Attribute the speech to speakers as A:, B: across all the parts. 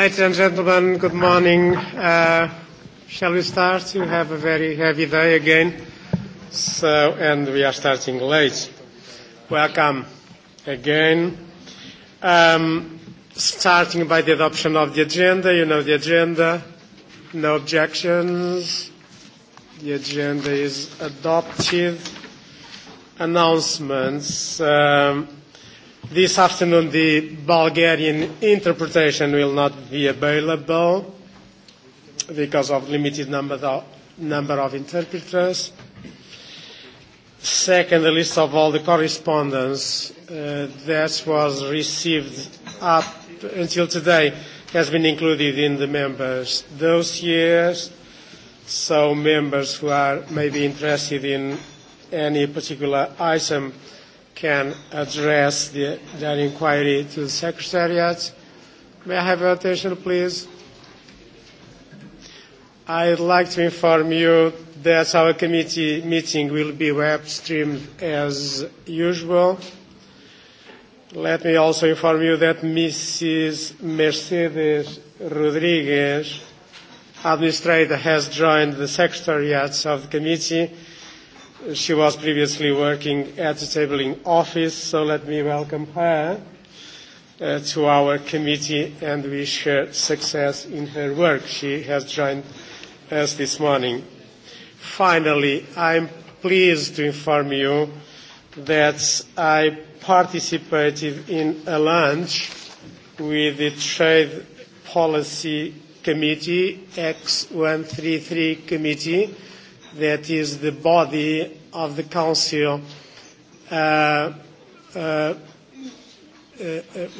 A: Ladies and gentlemen, good morning. Uh, shall we start? You have a very heavy day again, so and we are starting late. Welcome again. Um, starting by the adoption of the agenda. You know the agenda. No objections. The agenda is adopted. Announcements. Um, This afternoon the Bulgarian interpretation will not be available because of limited number of, number of interpreters. Second, the list of all the correspondence uh, that was received up until today has been included in the members' dossiers. So members who are maybe interested in any particular item can address the, that inquiry to the Secretariat. May I have your attention, please? I'd like to inform you that our committee meeting will be web streamed as usual. Let me also inform you that Mrs. Mercedes Rodriguez, administrator, has joined the Secretariat of the committee She was previously working at the tabling office, so let me welcome her uh, to our committee and wish her success in her work. She has joined us this morning. Finally, I'm pleased to inform you that I participated in a lunch with the Trade Policy Committee, X133 Committee, that is the body of the Council uh, uh,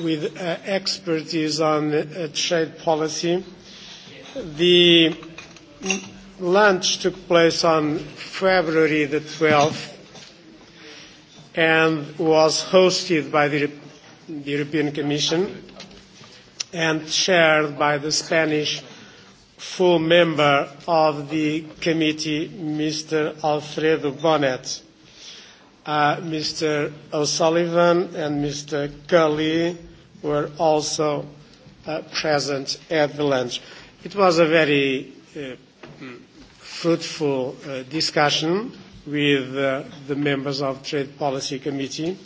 A: with uh, expertise on uh, trade policy. The lunch took place on February the 12th and was hosted by the, the European Commission and chaired by the Spanish full member of the committee, Mr. Alfredo Bonnet, uh, Mr. O'Sullivan, and Mr. Kelly were also uh, present at the lunch. It was a very uh, fruitful uh, discussion with uh, the members of Trade Policy Committee.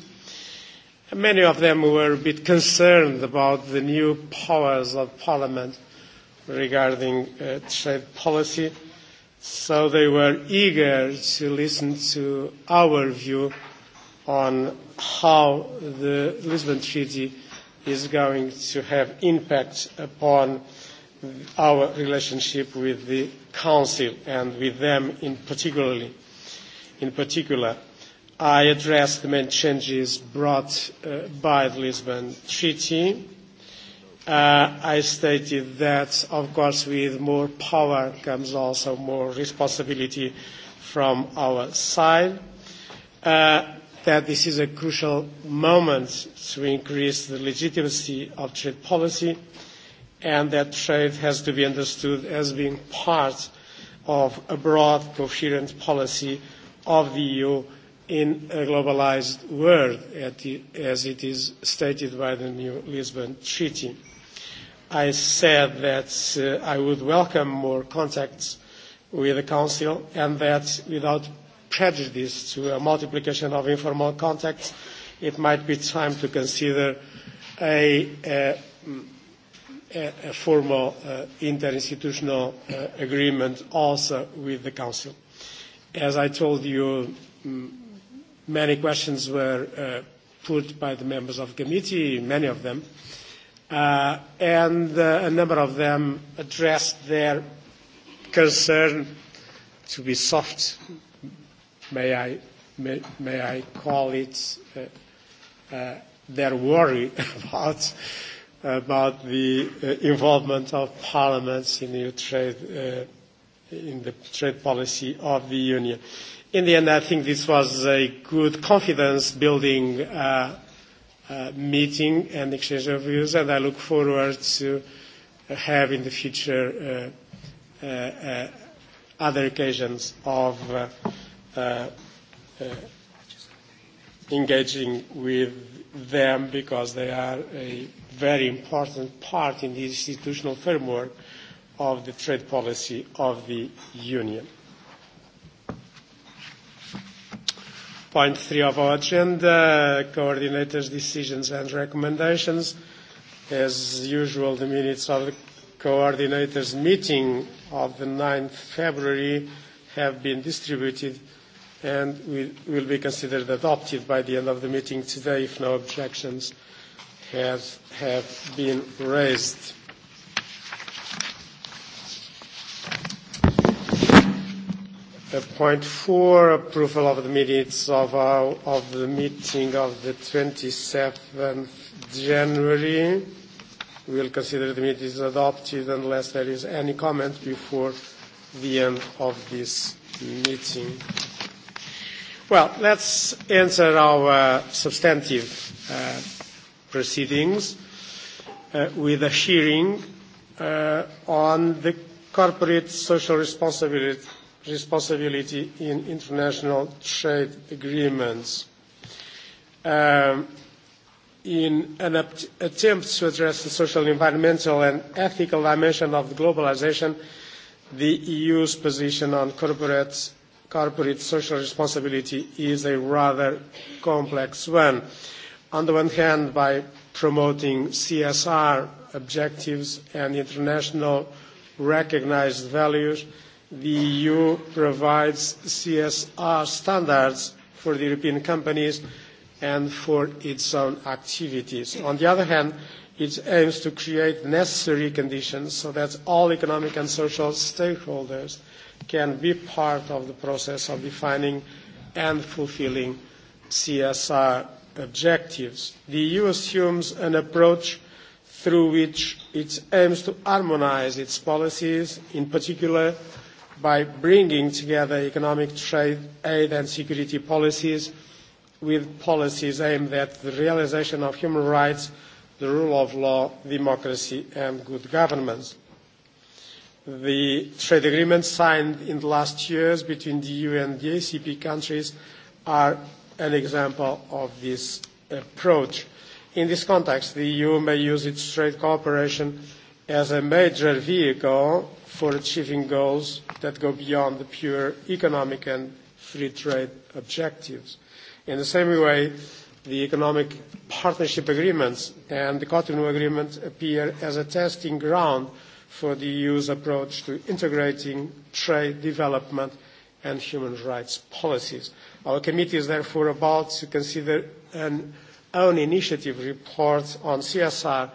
A: Many of them were a bit concerned about the new powers of Parliament regarding uh, trade policy. So they were eager to listen to our view on how the Lisbon Treaty is going to have impact upon our relationship with the Council and with them in particularly. In particular, I addressed the main changes brought uh, by the Lisbon Treaty uh, I stated that, of course, with more power comes also more responsibility from our side, uh, that this is a crucial moment to increase the legitimacy of trade policy, and that trade has to be understood as being part of a broad, coherent policy of the EU in a globalised world, as it is stated by the new Lisbon Treaty. I said that I would welcome more contacts with the Council and that without prejudice to a multiplication of informal contacts, it might be time to consider a, formal interinstitutional agreement also with the Council. As I told you, many questions were put by the members of the committee, many of them, uh, and uh, a number of them addressed their concern to be soft, may I, may, may I call it, uh, uh, their worry about, about the uh, involvement of parliaments in the trade, uh, in the trade policy of the union. In the end, I think this was a good confidence building uh, meeting and exchange of views, and I look forward to have in the future uh, uh, uh, other occasions of uh, uh, uh, engaging with them because they are a very important part in the institutional framework of the trade policy of the Union. point three of our agenda, coordinators' decisions and recommendations. As usual, the minutes of the coordinators' meeting of the 9th February have been distributed and will be considered adopted by the end of the meeting today if no objections have been raised. Point four, approval of the minutes of, our, of the meeting of the 27th January. We'll consider the is adopted unless there is any comment before the end of this meeting. Well, let's enter our substantive uh, proceedings uh, with a hearing uh, on the corporate social responsibility responsibility in international trade agreements. in an attempt to address the social, environmental and ethical dimension of globalisation, the EU's position on corporate, corporate social responsibility is a rather complex one. On the one hand, by promoting CSR objectives and international recognised values, the EU provides CSR standards for the European companies and for its own activities. On the other hand, it aims to create necessary conditions so that all economic and social stakeholders can be part of the process of defining and fulfilling CSR objectives. The EU assumes an approach through which it aims to harmonise its policies, in particular by bringing together economic trade, aid and security policies with policies aimed at the realisation of human rights, the rule of law, democracy and good governance. The trade agreements signed in the last years between the EU and the ACP countries are an example of this approach. In this context, the EU may use its trade cooperation as a major vehicle for achieving goals that go beyond the pure economic and free trade objectives. In the same way, the economic partnership agreements and the Cotonou Agreement appear as a testing ground for the EU's approach to integrating trade, development, and human rights policies. Our committee is therefore about to consider an own initiative report on CSR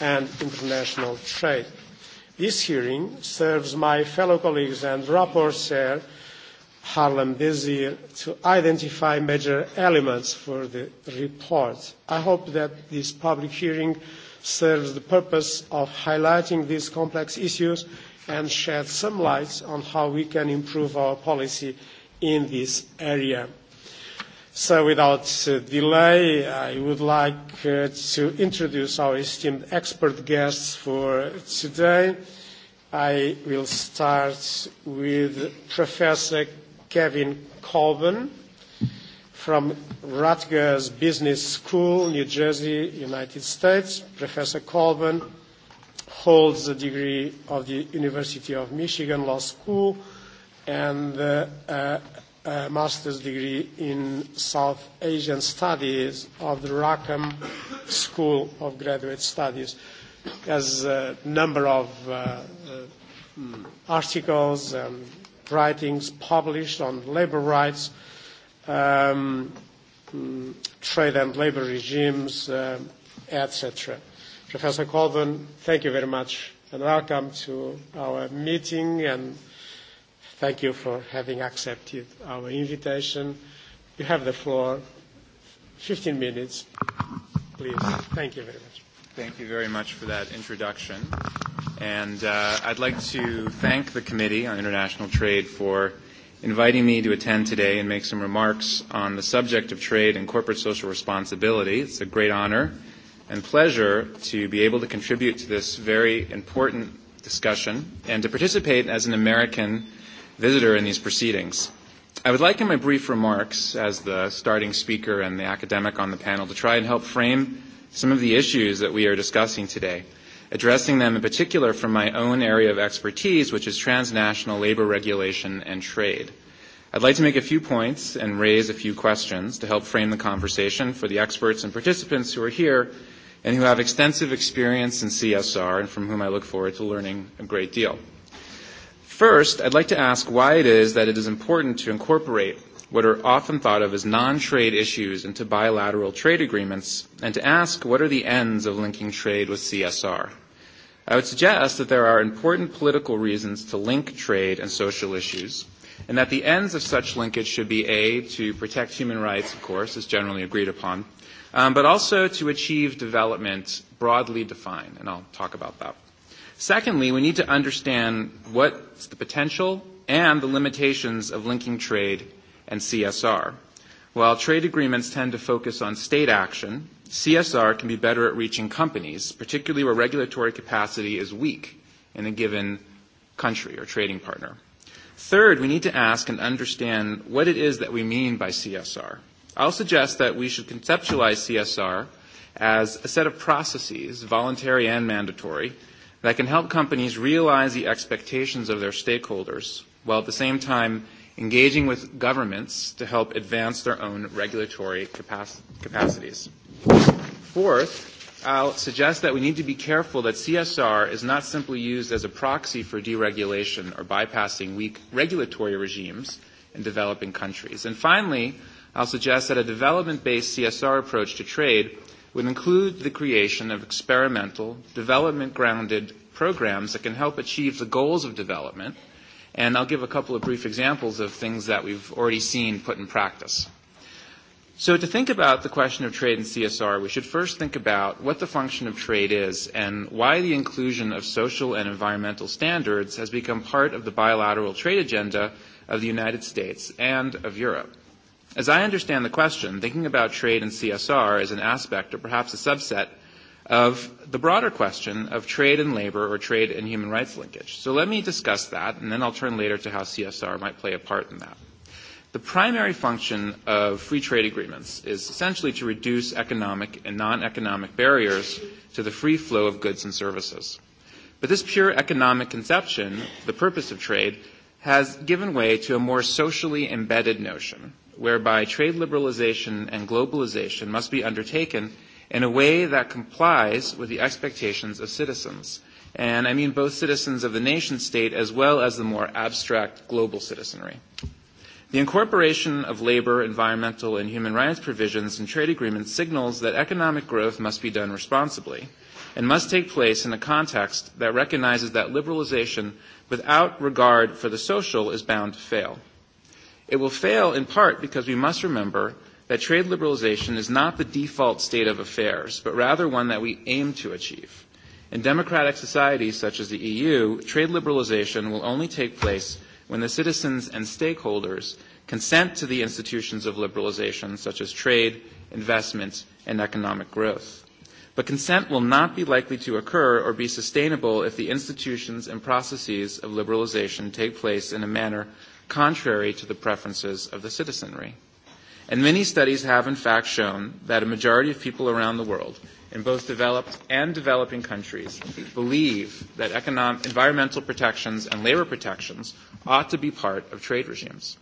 A: and international trade. This hearing serves my fellow colleagues and rapporteur, Harlem Desir, to identify major elements for the report. I hope that this public hearing serves the purpose of highlighting these complex issues and shed some light on how we can improve our policy in this area. So without delay, I would like to introduce our esteemed expert guests for today. I will start with Professor Kevin Colvin from Rutgers Business School, New Jersey, United States. Professor Colvin holds a degree of the University of Michigan Law School and a, a master's degree in South Asian Studies of the Rackham School of Graduate Studies has a number of uh, articles and writings published on labor rights, um, trade and labor regimes, uh, etc. Professor Colvin, thank you very much and welcome to our meeting and thank you for having accepted our invitation. You have the floor. 15 minutes,
B: please. Thank you very much. Thank you very much for that introduction. And uh, I'd like to thank the Committee on International Trade for inviting me to attend today and make some remarks on the subject of trade and corporate social responsibility. It's a great honor and pleasure to be able to contribute to this very important discussion and to participate as an American visitor in these proceedings. I would like in my brief remarks as the starting speaker and the academic on the panel to try and help frame some of the issues that we are discussing today, addressing them in particular from my own area of expertise, which is transnational labor regulation and trade. I'd like to make a few points and raise a few questions to help frame the conversation for the experts and participants who are here and who have extensive experience in CSR and from whom I look forward to learning a great deal. First, I'd like to ask why it is that it is important to incorporate what are often thought of as non-trade issues into bilateral trade agreements and to ask what are the ends of linking trade with CSR. I would suggest that there are important political reasons to link trade and social issues, and that the ends of such linkage should be A, to protect human rights, of course, as generally agreed upon, um, but also to achieve development broadly defined, and I'll talk about that. Secondly, we need to understand what's the potential and the limitations of linking trade and CSR. While trade agreements tend to focus on state action, CSR can be better at reaching companies, particularly where regulatory capacity is weak in a given country or trading partner. Third, we need to ask and understand what it is that we mean by CSR. I'll suggest that we should conceptualize CSR as a set of processes, voluntary and mandatory, that can help companies realize the expectations of their stakeholders while at the same time engaging with governments to help advance their own regulatory capacities. Fourth, I'll suggest that we need to be careful that CSR is not simply used as a proxy for deregulation or bypassing weak regulatory regimes in developing countries. And finally, I'll suggest that a development-based CSR approach to trade would include the creation of experimental, development-grounded programs that can help achieve the goals of development – And I'll give a couple of brief examples of things that we've already seen put in practice. So to think about the question of trade and CSR, we should first think about what the function of trade is and why the inclusion of social and environmental standards has become part of the bilateral trade agenda of the United States and of Europe. As I understand the question, thinking about trade and CSR as an aspect or perhaps a subset of the broader question of trade and labor or trade and human rights linkage. So let me discuss that, and then I'll turn later to how CSR might play a part in that. The primary function of free trade agreements is essentially to reduce economic and non-economic barriers to the free flow of goods and services. But this pure economic conception, the purpose of trade, has given way to a more socially embedded notion, whereby trade liberalization and globalization must be undertaken in a way that complies with the expectations of citizens. And I mean both citizens of the nation state as well as the more abstract global citizenry. The incorporation of labor, environmental, and human rights provisions in trade agreements signals that economic growth must be done responsibly and must take place in a context that recognizes that liberalization without regard for the social is bound to fail. It will fail in part because we must remember that trade liberalization is not the default state of affairs, but rather one that we aim to achieve. In democratic societies such as the EU, trade liberalization will only take place when the citizens and stakeholders consent to the institutions of liberalization, such as trade, investment, and economic growth. But consent will not be likely to occur or be sustainable if the institutions and processes of liberalization take place in a manner contrary to the preferences of the citizenry. And many studies have in fact shown that a majority of people around the world, in both developed and developing countries, believe that economic, environmental protections and labor protections ought to be part of trade regimes.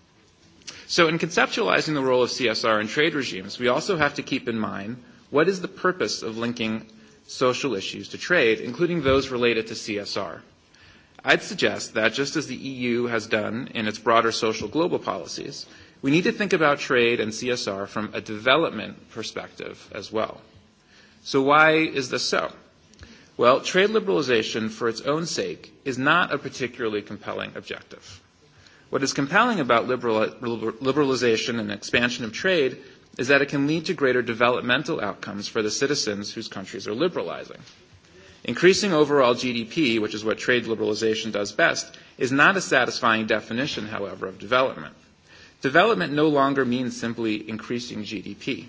B: So in conceptualizing the role of CSR in trade regimes, we also have to keep in mind what is the purpose of linking social issues to trade, including those related to CSR. I'd suggest that just as the EU has done in its broader social global policies, We need to think about trade and CSR from a development perspective as well. So why is this so? Well, trade liberalization for its own sake is not a particularly compelling objective. What is compelling about liberalization and expansion of trade is that it can lead to greater developmental outcomes for the citizens whose countries are liberalizing. Increasing overall GDP, which is what trade liberalization does best, is not a satisfying definition, however, of development. Development no longer means simply increasing GDP.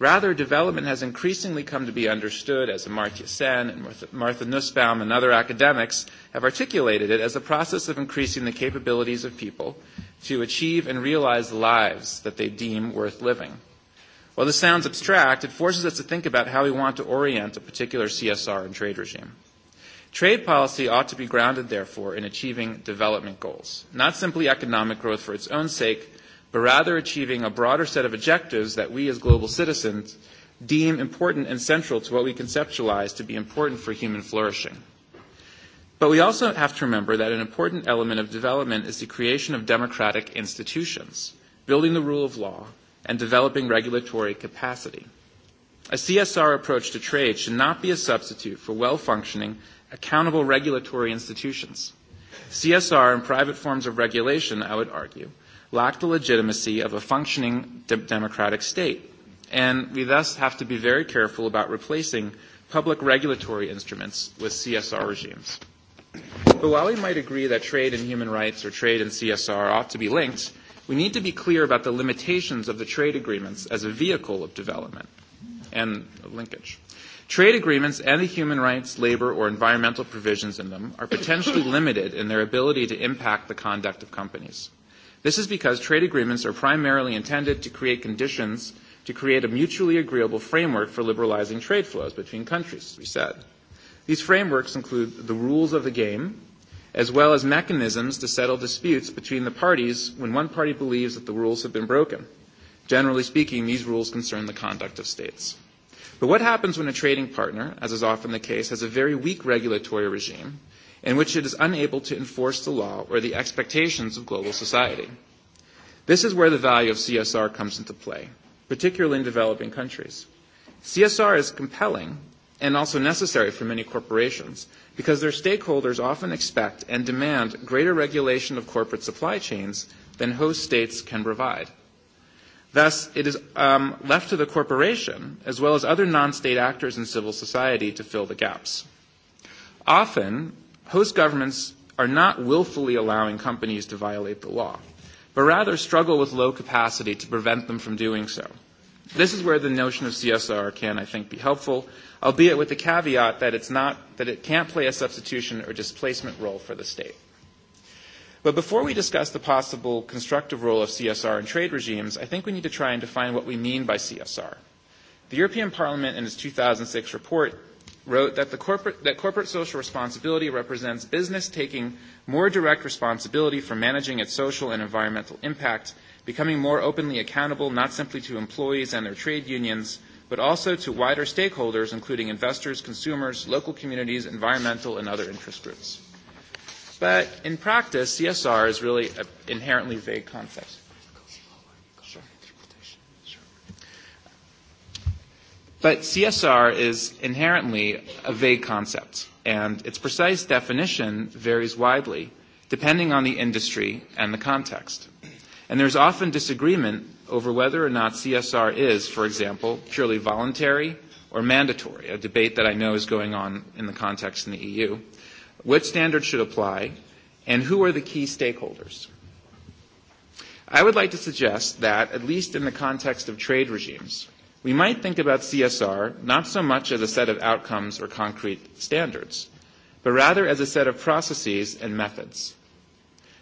B: Rather, development has increasingly come to be understood, as Amartya Sen and Martha Nussbaum and other academics have articulated it, as a process of increasing the capabilities of people to achieve and realize lives that they deem worth living. While this sounds abstract, it forces us to think about how we want to orient a particular CSR and trade regime. Trade policy ought to be grounded, therefore, in achieving development goals, not simply economic growth for its own sake, but rather achieving a broader set of objectives that we as global citizens deem important and central to what we conceptualize to be important for human flourishing. But we also have to remember that an important element of development is the creation of democratic institutions, building the rule of law, and developing regulatory capacity. A CSR approach to trade should not be a substitute for well functioning, accountable regulatory institutions. CSR and private forms of regulation, I would argue, lack the legitimacy of a functioning de- democratic state. And we thus have to be very careful about replacing public regulatory instruments with CSR regimes. But while we might agree that trade and human rights or trade and CSR ought to be linked, we need to be clear about the limitations of the trade agreements as a vehicle of development and of linkage. Trade agreements and the human rights, labor, or environmental provisions in them are potentially limited in their ability to impact the conduct of companies. This is because trade agreements are primarily intended to create conditions to create a mutually agreeable framework for liberalizing trade flows between countries, we said. These frameworks include the rules of the game, as well as mechanisms to settle disputes between the parties when one party believes that the rules have been broken. Generally speaking, these rules concern the conduct of states. But what happens when a trading partner, as is often the case, has a very weak regulatory regime in which it is unable to enforce the law or the expectations of global society. This is where the value of CSR comes into play, particularly in developing countries. CSR is compelling and also necessary for many corporations because their stakeholders often expect and demand greater regulation of corporate supply chains than host states can provide. Thus, it is um, left to the corporation, as well as other non state actors in civil society, to fill the gaps. Often, host governments are not willfully allowing companies to violate the law, but rather struggle with low capacity to prevent them from doing so. This is where the notion of CSR can, I think, be helpful, albeit with the caveat that, it's not, that it can't play a substitution or displacement role for the state. But before we discuss the possible constructive role of CSR in trade regimes, I think we need to try and define what we mean by CSR. The European Parliament, in its 2006 report, wrote that, the corporate, that corporate social responsibility represents business taking more direct responsibility for managing its social and environmental impact, becoming more openly accountable not simply to employees and their trade unions, but also to wider stakeholders, including investors, consumers, local communities, environmental, and other interest groups. But in practice, CSR is really an inherently vague concept. But CSR is inherently a vague concept, and its precise definition varies widely depending on the industry and the context. And there's often disagreement over whether or not CSR is, for example, purely voluntary or mandatory, a debate that I know is going on in the context in the EU. What standards should apply, and who are the key stakeholders? I would like to suggest that, at least in the context of trade regimes, We might think about CSR not so much as a set of outcomes or concrete standards, but rather as a set of processes and methods.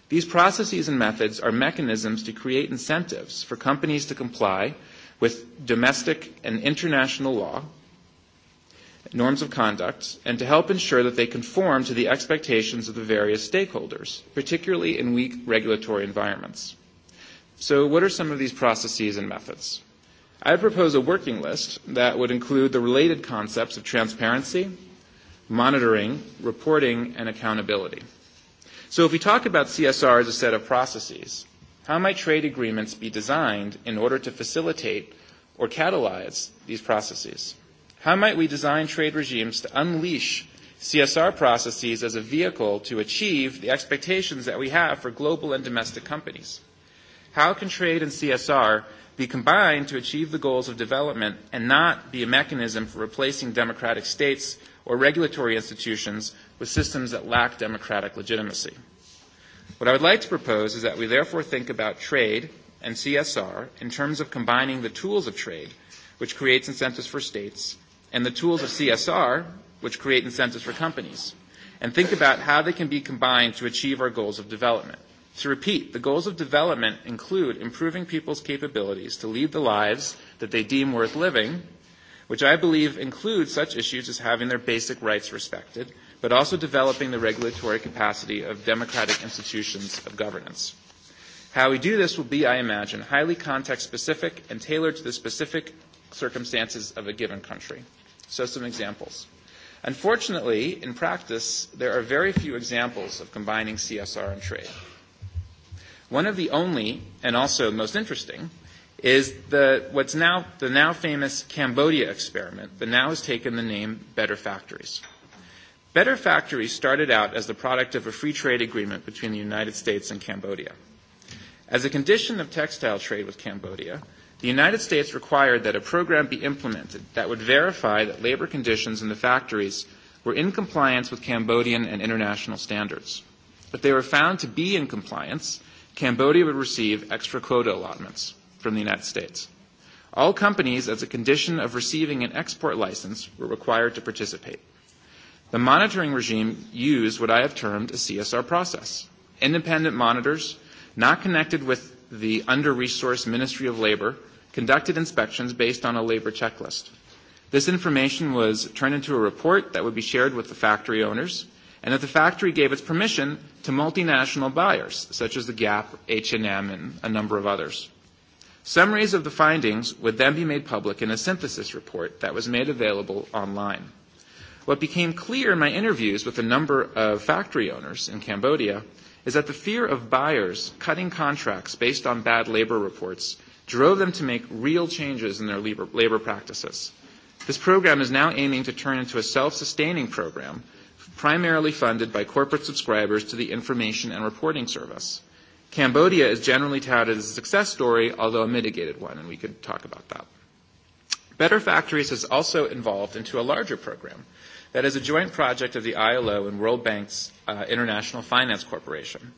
B: These processes and methods are mechanisms to create incentives for companies to comply with domestic and international law, norms of conduct, and to help ensure that they conform to the expectations of the various stakeholders, particularly in weak regulatory environments. So what are some of these processes and methods? I propose a working list that would include the related concepts of transparency, monitoring, reporting, and accountability. So if we talk about CSR as a set of processes, how might trade agreements be designed in order to facilitate or catalyze these processes? How might we design trade regimes to unleash CSR processes as a vehicle to achieve the expectations that we have for global and domestic companies? How can trade and CSR be combined to achieve the goals of development and not be a mechanism for replacing democratic states or regulatory institutions with systems that lack democratic legitimacy. What I would like to propose is that we therefore think about trade and CSR in terms of combining the tools of trade, which creates incentives for states, and the tools of CSR, which create incentives for companies, and think about how they can be combined to achieve our goals of development. To repeat, the goals of development include improving people's capabilities to lead the lives that they deem worth living, which I believe include such issues as having their basic rights respected, but also developing the regulatory capacity of democratic institutions of governance. How we do this will be, I imagine, highly context specific and tailored to the specific circumstances of a given country. So, some examples. Unfortunately, in practice, there are very few examples of combining CSR and trade. One of the only, and also most interesting, is the, what's now the now famous Cambodia experiment that now has taken the name Better Factories. Better Factories started out as the product of a free trade agreement between the United States and Cambodia. As a condition of textile trade with Cambodia, the United States required that a program be implemented that would verify that labor conditions in the factories were in compliance with Cambodian and international standards. If they were found to be in compliance, Cambodia would receive extra quota allotments from the United States. All companies, as a condition of receiving an export license, were required to participate. The monitoring regime used what I have termed a CSR process. Independent monitors, not connected with the under-resourced Ministry of Labor, conducted inspections based on a labor checklist. This information was turned into a report that would be shared with the factory owners – and that the factory gave its permission to multinational buyers, such as the Gap, H&M, and a number of others. Summaries of the findings would then be made public in a synthesis report that was made available online. What became clear in my interviews with a number of factory owners in Cambodia is that the fear of buyers cutting contracts based on bad labor reports drove them to make real changes in their labor, labor practices. This program is now aiming to turn into a self-sustaining program primarily funded by corporate subscribers to the Information and Reporting Service. Cambodia is generally touted as a success story, although a mitigated one, and we could talk about that. Better Factories is also involved into a larger program that is a joint project of the ILO and World Bank's uh, International Finance Corporation.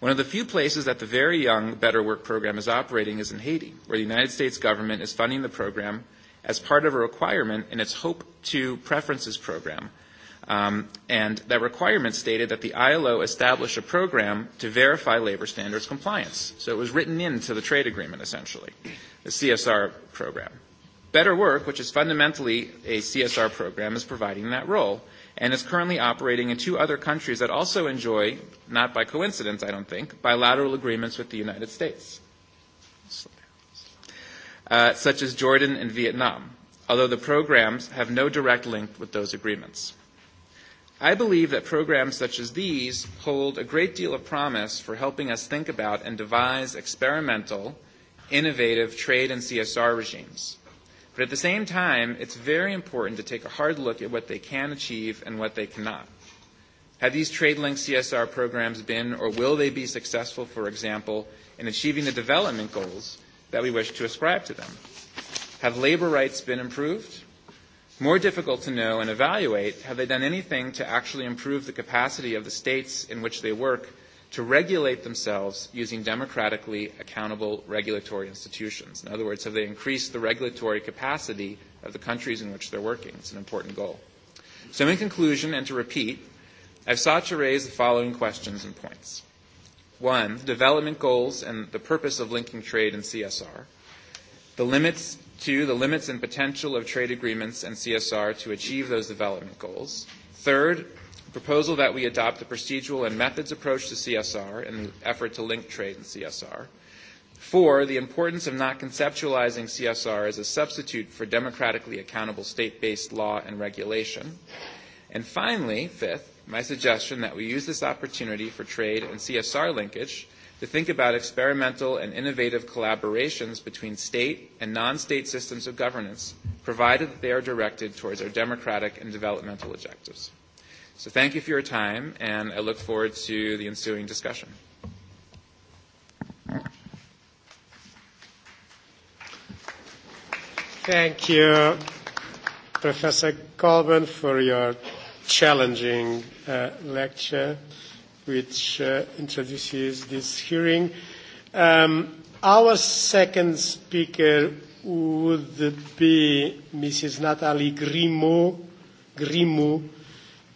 B: One of the few places that the very young Better Work program is operating is in Haiti, where the United States government is funding the program as part of a requirement in its HOPE 2 preferences program Um, and that requirement stated that the ILO establish a program to verify labor standards compliance. So it was written into the trade agreement, essentially, the CSR program. Better Work, which is fundamentally a CSR program, is providing that role and is currently operating in two other countries that also enjoy, not by coincidence, I don't think, bilateral agreements with the United States, uh, such as Jordan and Vietnam, although the programs have no direct link with those agreements. I believe that programs such as these hold a great deal of promise for helping us think about and devise experimental, innovative trade and CSR regimes. But at the same time, it's very important to take a hard look at what they can achieve and what they cannot. Have these trade linked CSR programs been or will they be successful, for example, in achieving the development goals that we wish to ascribe to them? Have labor rights been improved? more difficult to know and evaluate have they done anything to actually improve the capacity of the states in which they work to regulate themselves using democratically accountable regulatory institutions. In other words, have they increased the regulatory capacity of the countries in which they're working? It's an important goal. So, in conclusion, and to repeat, I've sought to raise the following questions and points. One, the development goals and the purpose of linking trade and CSR, the limits Two, the limits and potential of trade agreements and CSR to achieve those development goals. Third, proposal that we adopt a procedural and methods approach to CSR in the effort to link trade and CSR. Four, the importance of not conceptualizing CSR as a substitute for democratically accountable state-based law and regulation. And finally, fifth, my suggestion that we use this opportunity for trade and CSR linkage to think about experimental and innovative collaborations between state and non-state systems of governance, provided that they are directed towards our democratic and developmental objectives. So thank you for your time, and I look forward to the ensuing discussion.
A: Thank you, Professor Colvin, for your challenging uh, lecture which uh, introduces this hearing. Um, our second speaker would be Mrs. Nathalie Grimaud, Grimaud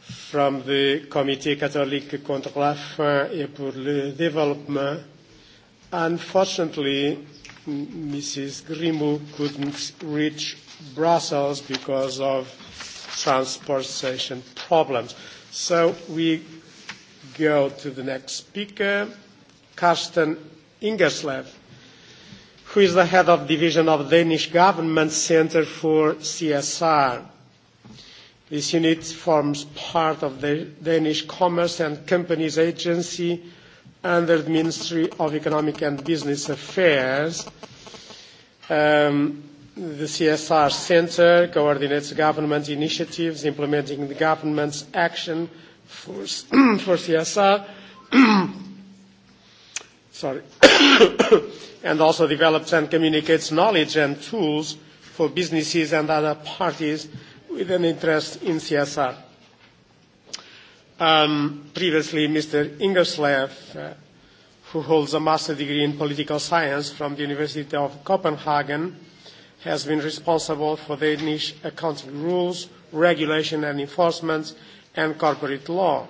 A: from the Comité catholique contre la faim et pour le développement. Unfortunately, Mrs. Grimaud couldn't reach Brussels because of transportation problems. So we go to the next speaker, Karsten Ingerslev, who is the head of division of Danish Government Center for CSR. This unit forms part of the Danish Commerce and Companies Agency under the Ministry of Economic and Business Affairs. the CSR Centre coordinates government initiatives implementing the government's action for, for CSR, sorry, and also develops and communicates knowledge and tools for businesses and other parties with an interest in CSR. Um, previously, Mr. Ingerslev, uh, who holds a master's degree in political science from the University of Copenhagen, has been responsible for the Danish accounting rules, regulation and enforcement and corporate law.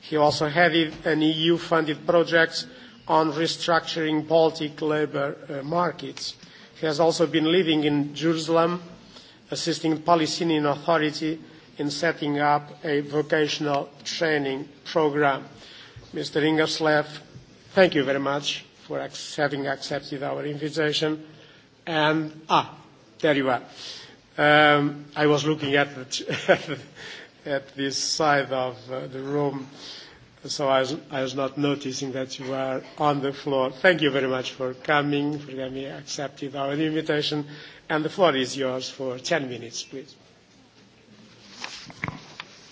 A: He also headed an EU-funded project on restructuring Baltic labour markets. He has also been living in Jerusalem, assisting the Palestinian Authority in setting up a vocational training program. Mr. Ingerslev, thank you very much for having accepted our invitation. And, ah, there you are. Um, I was looking at the, at this side of uh, the room, so I was, I was not noticing that you were on the floor. Thank you very much for coming, for having accepted our invitation, and the floor is yours for 10 minutes, please.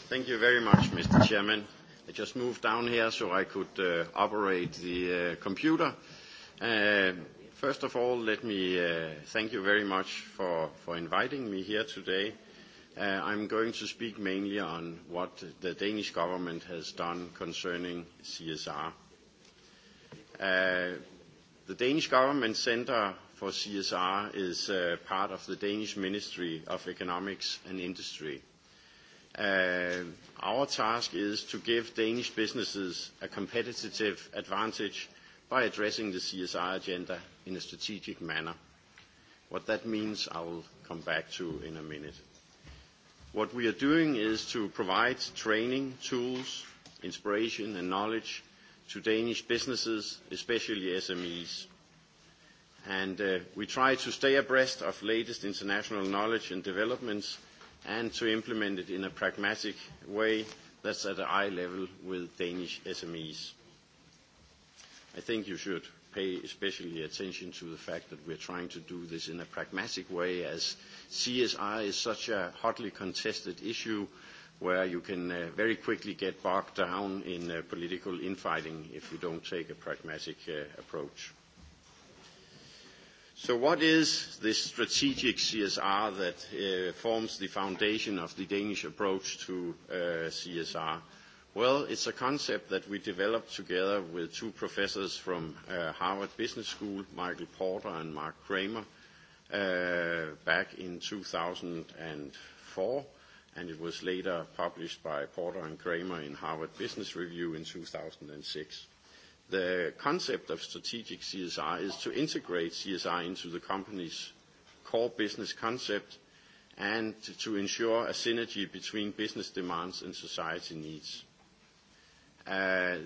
C: Thank you very much, Mr. Chairman. I just moved down here so I could uh, operate the uh, computer. Uh, first of all, let me uh, thank you very much for, for inviting me here today. I'm going to speak mainly on what the Danish government has done concerning CSR. The Danish Government Centre for CSR is part of the Danish Ministry of Economics and Industry. Our task is to give Danish businesses a competitive advantage by addressing the CSR agenda in a strategic manner. What that means, I will come back to in a minute. What we are doing is to provide training, tools, inspiration, and knowledge to Danish businesses, especially SMEs. And we try to stay abreast of latest international knowledge and developments and to implement it in a pragmatic way that's at a high level with Danish SMEs. I think you should pay especially attention to the fact that we're trying to do this in a pragmatic way, as CSR is such a hotly contested issue where you can uh, very quickly get bogged down in uh, political infighting if you don't take a pragmatic uh, approach. So what is this strategic CSR that uh, forms the foundation of the Danish approach to uh, CSR? Well, it's a concept that we developed together with two professors from uh, Harvard Business School, Michael Porter and Mark Kramer, uh, back in 2004, and it was later published by Porter and Kramer in Harvard Business Review in 2006. The concept of strategic CSR is to integrate CSR into the company's core business concept and to ensure a synergy between business demands and society needs.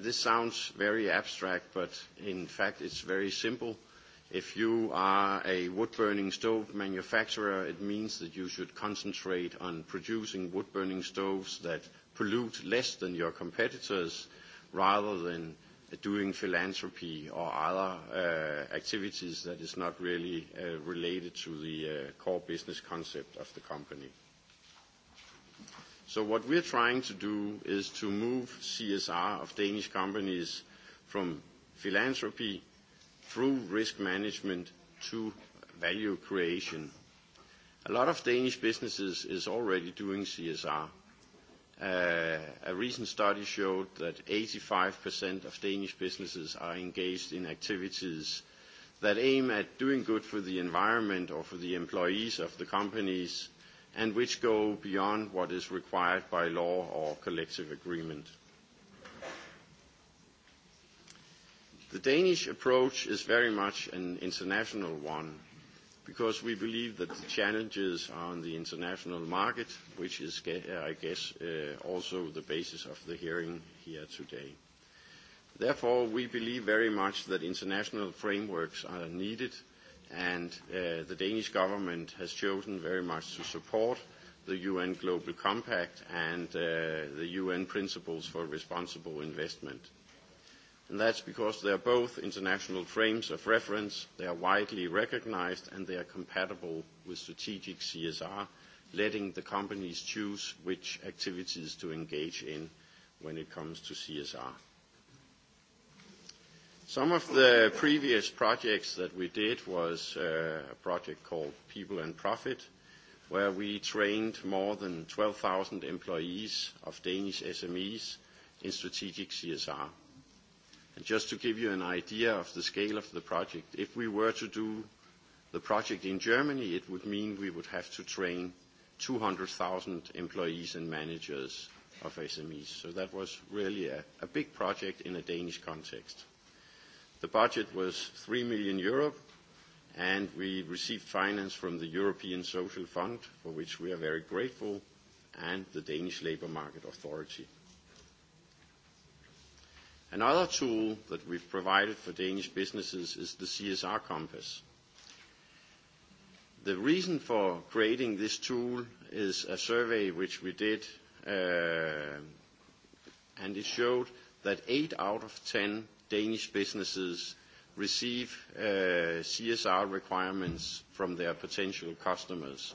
C: This sounds very abstract, but in fact, it's very simple. If you are a wood-burning stove manufacturer, it means that you should concentrate on producing wood-burning stoves that pollute less than your competitors, rather than doing philanthropy or other uh activities that is not really uh related to the uh core business concept of the company. So what we're trying to do is to move CSR of Danish companies from philanthropy through risk management to value creation. A lot of Danish businesses is already doing CSR. A recent study showed that 85% of Danish businesses are engaged in activities that aim at doing good for the environment or for the employees of the companies and which go beyond what is required by law or collective agreement. The Danish approach is very much an international one because we believe that the challenges on the international market, which is, I guess, also the basis of the hearing here today. Therefore, we believe very much that international frameworks are needed and uh, the Danish government has chosen very much to support the UN Global Compact and uh, the UN Principles for Responsible Investment. And that's because they are both international frames of reference, they are widely recognized, and they are compatible with strategic CSR, letting the companies choose which activities to engage in when it comes to CSR. Some of the previous projects that we did was a project called People and Profit, where we trained more than 12,000 employees of Danish SMEs in strategic CSR. And Just to give you an idea of the scale of the project, if we were to do the project in Germany, it would mean we would have to train 200,000 employees and managers of SMEs. So That was really a big project in a Danish context. The budget was 3 million euro, and we received finance from the European Social Fund, for which we are very grateful, and the Danish Labour Market Authority. Another tool that we've provided for Danish businesses is the CSR Compass. The reason for creating this tool is a survey which we did, and it showed that eight out of 10 Danish businesses receive CSR requirements from their potential customers,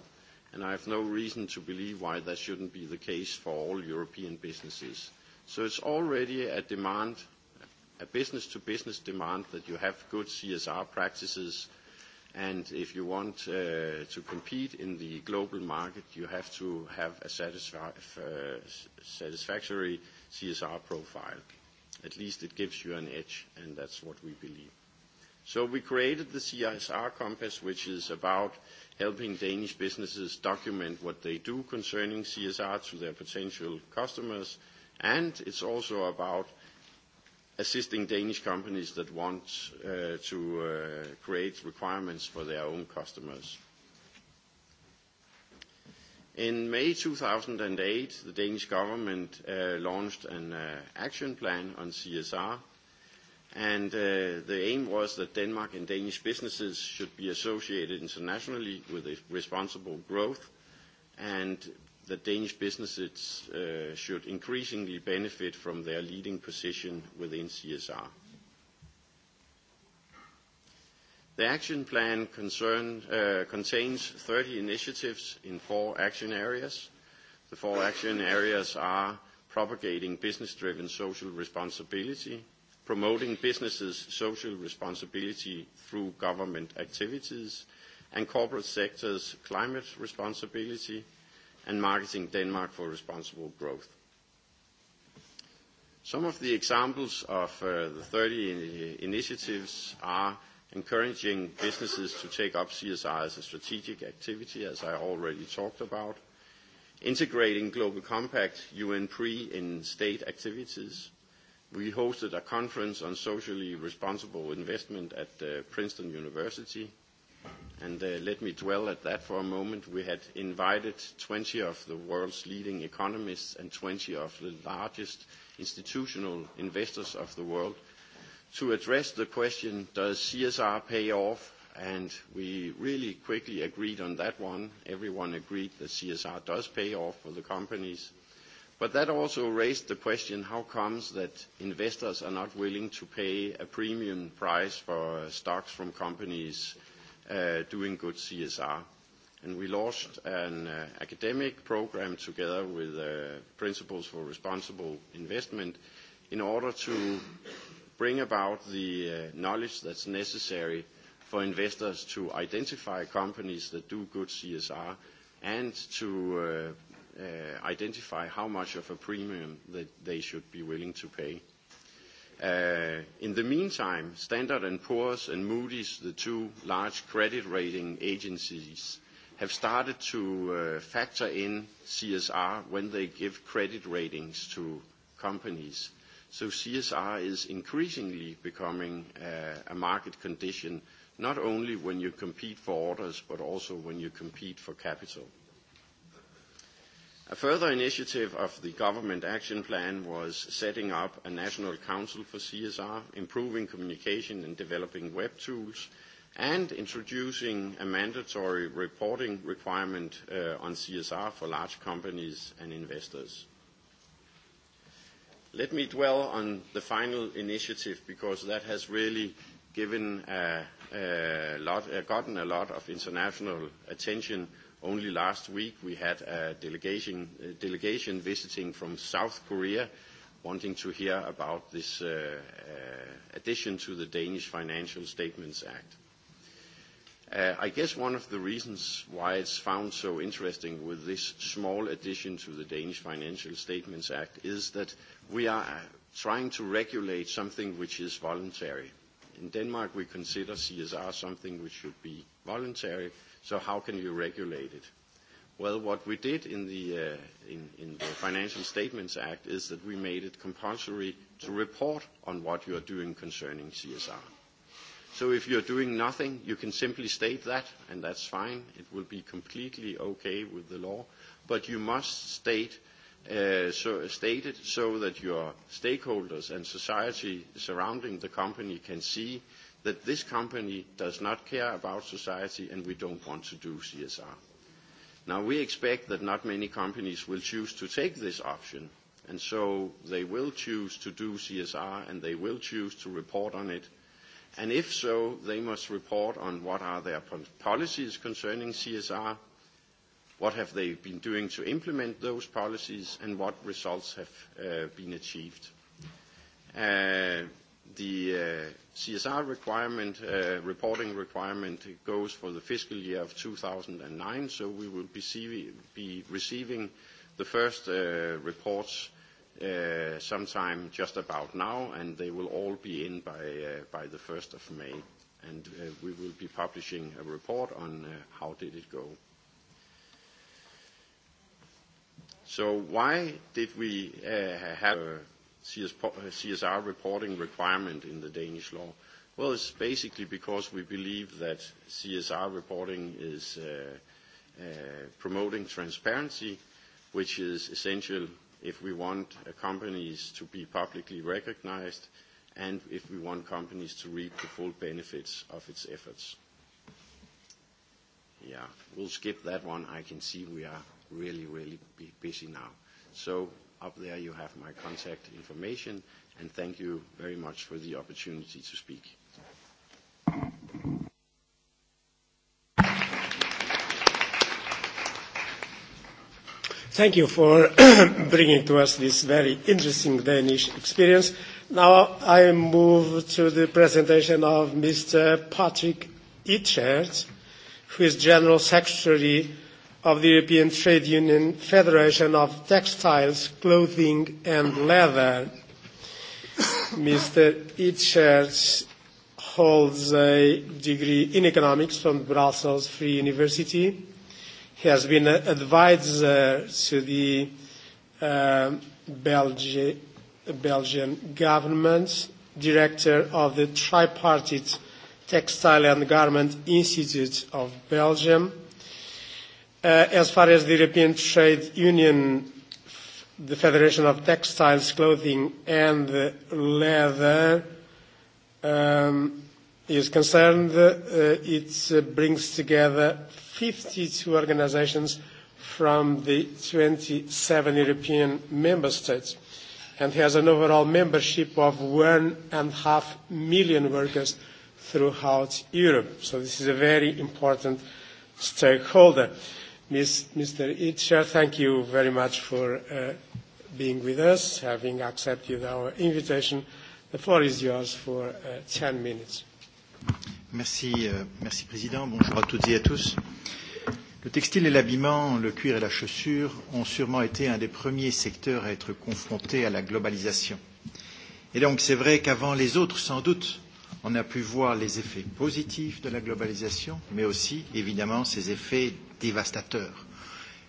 C: and I have no reason to believe why that shouldn't be the case for all European businesses. So It's already a demand, a business-to-business demand that you have good CSR practices, and if you want to compete in the global market, you have to have a satisfactory CSR profile. At least it gives you an edge, and that's what we believe. So we created the CSR Compass, which is about helping Danish businesses document what they do concerning CSR to their potential customers, and it's also about assisting Danish companies that want to create requirements for their own customers. In May 2008, the Danish government uh, launched an uh, action plan on CSR, and uh, the aim was that Denmark and Danish businesses should be associated internationally with responsible growth, and that Danish businesses uh, should increasingly benefit from their leading position within CSR. The action plan concern, uh, contains 30 initiatives in four action areas. The four action areas are propagating business-driven social responsibility, promoting businesses' social responsibility through government activities, and corporate sectors' climate responsibility, and marketing Denmark for responsible growth. Some of the examples of the 30 initiatives are encouraging businesses to take up CSR as a strategic activity, as I already talked about, integrating Global Compact UN in state activities. We hosted a conference on socially responsible investment at uh, Princeton University, and uh, let me dwell at that for a moment. We had invited 20 of the world's leading economists and 20 of the largest institutional investors of the world to address the question, does CSR pay off? And we really quickly agreed on that one. Everyone agreed that CSR does pay off for the companies. But that also raised the question, how comes that investors are not willing to pay a premium price for stocks from companies doing good CSR? And we launched an academic program together with Principles for Responsible Investment in order to bring about the knowledge that's necessary for investors to identify companies that do good CSR and to identify how much of a premium that they should be willing to pay. In the meantime, Standard Poor's and Moody's, the two large credit rating agencies, have started to factor in CSR when they give credit ratings to companies. So CSR is increasingly becoming a market condition, not only when you compete for orders, but also when you compete for capital. A further initiative of the government action plan was setting up a national council for CSR, improving communication and developing web tools, and introducing a mandatory reporting requirement on CSR for large companies and investors. Let me dwell on the final initiative because that has really given a lot, uh gotten a lot of international attention. Only last week, we had a delegation delegation visiting from South Korea, wanting to hear about this uh uh addition to the Danish Financial Statements Act. I guess one of the reasons why it's found so interesting with this small addition to the Danish Financial Statements Act is that we are trying to regulate something which is voluntary. In Denmark, we consider CSR something which should be voluntary, so how can you regulate it? Well, what we did in the, uh, in, in the Financial Statements Act is that we made it compulsory to report on what you are doing concerning CSR. So if you're doing nothing, you can simply state that, and that's fine. It will be completely okay with the law. But you must state, uh, so, state it so that your stakeholders and society surrounding the company can see that this company does not care about society and we don't want to do CSR. Now we expect that not many companies will choose to take this option, and so they will choose to do CSR and they will choose to report on it And if so, they must report on what are their policies concerning CSR, what have they been doing to implement those policies, and what results have uh, been achieved. Uh, the uh, CSR requirement, uh, reporting requirement goes for the fiscal year of 2009, so we will be, see, be receiving the first uh, reports uh, sometime just about now, and they will all be in by, uh, by the first of May. And uh, we will be publishing a report on uh, how did it go. So why did we uh, have a CSR reporting requirement in the Danish law? Well, it's basically because we believe that CSR reporting is uh, uh, promoting transparency, which is essential if we want companies to be publicly recognized, and if we want companies to reap the full benefits of its efforts. Yeah, we'll skip that one. I can see we are really, really busy now. So up there you have my contact information, and thank you very much for the opportunity to speak.
A: Thank you for bringing to us this very interesting Danish experience. Now I move to the presentation of Mr. Patrick Itchert, who is General Secretary of the European Trade Union Federation of Textiles, Clothing and Leather. Mr. Itchert holds a degree in economics from Brussels Free University He has been an advisor to the uh, Belgi- Belgian government, director of the tripartite Textile and Garment Institute of Belgium. Uh, as far as the European Trade Union, the Federation of Textiles, Clothing and Leather um, is concerned, uh, it brings together 52 organizations from the 27 European member states and has an overall membership of one and a half million workers throughout Europe. So this is a very important stakeholder. Ms, Mr. Itcher, thank you very much for uh, being with us, having accepted our invitation. The floor is yours for uh, 10 minutes.
D: Thank you. Merci, merci Président. Bonjour à toutes et à tous. Le textile et l'habillement, le cuir et la chaussure ont sûrement été un des premiers secteurs à être confrontés à la globalisation. Et donc c'est vrai qu'avant les autres, sans doute, on a pu voir les effets positifs de la globalisation, mais aussi évidemment ses effets dévastateurs.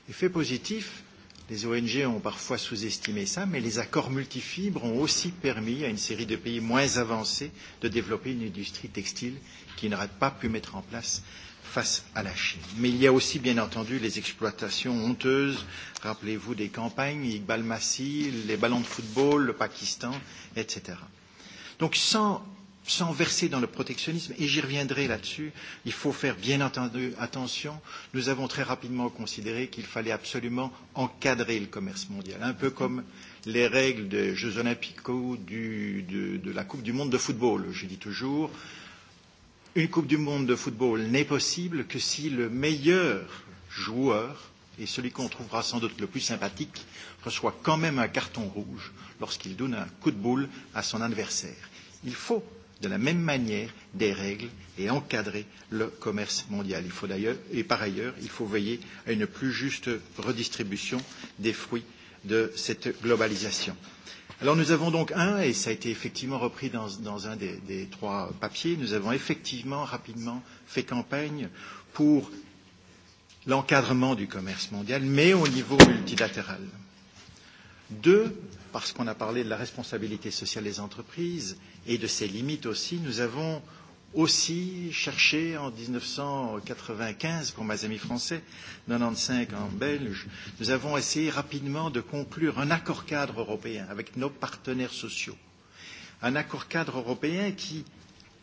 D: Effets positifs, Les ONG ont parfois sous-estimé ça, mais les accords multifibres ont aussi permis à une série de pays moins avancés de développer une industrie textile qui n'aurait pas pu mettre en place face à la Chine. Mais il y a aussi, bien entendu, les exploitations honteuses. Rappelez-vous des campagnes, Iqbal Massi, les ballons de football, le Pakistan, etc. Donc sans sans verser dans le protectionnisme, et j'y reviendrai là-dessus, il faut faire bien entendu attention. Nous avons très rapidement considéré qu'il fallait absolument encadrer le commerce mondial, un peu comme les règles des Jeux olympiques ou du, de, de la Coupe du monde de football. Je dis toujours, une Coupe du monde de football n'est possible que si le meilleur joueur et celui qu'on trouvera sans doute le plus sympathique reçoit quand même un carton rouge lorsqu'il donne un coup de boule à son adversaire. Il faut de la même manière des règles et encadrer le commerce mondial. Il faut d'ailleurs, et par ailleurs, il faut veiller à une plus juste redistribution des fruits de cette globalisation. Alors nous avons donc un, et ça a été effectivement repris dans, dans un des, des trois papiers, nous avons effectivement rapidement fait campagne pour l'encadrement du commerce mondial, mais au niveau multilatéral. Deux, parce qu'on a parlé de la responsabilité sociale des entreprises et de ses limites aussi, nous avons aussi cherché en 1995 pour mes amis français, 95 en belge, nous avons essayé rapidement de conclure un accord cadre européen avec nos partenaires sociaux. Un accord cadre européen qui,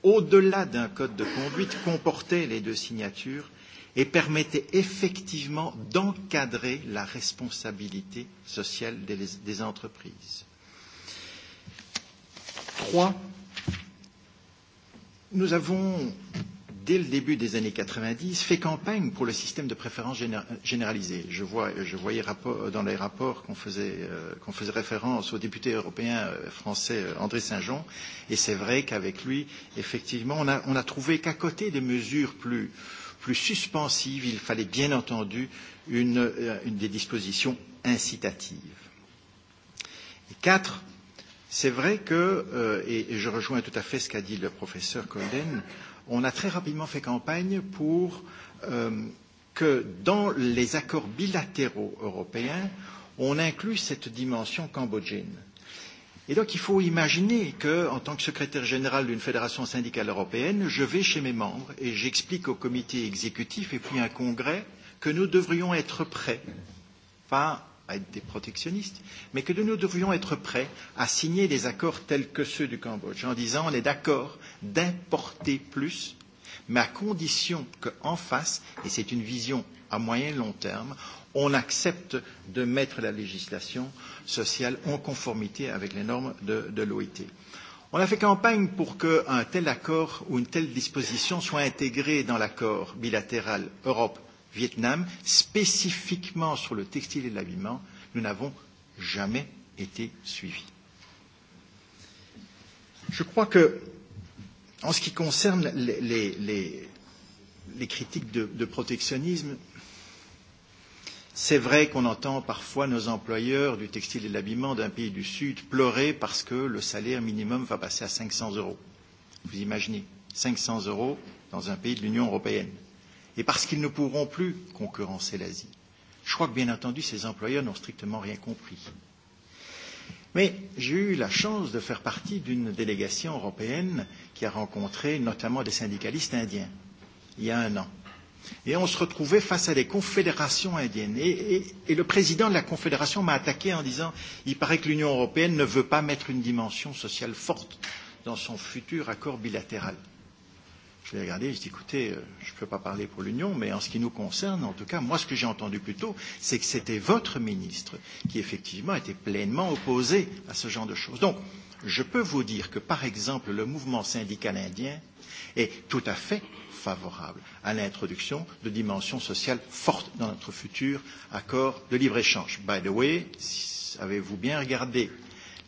D: au-delà d'un code de conduite, comportait les deux signatures et permettait effectivement d'encadrer la responsabilité sociale des, des entreprises. Trois, nous avons, dès le début des années 90, fait campagne pour le système de préférence généralisée. Je, vois, je voyais rapport, dans les rapports qu'on faisait, euh, qu faisait référence au député européen euh, français André Saint-Jean, et c'est vrai qu'avec lui, effectivement, on a, on a trouvé qu'à côté des mesures plus euh, plus suspensive, il fallait bien entendu une, une des dispositions incitatives. Et quatre, c'est vrai que, euh, et, et je rejoins tout à fait ce qu'a dit le professeur Colden, on a très rapidement fait campagne pour euh, que dans les accords bilatéraux européens, on inclut cette dimension cambodgienne. Euh, Et donc il faut imaginer que, en tant que secrétaire général d'une fédération syndicale européenne, je vais chez mes membres et j'explique au comité exécutif et puis à un congrès que nous devrions être prêts, pas à être des protectionnistes, mais que nous devrions être prêts à signer des accords tels que ceux du Cambodge, en disant on est d'accord d'importer plus, mais à condition qu'en face, et c'est une vision à moyen et long terme, on accepte de mettre la législation sociale en conformité avec les normes de, de l'OIT. On a fait campagne pour qu'un tel accord ou une telle disposition soit intégrée dans l'accord bilatéral Europe-Vietnam, spécifiquement sur le textile et l'habillement. Nous n'avons jamais été suivis. Je crois que, en ce qui concerne les, les, les, les critiques de, de protectionnisme, C'est vrai qu'on entend parfois nos employeurs du textile et de l'habillement d'un pays du Sud pleurer parce que le salaire minimum va passer à 500 euros. Vous imaginez 500 euros dans un pays de l'Union européenne. Et parce qu'ils ne pourront plus concurrencer l'Asie. Je crois que, bien entendu, ces employeurs n'ont strictement rien compris. Mais j'ai eu la chance de faire partie d'une délégation européenne qui a rencontré notamment des syndicalistes indiens il y a un an. Et on se retrouvait face à des confédérations indiennes. Et, et, et le président de la confédération m'a attaqué en disant il paraît que l'Union européenne ne veut pas mettre une dimension sociale forte dans son futur accord bilatéral. Je l'ai regardé, je dis écoutez, je ne peux pas parler pour l'Union, mais en ce qui nous concerne, en tout cas, moi, ce que j'ai entendu plus tôt, c'est que c'était votre ministre qui, effectivement, était pleinement opposé à ce genre de choses. Donc, je peux vous dire que, par exemple, le mouvement syndical indien est tout à fait favorable à l'introduction de dimensions sociales fortes dans notre futur accord de libre-échange. By the way, avez-vous bien regardé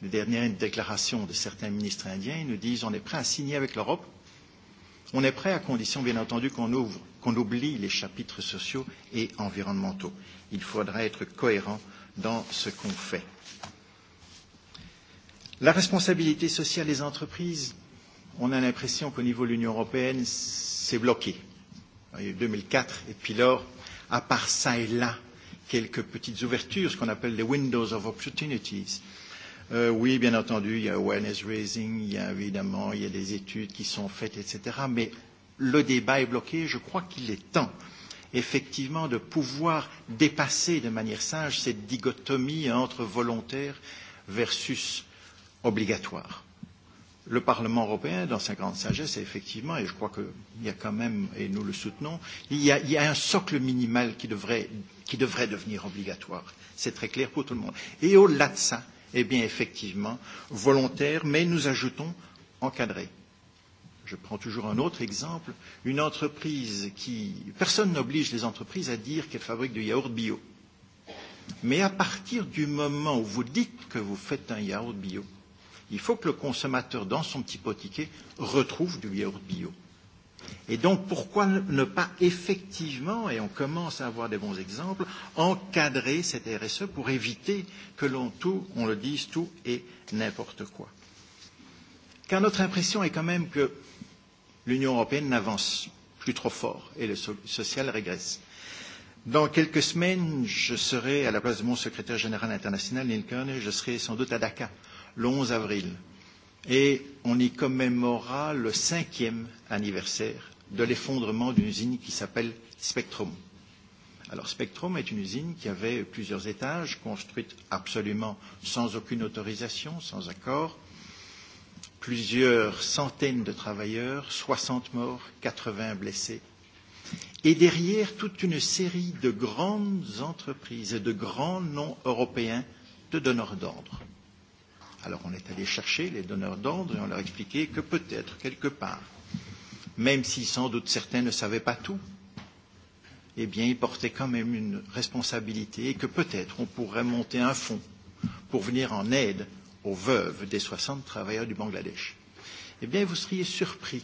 D: les dernières déclarations de certains ministres indiens Ils nous disent on est prêt à signer avec l'Europe, on est prêt à condition, bien entendu, qu'on ouvre, qu'on oublie les chapitres sociaux et environnementaux. Il faudra être cohérent dans ce qu'on fait. La responsabilité sociale des entreprises on a l'impression qu'au niveau de l'Union européenne, c'est bloqué. Il y a eu 2004, et puis lors, à part ça et là, quelques petites ouvertures, ce qu'on appelle les windows of opportunities. Euh, oui, bien entendu, il y a awareness raising, il y a évidemment, il y a des études qui sont faites, etc. Mais le débat est bloqué. Je crois qu'il est temps, effectivement, de pouvoir dépasser de manière sage cette dichotomie entre volontaire versus obligatoire le Parlement européen, dans sa grande sagesse, effectivement, et je crois qu'il y a quand même, et nous le soutenons, il y a, il y a un socle minimal qui devrait, qui devrait devenir obligatoire. C'est très clair pour tout le monde. Et au-delà de ça, eh bien, effectivement, volontaire, mais nous ajoutons encadré. Je prends toujours un autre exemple. Une entreprise qui. Personne n'oblige les entreprises à dire qu'elles fabriquent du yaourt bio. Mais à partir du moment où vous dites que vous faites un yaourt bio, Il faut que le consommateur, dans son petit pot ticket, retrouve du yaourt bio. Et donc, pourquoi ne pas effectivement, et on commence à avoir des bons exemples, encadrer cette RSE pour éviter que l'on tout, on le dise tout et n'importe quoi Car notre impression est quand même que l'Union européenne n'avance plus trop fort et le social régresse. Dans quelques semaines, je serai à la place de mon secrétaire général international, Neil Kearney, je serai sans doute à Dakar le 11 avril. Et on y commémorera le cinquième anniversaire de l'effondrement d'une usine qui s'appelle Spectrum. Alors Spectrum est une usine qui avait plusieurs étages, construite absolument sans aucune autorisation, sans accord. Plusieurs centaines de travailleurs, 60 morts, 80 blessés. Et derrière, toute une série de grandes entreprises et de grands noms européens de donneurs d'ordre. Alors on est allé chercher les donneurs d'ordre et on leur expliquait que peut-être, quelque part, même si sans doute certains ne savaient pas tout, eh bien ils portaient quand même une responsabilité et que peut-être on pourrait monter un fonds pour venir en aide aux veuves des 60 travailleurs du Bangladesh. Eh bien vous seriez surpris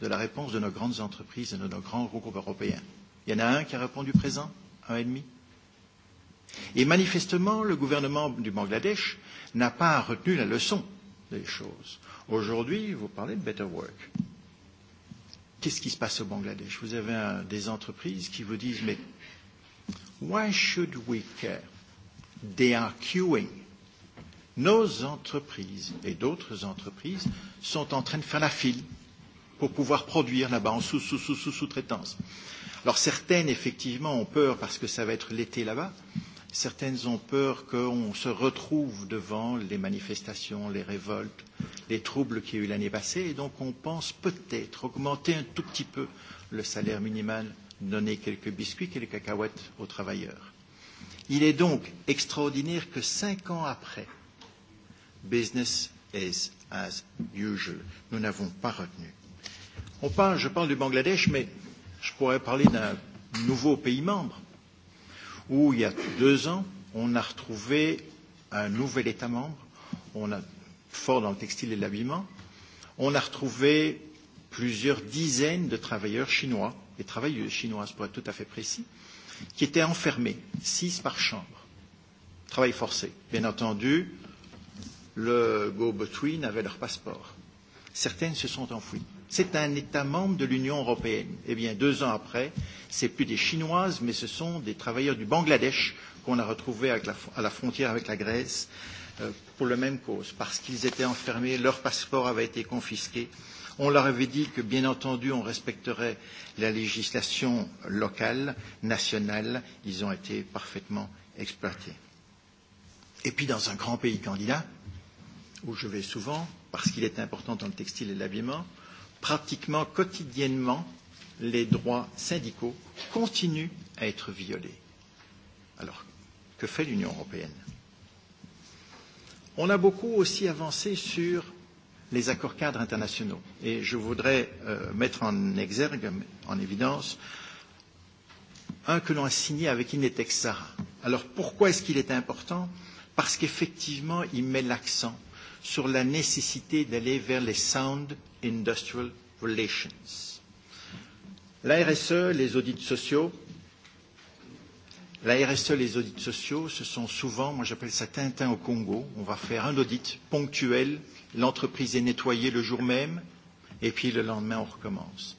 D: de la réponse de nos grandes entreprises et de nos grands groupes européens. Il y en a un qui a répondu présent, un et demi. Et manifestement, le gouvernement du Bangladesh n'a pas retenu la leçon des choses. Aujourd'hui, vous parlez de Better Work. Qu'est-ce qui se passe au Bangladesh Vous avez un, des entreprises qui vous disent, mais why should we care They are queuing. Nos entreprises et d'autres entreprises sont en train de faire la file pour pouvoir produire là-bas en sous-sous-sous-sous-traitance. Alors certaines, effectivement, ont peur parce que ça va être l'été là-bas, certaines ont peur qu'on se retrouve devant les manifestations, les révoltes, les troubles qu'il y a eu l'année passée, et donc on pense peut-être augmenter un tout petit peu le salaire minimal, donner quelques biscuits, quelques cacahuètes aux travailleurs. Il est donc extraordinaire que cinq ans après, business is as usual. Nous n'avons pas retenu. On parle, je parle du Bangladesh, mais je pourrais parler d'un nouveau pays membre où, il y a deux ans, on a retrouvé un nouvel État membre, on a fort dans le textile et l'habillement, on a retrouvé plusieurs dizaines de travailleurs chinois, et travailleuses chinoises pour être tout à fait précis, qui étaient enfermés, six par chambre. Travail forcé. Bien entendu, le go-between avait leur passeport. Certaines se sont enfouies. C'est un État membre de l'Union européenne. Eh bien, deux ans après, ce plus des Chinoises, mais ce sont des travailleurs du Bangladesh qu'on a retrouvés avec la, à la frontière avec la Grèce euh, pour la même cause, parce qu'ils étaient enfermés, leur passeport avait été confisqué. On leur avait dit que, bien entendu, on respecterait la législation locale, nationale. Ils ont été parfaitement exploités. Et puis, dans un grand pays candidat, où je vais souvent, parce qu'il est important dans le textile et l'habillement, euh, pratiquement quotidiennement, les droits syndicaux continuent à être violés. Alors, que fait l'Union européenne On a beaucoup aussi avancé sur les accords cadres internationaux. Et je voudrais euh, mettre en exergue, en évidence, un que l'on a signé avec Inetex Sahara. Alors pourquoi est-ce qu'il est important Parce qu'effectivement, il met l'accent sur la nécessité d'aller vers les sound industrial relations. La RSE, les audits sociaux, la RSE, les audits sociaux, ce sont souvent, moi j'appelle ça Tintin au Congo, on va faire un audit ponctuel, l'entreprise est nettoyée le jour même, et puis le lendemain on recommence.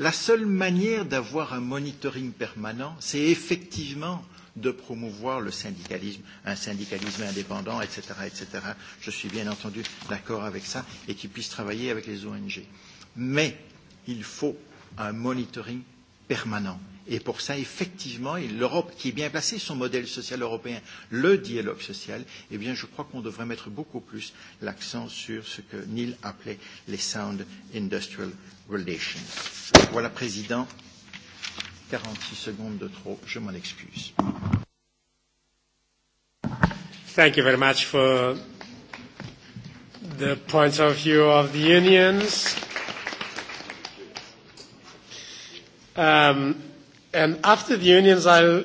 D: La seule manière d'avoir un monitoring permanent, c'est effectivement de promouvoir le syndicalisme, un syndicalisme indépendant, etc., etc. Je suis bien entendu d'accord avec ça et qu'il puisse travailler avec les ONG. Mais il faut un monitoring permanent Et pour ça, effectivement, l'Europe, qui est bien placée, son modèle social européen, le dialogue social, eh bien, je crois qu'on devrait mettre beaucoup plus l'accent sur ce que Neil appelait les sound industrial relations. Voilà, Président. 46 secondes de trop, je m'en excuse. Thank you very much for the
A: point of view of the unions. Um, And after the unions, I'll uh,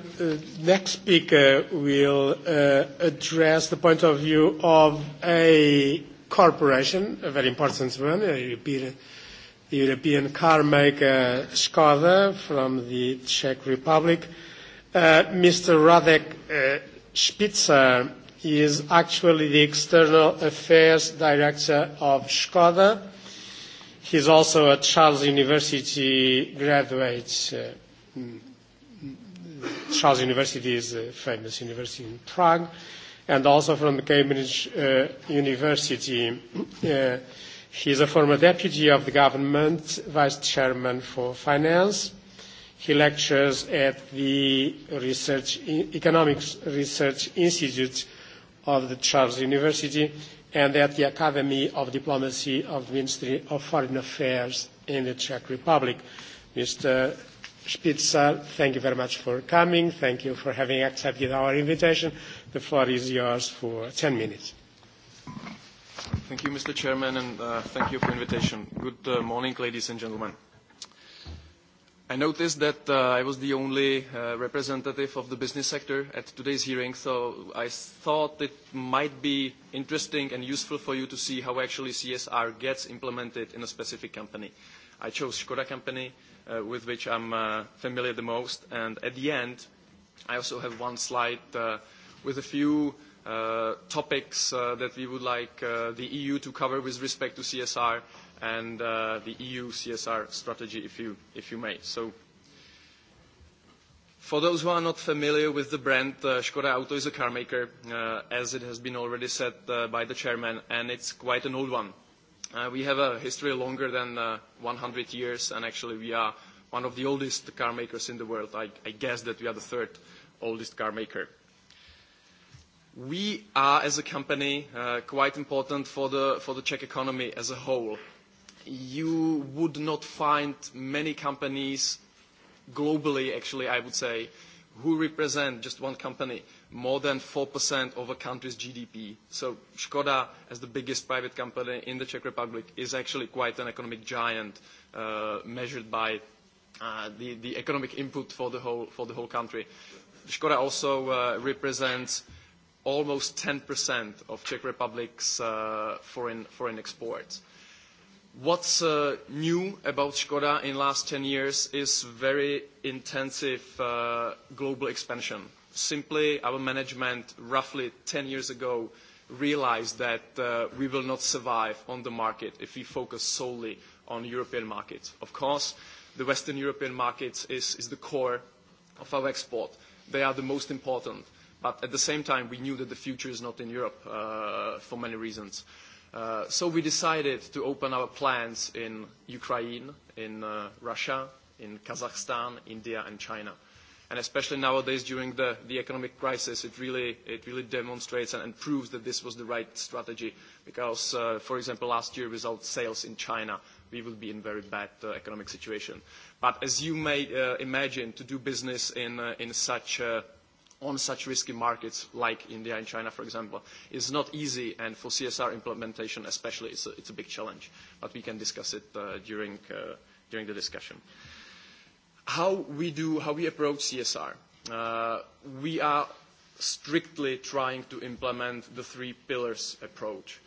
A: next speaker will uh, address the point of view of a corporation, a very important one, a European, the European car maker Skoda from the Czech Republic. Uh, Mr. Radek uh, Spitzer is actually the External Affairs Director of Skoda. He's also a Charles University graduate. Uh, Charles University is a famous university in Prague, and also from Cambridge uh, University. Uh, he is a former deputy of the government, vice chairman for finance. He lectures at the Research, Economics Research Institute of the Charles University and at the Academy of Diplomacy of the Ministry of Foreign Affairs in the Czech Republic. Mr. Spitzer, thank you very much for coming. Thank you for having accepted our invitation. The floor is yours for 10 minutes.
E: Thank you, Mr. Chairman, and uh, thank you for invitation. Good uh, morning, ladies and gentlemen. I noticed that uh, I was the only uh, representative of the business sector at today's hearing, so I thought it might be interesting and useful for you to see how actually CSR gets implemented in a specific company. I chose Škoda Company uh, with which I'm uh, familiar the most. And at the end, I also have one slide uh, with a few uh, topics uh, that we would like uh, the EU to cover with respect to CSR and uh, the EU CSR strategy, if you, if you may. So For those who are not familiar with the brand, uh, Škoda Auto is a car maker, uh, as it has been already said uh, by the chairman, and it's quite an old one. Uh, we have a history longer than uh, 100 years, and actually we are one of the oldest car makers in the world. I, I guess that we are the third oldest car maker. We are, as a company, uh, quite important for the, for the Czech economy as a whole. You would not find many companies globally, actually, I would say, who represent just one company more than 4% of a country's GDP. So Škoda, as the biggest private company in the Czech Republic, is actually quite an economic giant uh, measured by uh, the, the economic input for the whole, for the whole country. Škoda also uh, represents almost 10% of Czech Republic's uh, foreign, foreign exports. Uh, What's uh, new about Skoda in the last 10 years is very intensive uh, global expansion. Simply, our management roughly 10 years ago realized that uh, we will not survive on the market if we focus solely on European markets. Of course, the Western European markets is, is the core of our export. They are the most important. But at the same time, we knew that the future is not in Europe uh, for many reasons. Uh, so we decided to open our plants in Ukraine, in Russia, in Kazakhstan, India, and China. And especially nowadays during the, economic crisis, it really, it really demonstrates and, proves that this was the right strategy. Because, for example, last year without sales in China, we would be in very bad economic situation. But as you may uh, imagine, to do business in, in such a on such risky markets like India and China, for example, is not easy, and for CSR implementation especially, it's a, it's a big challenge. But we can discuss it uh, during, uh, during the discussion. How we do, how we approach CSR. Uh, we are strictly trying to implement the three pillars approach.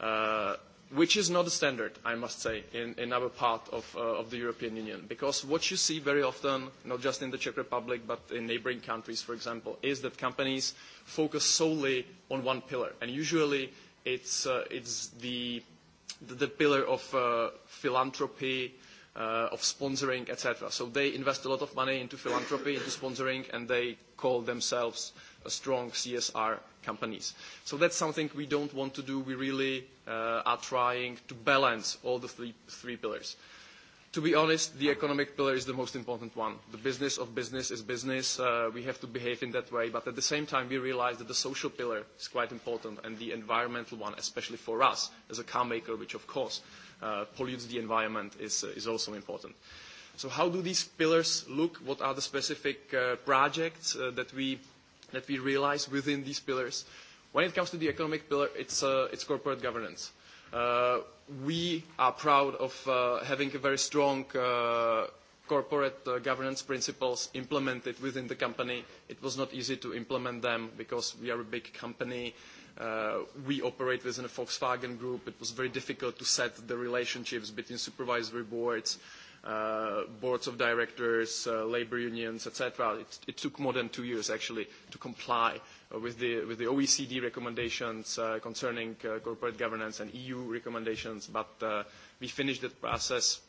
E: Uh, which is not a standard, I must say, in, in other part of, uh, of the European Union. Because what you see very often, not just in the Czech Republic, but in neighboring countries, for example, is that companies focus solely on one pillar. And usually it's, uh, it's the, the, the pillar of uh, philanthropy, uh, of sponsoring, etc. So they invest a lot of money into philanthropy, into sponsoring, and they call themselves a strong CSR companies. So that's something we don't want to do. We really uh, are trying to balance all the three, three pillars. To be honest, the economic pillar is the most important one. The business of business is business. Uh, we have to behave in that way. But at the same time, we realize that the social pillar is quite important and the environmental one, especially for us as a car maker, which of course uh, pollutes the environment, is, uh, is also important. So how do these pillars look? What are the specific uh, projects uh, that we that we realize within these pillars. When it comes to the economic pillar, it's, uh, it's corporate governance. Uh, we are proud of uh, having a very strong uh, corporate uh, governance principles implemented within the company. It was not easy to implement them because we are a big company. Uh, we operate within a Volkswagen group. It was very difficult to set the relationships between supervisory boards. Uh, uh, boards of directors, uh, labor unions, etc. It, it took more than two years actually to comply with, the, with the OECD recommendations uh, concerning uh, corporate governance and EU recommendations, but uh, we finished that process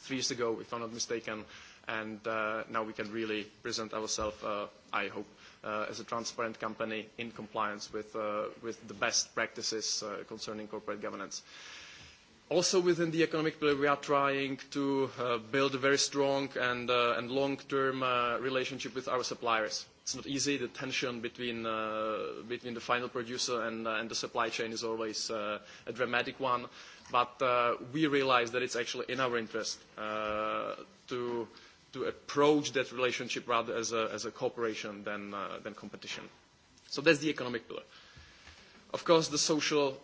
E: three years ago, if I'm not mistaken, and uh, now we can really present ourselves, uh, I hope, uh, as a transparent company in compliance with, uh, with the best practices uh, concerning corporate governance. Uh, Also within the economic pillar, we are trying to build a very strong and long-term relationship with our suppliers. It's not easy. The tension between the final producer and the supply chain is always a dramatic one. But we realize that it's actually in our interest to approach that relationship rather as a cooperation than competition. So that's the economic pillar. Of course, the social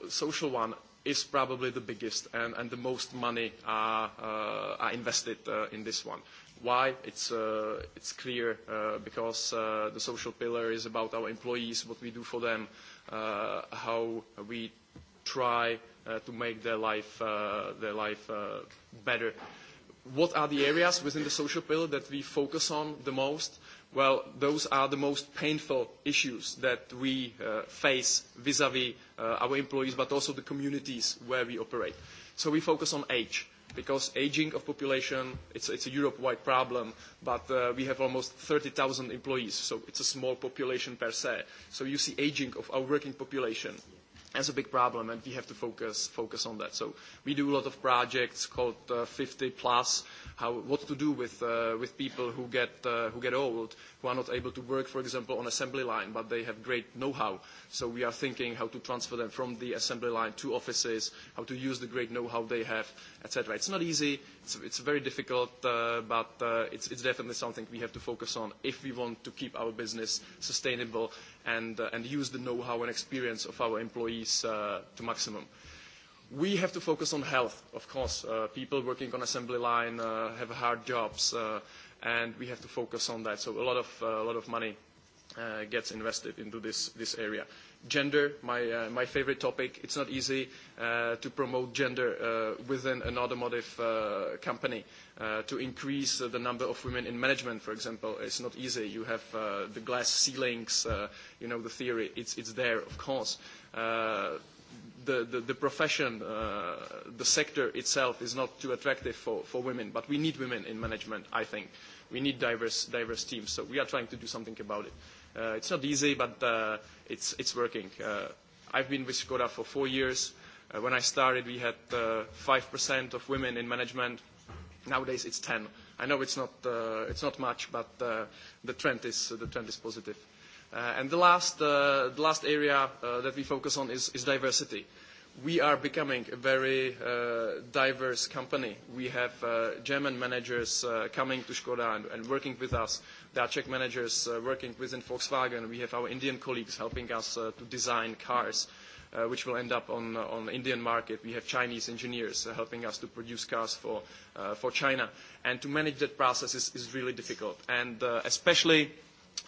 E: one is probably the biggest and, and the most money are, invested in this one. Why? It's, clear because the social pillar is about our employees, what we do for them, how we try to make their life, better. What are the areas within the social pillar that we focus on the most? Well, those are the most painful issues that we face vis-à-vis our employees, but also the communities where we operate. So we focus on age because aging of population, it's, it's a Europe-wide problem, but uh, we have almost 30,000 employees, so it's a small population per se. So you see aging of our working population as a big problem, and we have to focus focus on that. So we do a lot of projects called uh, 50 plus, how what to do with uh, with people who get uh, who get old, who are not able to work, for example, on assembly line, but they have great know-how. So we are thinking how to transfer them from the assembly line to offices, how to use the great know-how they have, etc. It's not easy. It's, it's very difficult, uh, but uh, it's, it's definitely something we have to focus on if we want to keep our business sustainable and, and use the know-how and experience of our employees uh, to maximum. We have to focus on health, of course. Uh, people working on assembly line uh, have hard jobs, uh, and we have to focus on that. So a lot of, uh, a lot of money uh, gets invested into this, this area gender, my, uh, my favorite topic. It's not easy uh, to promote gender uh, within an automotive uh, company. Uh, to increase uh, the number of women in management, for example, it's not easy. You have uh, the glass ceilings, uh, you know, the theory. It's, it's there, of course. Uh, the, the, the profession, uh, the sector itself is not too attractive for, for women, but we need women in management, I think. We need diverse, diverse teams, so we are trying to do something about it. Uh, it's not easy, but uh, it's, it's working. Uh, I've been with Skoda for four years. Uh, when I started, we had uh, 5% of women in management. Nowadays, it's 10. I know it's not, uh, it's not much, but uh, the, trend is, the trend is positive. Uh, and the last, uh, the last area uh, that we focus on is, is diversity. Uh, we are becoming a very uh, diverse company. We have uh, German managers uh, coming to Skoda and, and working with us. There are Czech managers uh, working within Volkswagen. We have our Indian colleagues helping us uh, to design cars uh, which will end up on on Indian market. We have Chinese engineers helping us to produce cars for uh, for China, and to manage that process is, is really difficult. And uh, especially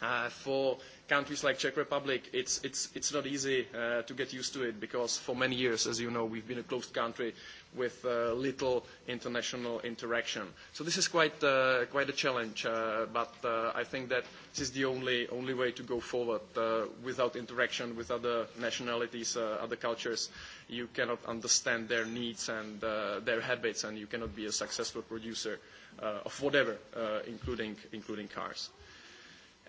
E: uh, for countries like Czech Republic, it's, it's, it's not easy uh, to get used to it because for many years, as you know, we've been a closed country with uh, little international interaction. So this is quite, uh, quite a challenge, uh, but uh, I think that this is the only, only way to go forward. Uh, without interaction with other nationalities, uh, other cultures, you cannot understand their needs and uh, their habits, and you cannot be a successful producer uh, of whatever, uh, including, including cars.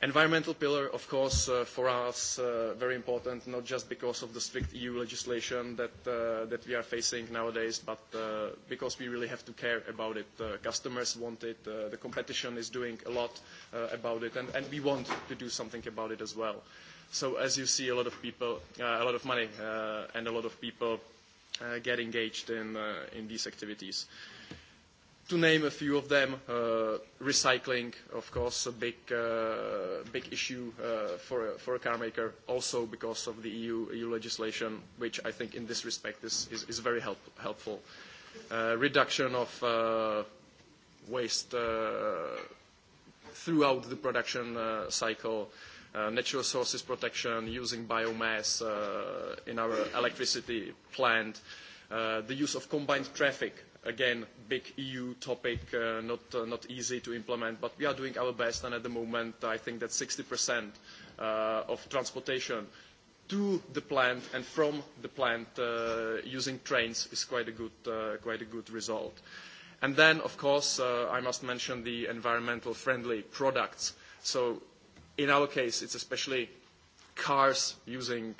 E: Environmental pillar, of course, for us, very important, not just because of the strict EU legislation that we are facing nowadays, but because we really have to care about it. Customers want it, the competition is doing a lot about it, and we want to do something about it as well. So as you see, a lot of people, a lot of money, and a lot of people get engaged in these activities to name a few of them, uh, recycling, of course, a big, uh, big issue uh, for, a, for a car maker, also because of the EU, EU legislation, which I think in this respect is, is, is very help, helpful. Uh, reduction of uh, waste uh, throughout the production uh, cycle, uh, natural sources protection, using biomass uh, in our electricity plant, uh, the use of combined traffic again, big EU topic, not, easy to implement, but we are doing our best, and at the moment, I think that 60% of transportation to the plant and from the plant using trains is quite a good, quite a good result. And then, of course, I must mention the environmental friendly products. So in our case, it's especially cars using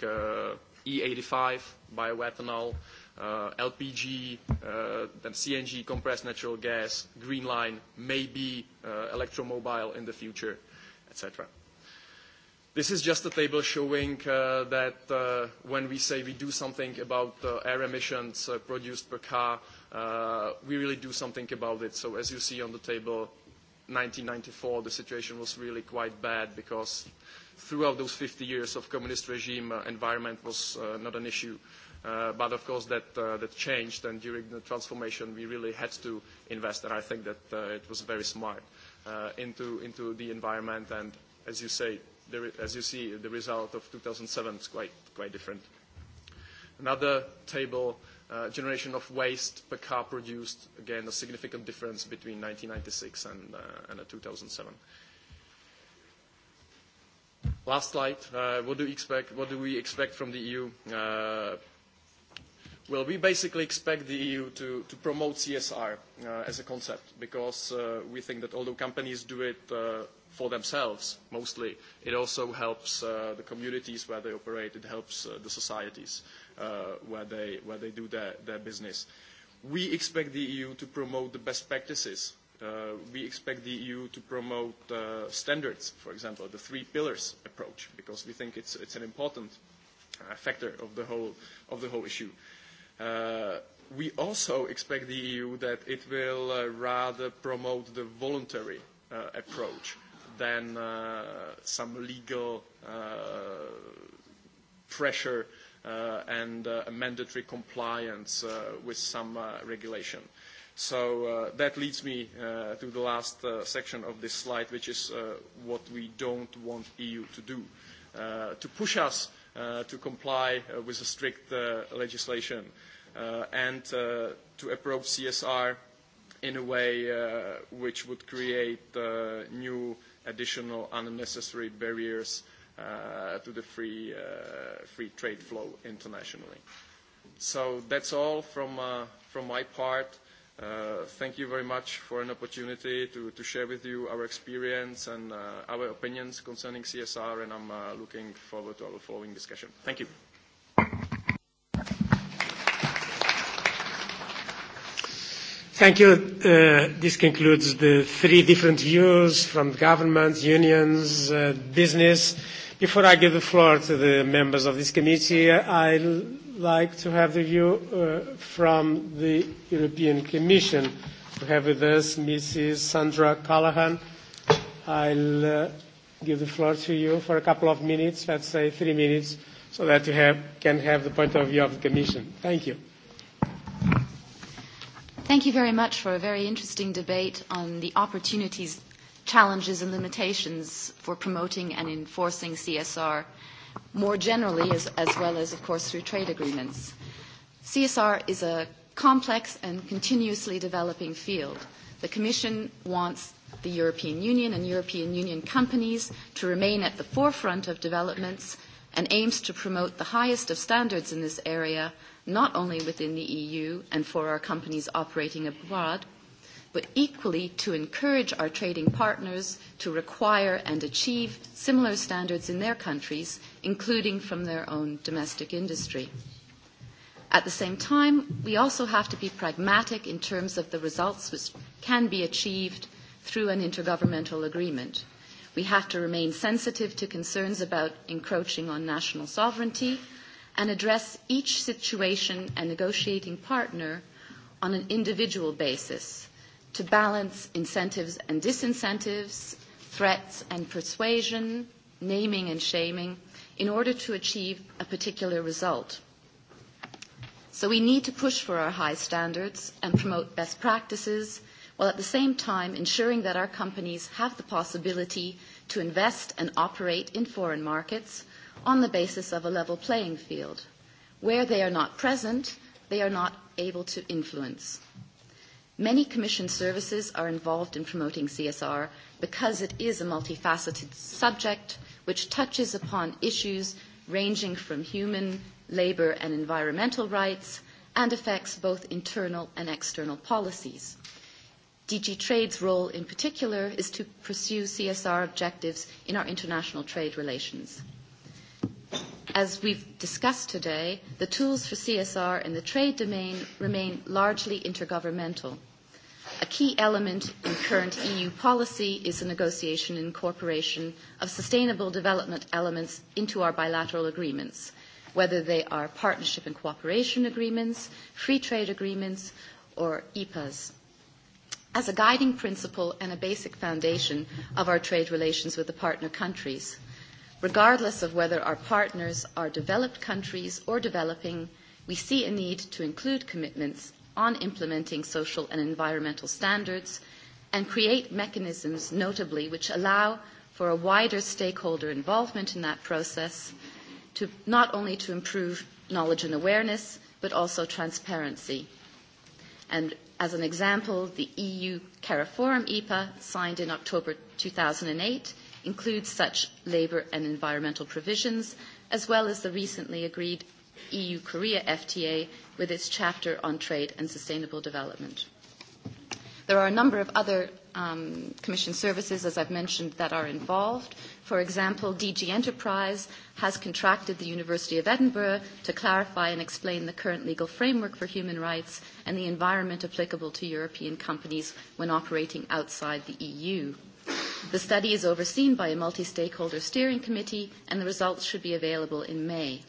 E: E85 bioethanol, uh, LPG, uh, then CNG, compressed natural gas, green line, maybe uh, electromobile in the future, etc. This is just a table showing uh, that uh, when we say we do something about uh, air emissions uh, produced per car, uh, we really do something about it. So as you see on the table, 1994, the situation was really quite bad because throughout those 50 years of communist regime, uh, environment was uh, not an issue. Uh, But of course, that changed, and during the transformation, we really had to invest, and I think that it was very smart into the environment. And as you say, as you see, the result of 2007 is quite different. Another table, generation of waste per car produced, again, a significant difference between 1996 and and 2007. Last slide. What do we expect from the EU? Well, we basically expect the EU to, to promote CSR uh, as a concept because uh, we think that although companies do it uh, for themselves mostly, it also helps uh, the communities where they operate, it helps uh, the societies uh, where, they, where they do their, their business. We expect the EU to promote the best practices. Uh, we expect the EU to promote uh, standards, for example, the three pillars approach, because we think it's, it's an important uh, factor of the whole, of the whole issue. Uh, we also expect the EU that it will uh, rather promote the voluntary uh, approach than uh, some legal uh, pressure uh, and uh, mandatory compliance uh, with some uh, regulation. So uh, that leads me uh, to the last uh, section of this slide, which is uh, what we don't want EU to do. Uh, to push us uh, uh, to comply uh, with the strict uh, legislation uh, and uh, to approach CSR in a way uh, which would create uh, new additional unnecessary barriers uh, to the free, uh, free trade flow internationally. So that's all from, uh, from my part Uh, thank you very much for an opportunity to, to share with you our experience and uh, our opinions concerning CSR, and I'm uh, looking forward to our following discussion. Thank you.
A: Thank you. Uh, this concludes the three different views from governments, unions, uh, business. Before I give the floor to the members of this committee, I'll like to have the view uh, from the European Commission. We have with us Mrs. Sandra Callahan. I'll uh, give the floor to you for a couple of minutes, let's say three minutes, so that you have, can have the point of view of the Commission. Thank you.
F: Thank you very much for a very interesting debate on the opportunities, challenges, and limitations for promoting and enforcing CSR more generally, as, as well as, of course, through trade agreements. CSR is a complex and continuously developing field. The Commission wants the European Union and European Union companies to remain at the forefront of developments and aims to promote the highest of standards in this area, not only within the EU and for our companies operating abroad, but equally to encourage our trading partners to require and achieve similar standards in their countries, including from their own domestic industry. At the same time, we also have to be pragmatic in terms of the results which can be achieved through an intergovernmental agreement. We have to remain sensitive to concerns about encroaching on national sovereignty and address each situation and negotiating partner on an individual basis to balance incentives and disincentives, threats and persuasion, naming and shaming, in order to achieve a particular result. So we need to push for our high standards and promote best practices, while at the same time ensuring that our companies have the possibility to invest and operate in foreign markets on the basis of a level playing field. Where they are not present, they are not able to influence. Many Commission services are involved in promoting CSR because it is a multifaceted subject which touches upon issues ranging from human, labour and environmental rights and affects both internal and external policies. DG Trade's role in particular is to pursue CSR objectives in our international trade relations. As we've discussed today, the tools for CSR in the trade domain remain largely intergovernmental. A key element in current EU policy is the negotiation and incorporation of sustainable development elements into our bilateral agreements, whether they are partnership and cooperation agreements, free trade agreements, or EPAs. As a guiding principle and a basic foundation of our trade relations with the partner countries, Regardless of whether our partners are developed countries or developing, we see a need to include commitments on implementing social and environmental standards and create mechanisms, notably, which allow for a wider stakeholder involvement in that process, to not only to improve knowledge and awareness, but also transparency. And as an example, the EU CARIFORUM EPA, signed in October two thousand eight includes such labour and environmental provisions, as well as the recently agreed EU-Korea FTA with its chapter on trade and sustainable development. There are a number of other um, Commission services, as I've mentioned, that are involved. For example, DG Enterprise has contracted the University of Edinburgh to clarify and explain the current legal framework for human rights and the environment applicable to European companies when operating outside the EU. The study is overseen by a multi-stakeholder steering committee, and the results should be available in May.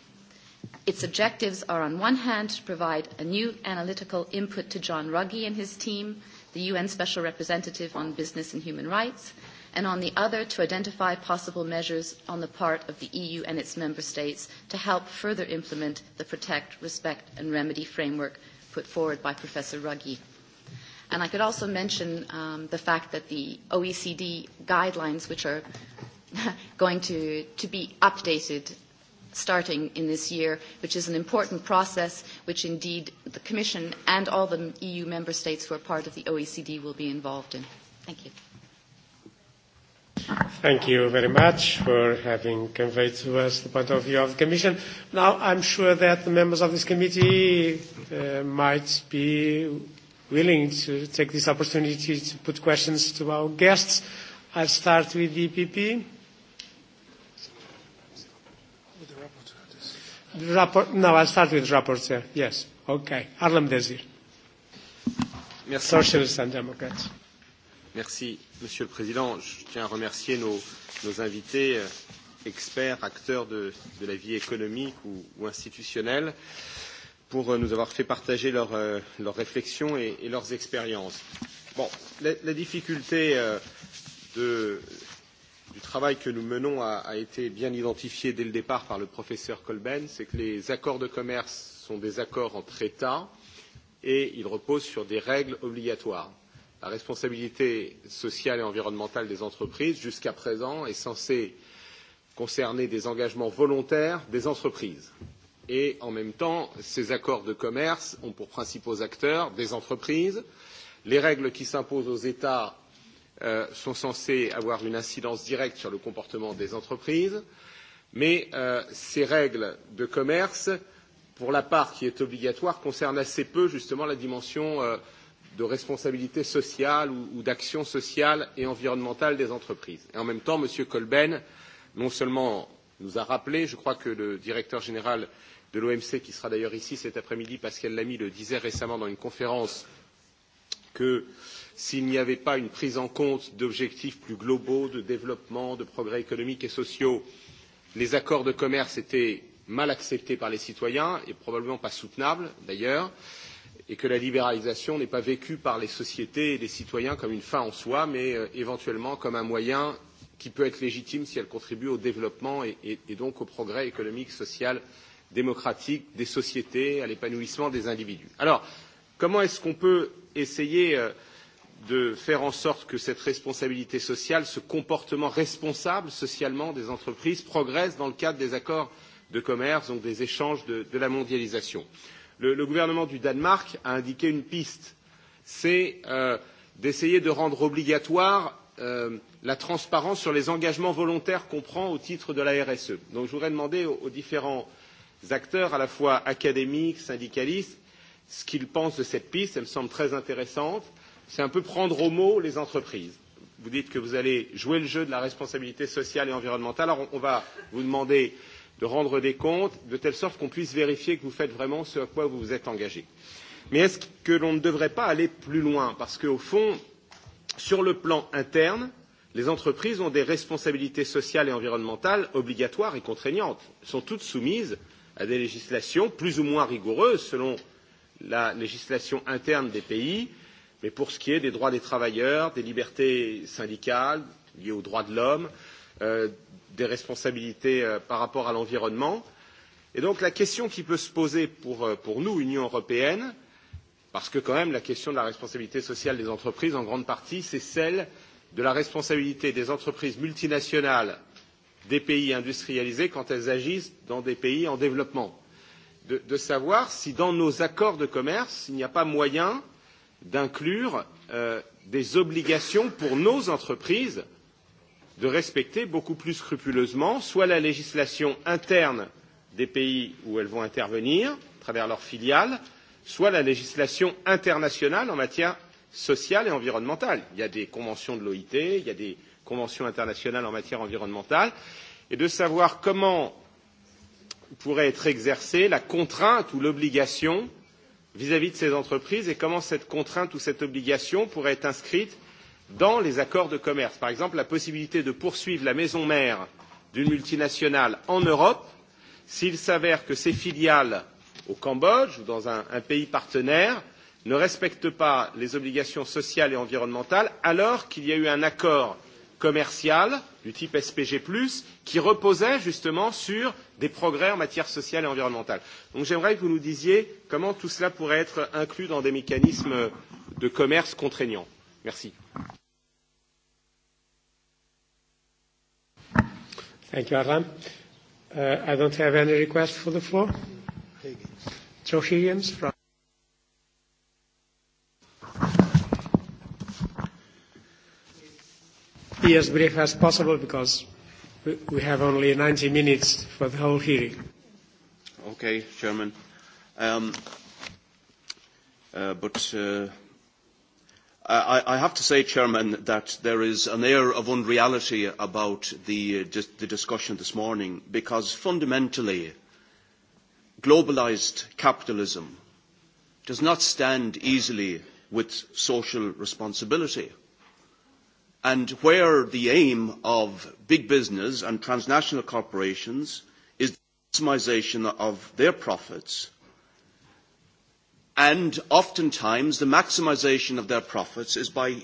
F: Its objectives are, on one hand, to provide a new analytical input to John Ruggie and his team, the UN Special Representative on Business and Human Rights, and on the other, to identify possible measures on the part of the EU and its member states to help further implement the Protect, Respect and Remedy framework put forward by Professor Ruggie. And I could also mention um, the fact that the OECD guidelines, which are going to, to be updated starting in this year, which is an important process, which indeed the Commission and all the EU member states who are part of the OECD will be involved in. Thank you.
A: Thank you very much for having conveyed to us the point of view of the Commission. Now, I'm sure that the members of this committee uh, might be willing to take this opportunity to put questions to our guests. I'll start with the EPP. The rapport, no, I'll start with the rapporteur. Yes. Okay. Harlem Desir.
G: Merci. Socialists and Democrats. Merci, Monsieur le Président. Je tiens à remercier nos, nos invités, experts, acteurs de, de la vie économique ou, ou institutionnelle. Euh, pour nous avoir fait partager leurs réflexions et, et leurs expériences. Bon, la, la difficulté euh, de, du travail que nous menons a, a été bien identifiée dès le départ par le professeur Colben, c'est que les accords de commerce sont des accords entre États et ils reposent sur des règles obligatoires. La responsabilité sociale et environnementale des entreprises, jusqu'à présent, est censée concerner des engagements volontaires des entreprises et en même temps, ces accords de commerce ont pour principaux acteurs des entreprises. Les règles qui s'imposent aux États sont censées avoir une incidence directe sur le comportement des entreprises, mais ces règles de commerce, pour la part qui est obligatoire, concernent assez peu justement la dimension de responsabilité sociale ou, d'action sociale et environnementale des entreprises. Et en même temps, M. Colben non seulement nous a rappelé, je crois que le directeur général de l'OMC, qui sera d'ailleurs ici cet après-midi, Pascal Lamy le disait récemment dans une conférence, que s'il n'y avait pas une prise en compte d'objectifs plus globaux de développement, de progrès économiques et sociaux, les accords de commerce étaient mal acceptés par les citoyens et probablement pas soutenables d'ailleurs, et que la libéralisation n'est pas vécue par les sociétés et les citoyens comme une fin en soi, mais éventuellement comme un moyen qui peut être légitime si elle contribue au développement et, donc au progrès économique, social démocratique des sociétés, à l'épanouissement des individus. Alors, comment est-ce qu'on peut essayer de faire en sorte que cette responsabilité sociale, ce comportement responsable socialement des entreprises progresse dans le cadre des accords de commerce, donc des échanges de, de la mondialisation. Le, le gouvernement du Danemark a indiqué une piste, c'est euh, d'essayer de rendre obligatoire euh, la transparence sur les engagements volontaires qu'on prend au titre de la RSE. Donc je voudrais demander aux, aux différents euh, acteurs à la fois académiques, syndicalistes, ce qu'ils pensent de cette piste. Elle me semble très intéressante. C'est un peu prendre au mot les entreprises. Vous dites que vous allez jouer le jeu de la responsabilité sociale et environnementale. Alors on va vous demander de rendre des comptes de telle sorte qu'on puisse vérifier que vous faites vraiment ce à quoi vous vous êtes engagé. Mais est-ce que l'on ne devrait pas aller plus loin Parce qu'au fond, sur le plan interne, les entreprises ont des responsabilités sociales et environnementales obligatoires et contraignantes, sont toutes soumises à des législations plus ou moins rigoureuses selon la législation interne des pays, mais pour ce qui est des droits des travailleurs, des libertés syndicales liées aux droits de l'homme, des responsabilités par rapport à l'environnement. Et donc la question qui peut se poser pour, pour nous, Union européenne, parce que quand même la question de la responsabilité sociale des entreprises, en grande partie, c'est celle de la responsabilité des entreprises multinationales des pays industrialisés quand elles agissent dans des pays en développement, de, de savoir si dans nos accords de commerce, il n'y a pas moyen d'inclure euh, des obligations pour nos entreprises de respecter beaucoup plus scrupuleusement soit la législation interne des pays où elles vont intervenir à travers leurs filiales, soit la législation internationale en matière sociale et environnementale. Il y a des conventions de l'OIT, il y a des conventions internationales en matière environnementale, et de savoir comment pourrait être exercée la contrainte ou l'obligation vis-à-vis de ces entreprises et comment cette contrainte ou cette obligation pourrait être inscrite dans les accords de commerce. Par exemple, la possibilité de poursuivre la maison mère d'une multinationale en Europe s'il s'avère que ses filiales au Cambodge ou dans un, pays partenaire ne respectent pas les obligations sociales et environnementales alors qu'il y a eu un accord commerciale du type SPG, qui reposait justement sur des progrès en matière sociale et environnementale. Donc j'aimerais que vous nous disiez comment tout cela pourrait être inclus dans des mécanismes de commerce contraignants. Merci.
A: Thank you, Adam. Uh, I don't have any requests for the floor. Higgins. Joe Higgins from be as brief as possible because we have only 90 minutes for the whole hearing.
H: Okay, Chairman. Um, uh, but uh, I, I have to say, Chairman, that there is an air of unreality about the, the discussion this morning because fundamentally, globalised capitalism does not stand easily with social responsibility and where the aim of big business and transnational corporations is the maximisation of their profits, and oftentimes the maximisation of their profits is by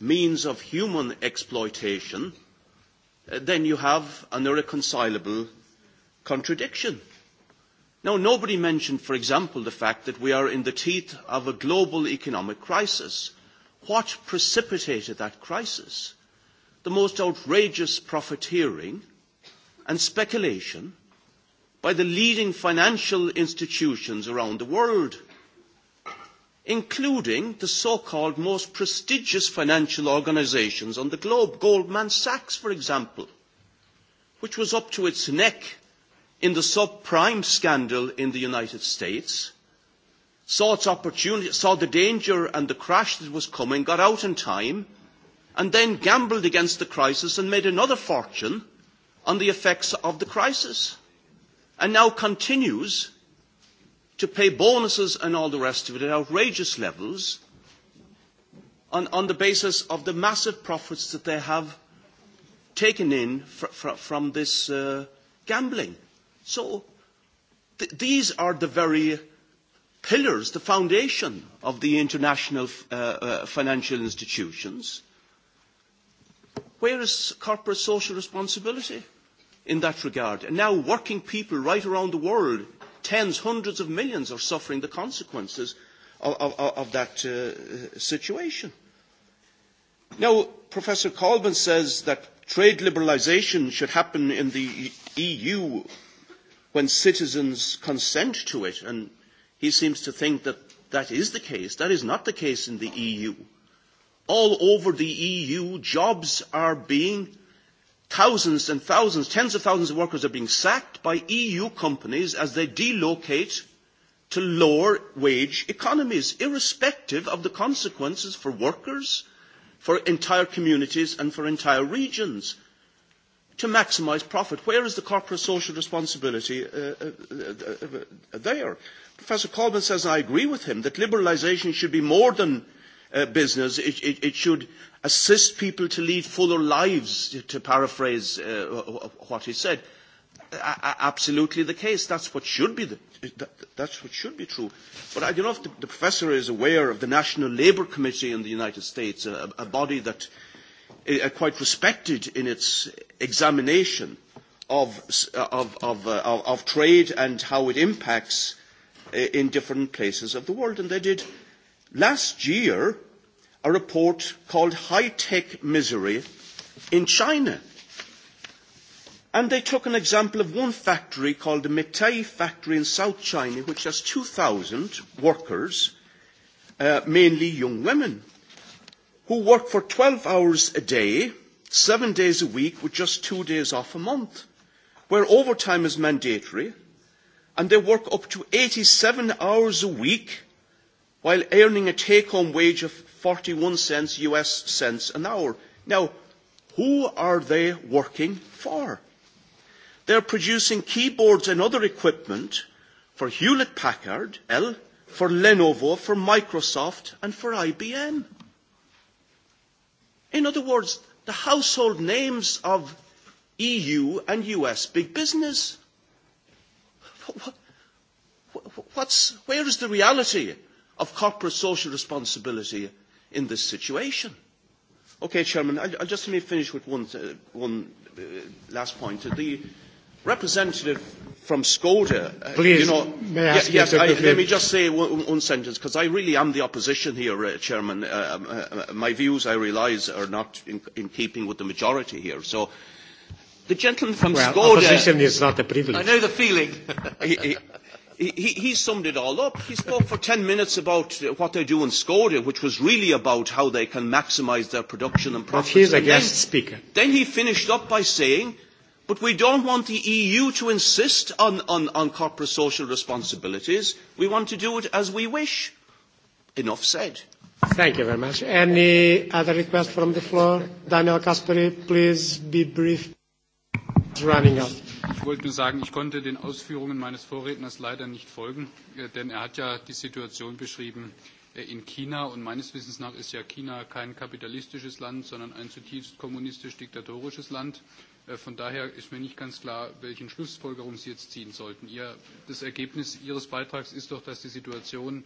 H: means of human exploitation, then you have an irreconcilable contradiction. Now, nobody mentioned, for example, the fact that we are in the teeth of a global economic crisis what precipitated that crisis? The most outrageous profiteering and speculation by the leading financial institutions around the world, including the so-called most prestigious financial organisations on the globe, Goldman Sachs, for example, which was up to its neck in the subprime scandal in the United States – saw its opportunity, saw the danger and the crash that was coming, got out in time, and then gambled against the crisis and made another fortune on the effects of the crisis, and now continues to pay bonuses and all the rest of it at outrageous levels on, on the basis of the massive profits that they have taken in fr- fr- from this uh, gambling. So th- these are the very pillars, the foundation of the international uh, uh, financial institutions. Where is corporate social responsibility in that regard? And now working people right around the world, tens, hundreds of millions are suffering the consequences of, of, of that uh, situation. Now, Professor Colvin says that trade liberalisation should happen in the EU when citizens consent to it, and He seems to think that that is the case. That is not the case in the EU. All over the EU, jobs are being, thousands and thousands, tens of thousands of workers are being sacked by EU companies as they delocate to lower wage economies, irrespective of the consequences for workers, for entire communities, and for entire regions to maximise profit. Where is the corporate social responsibility uh, uh, uh, uh, there? Professor Colman says, and I agree with him, that liberalisation should be more than uh, business. It, it, it should assist people to lead fuller lives, to paraphrase uh, what he said. A- absolutely the case. That's what should be the, that, that's what should be true. But I don't know if the, the professor is aware of the National Labour Committee in the United States, a, a body that is quite respected in its examination of, of, of, uh, of trade and how it impacts in different places of the world. And they did last year a report called High Tech Misery in China. And they took an example of one factory called the Metai factory in South China, which has 2,000 workers, uh, mainly young women, who work for 12 hours a day, seven days a week, with just two days off a month, where overtime is mandatory, and they work up to eighty seven hours a week while earning a take home wage of forty one cents US cents an hour. Now, who are they working for? They are producing keyboards and other equipment for Hewlett Packard, L, for Lenovo, for Microsoft, and for IBM. In other words, the household names of EU and US big business. What's, where is the reality of corporate social responsibility in this situation? Okay, Chairman, I'll, I'll just let me finish with one, uh, one uh, last point. The representative from Skoda... Uh, Please, you know, may I ask yes, you I, Let me just say one, one sentence, because I really am the opposition here, uh, Chairman. Uh, uh, my views, I realise, are not in, in keeping with the majority here. So The gentleman from well, Skoda. Opposition
A: is not a privilege. I know
H: the feeling. he, he, he summed it all up. He spoke for 10 minutes about what they do in Skoda, which was really about how they can maximise their production and profits. But he's a guest then, speaker. Then he finished up by saying, but we don't want the EU to insist on, on, on corporate social responsibilities. We want to do it as we wish. Enough said.
I: Thank you very much.
A: Any other request from the floor? Daniel Kasperi, please be brief running out.
I: Ich wollte nur sagen, ich konnte den Ausführungen meines Vorredners leider nicht folgen, denn er hat ja die Situation beschrieben in China und meines Wissens nach ist ja China kein kapitalistisches Land, sondern ein zutiefst kommunistisch-diktatorisches Land. Von daher ist mir nicht ganz klar, welchen Schlussfolgerungen Sie jetzt ziehen sollten. das Ergebnis Ihres Beitrags ist doch, dass die Situation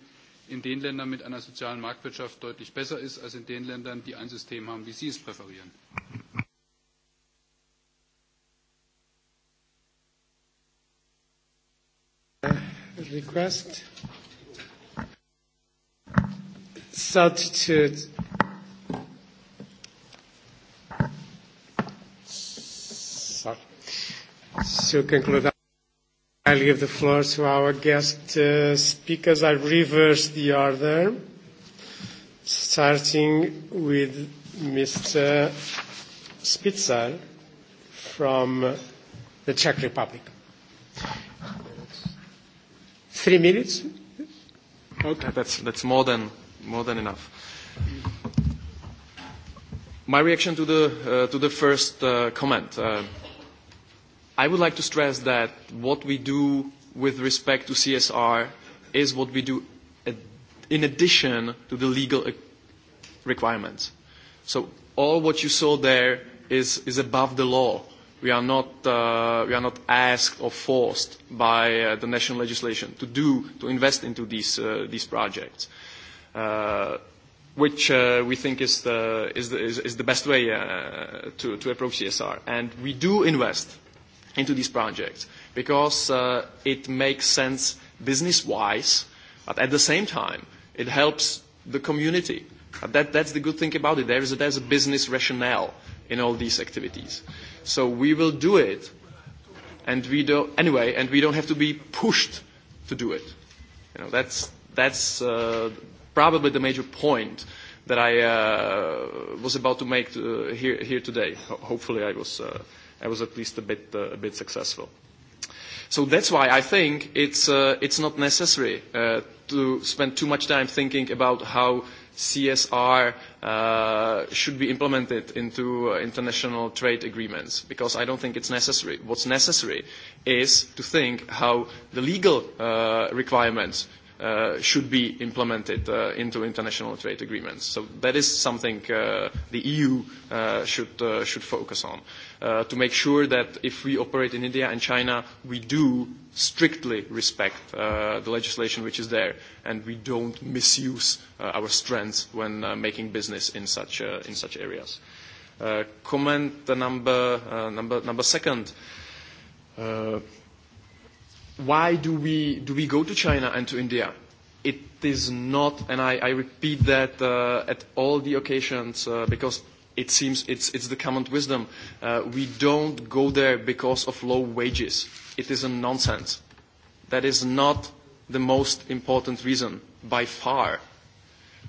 I: in den Ländern mit einer sozialen Marktwirtschaft deutlich besser ist als in den Ländern, die ein System haben, wie Sie es präferieren.
A: request substitute to conclude I give the floor to our guest uh, speakers. I reverse the order, starting with Mr. Spitzer from the Czech Republic. Three minutes?
E: Okay, that's, that's more, than, more than enough. My reaction to the, uh, to the first uh, comment. Uh, I would like to stress that what we do with respect to CSR is what we do in addition to the legal requirements. So all what you saw there is, is above the law. We are not, uh, we are not asked or forced by uh, the national legislation to do, to invest into these, uh, these projects. Uh, which uh, we think is the, is the, is, is the best way uh, to, to approach CSR. And we do invest into these projects because uh, it makes sense business-wise, but at the same time, it helps the community. That, that's the good thing about it. There is a, there's a business rationale in all these activities. Uh, So we will do it, and we don't anyway, and we don't have to be pushed to do it. You know, that's that's uh, probably the major point that I uh, was about to make uh, here here today. Ho- hopefully, I was uh, I was at least a bit uh, a bit successful. So that's why I think it's uh, it's not necessary uh, to spend too much time thinking about how CSR uh, should be implemented into international trade agreements because I don't think it's necessary. What's necessary is to think how the legal uh, requirements uh, should be implemented uh, into international trade agreements. So that is something uh, the EU uh, should, uh, should focus on, uh, to make sure that if we operate in India and China, we do strictly respect uh, the legislation which is there, and we don't misuse uh, our strengths when uh, making business in such, uh, in such areas. Uh, comment number, uh, number, number second. Uh, why do we, do we go to China and to India? It is not, and I, I repeat that uh, at all the occasions uh, because it seems it's, it's the common wisdom. Uh, we don't go there because of low wages. It is a nonsense. That is not the most important reason by far.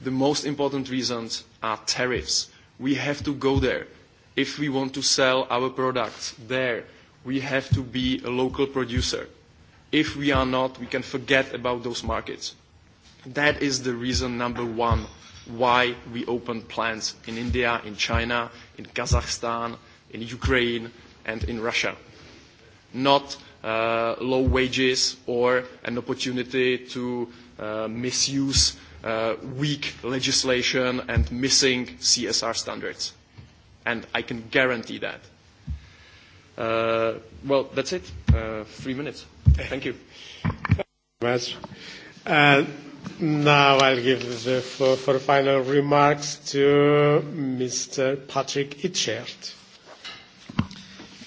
E: The most important reasons are tariffs. We have to go there. If we want to sell our products there, we have to be a local producer If we are not, we can forget about those markets. That is the reason number one why we opened plants in India, in China, in Kazakhstan, in Ukraine, and in Russia. Not low wages or an opportunity to misuse weak legislation and missing CSR standards. And I can guarantee that well, that's it. Uh, three minutes. Thank you.
A: Much. Uh, now I'll give the floor for final remarks to Mr. Patrick Itchert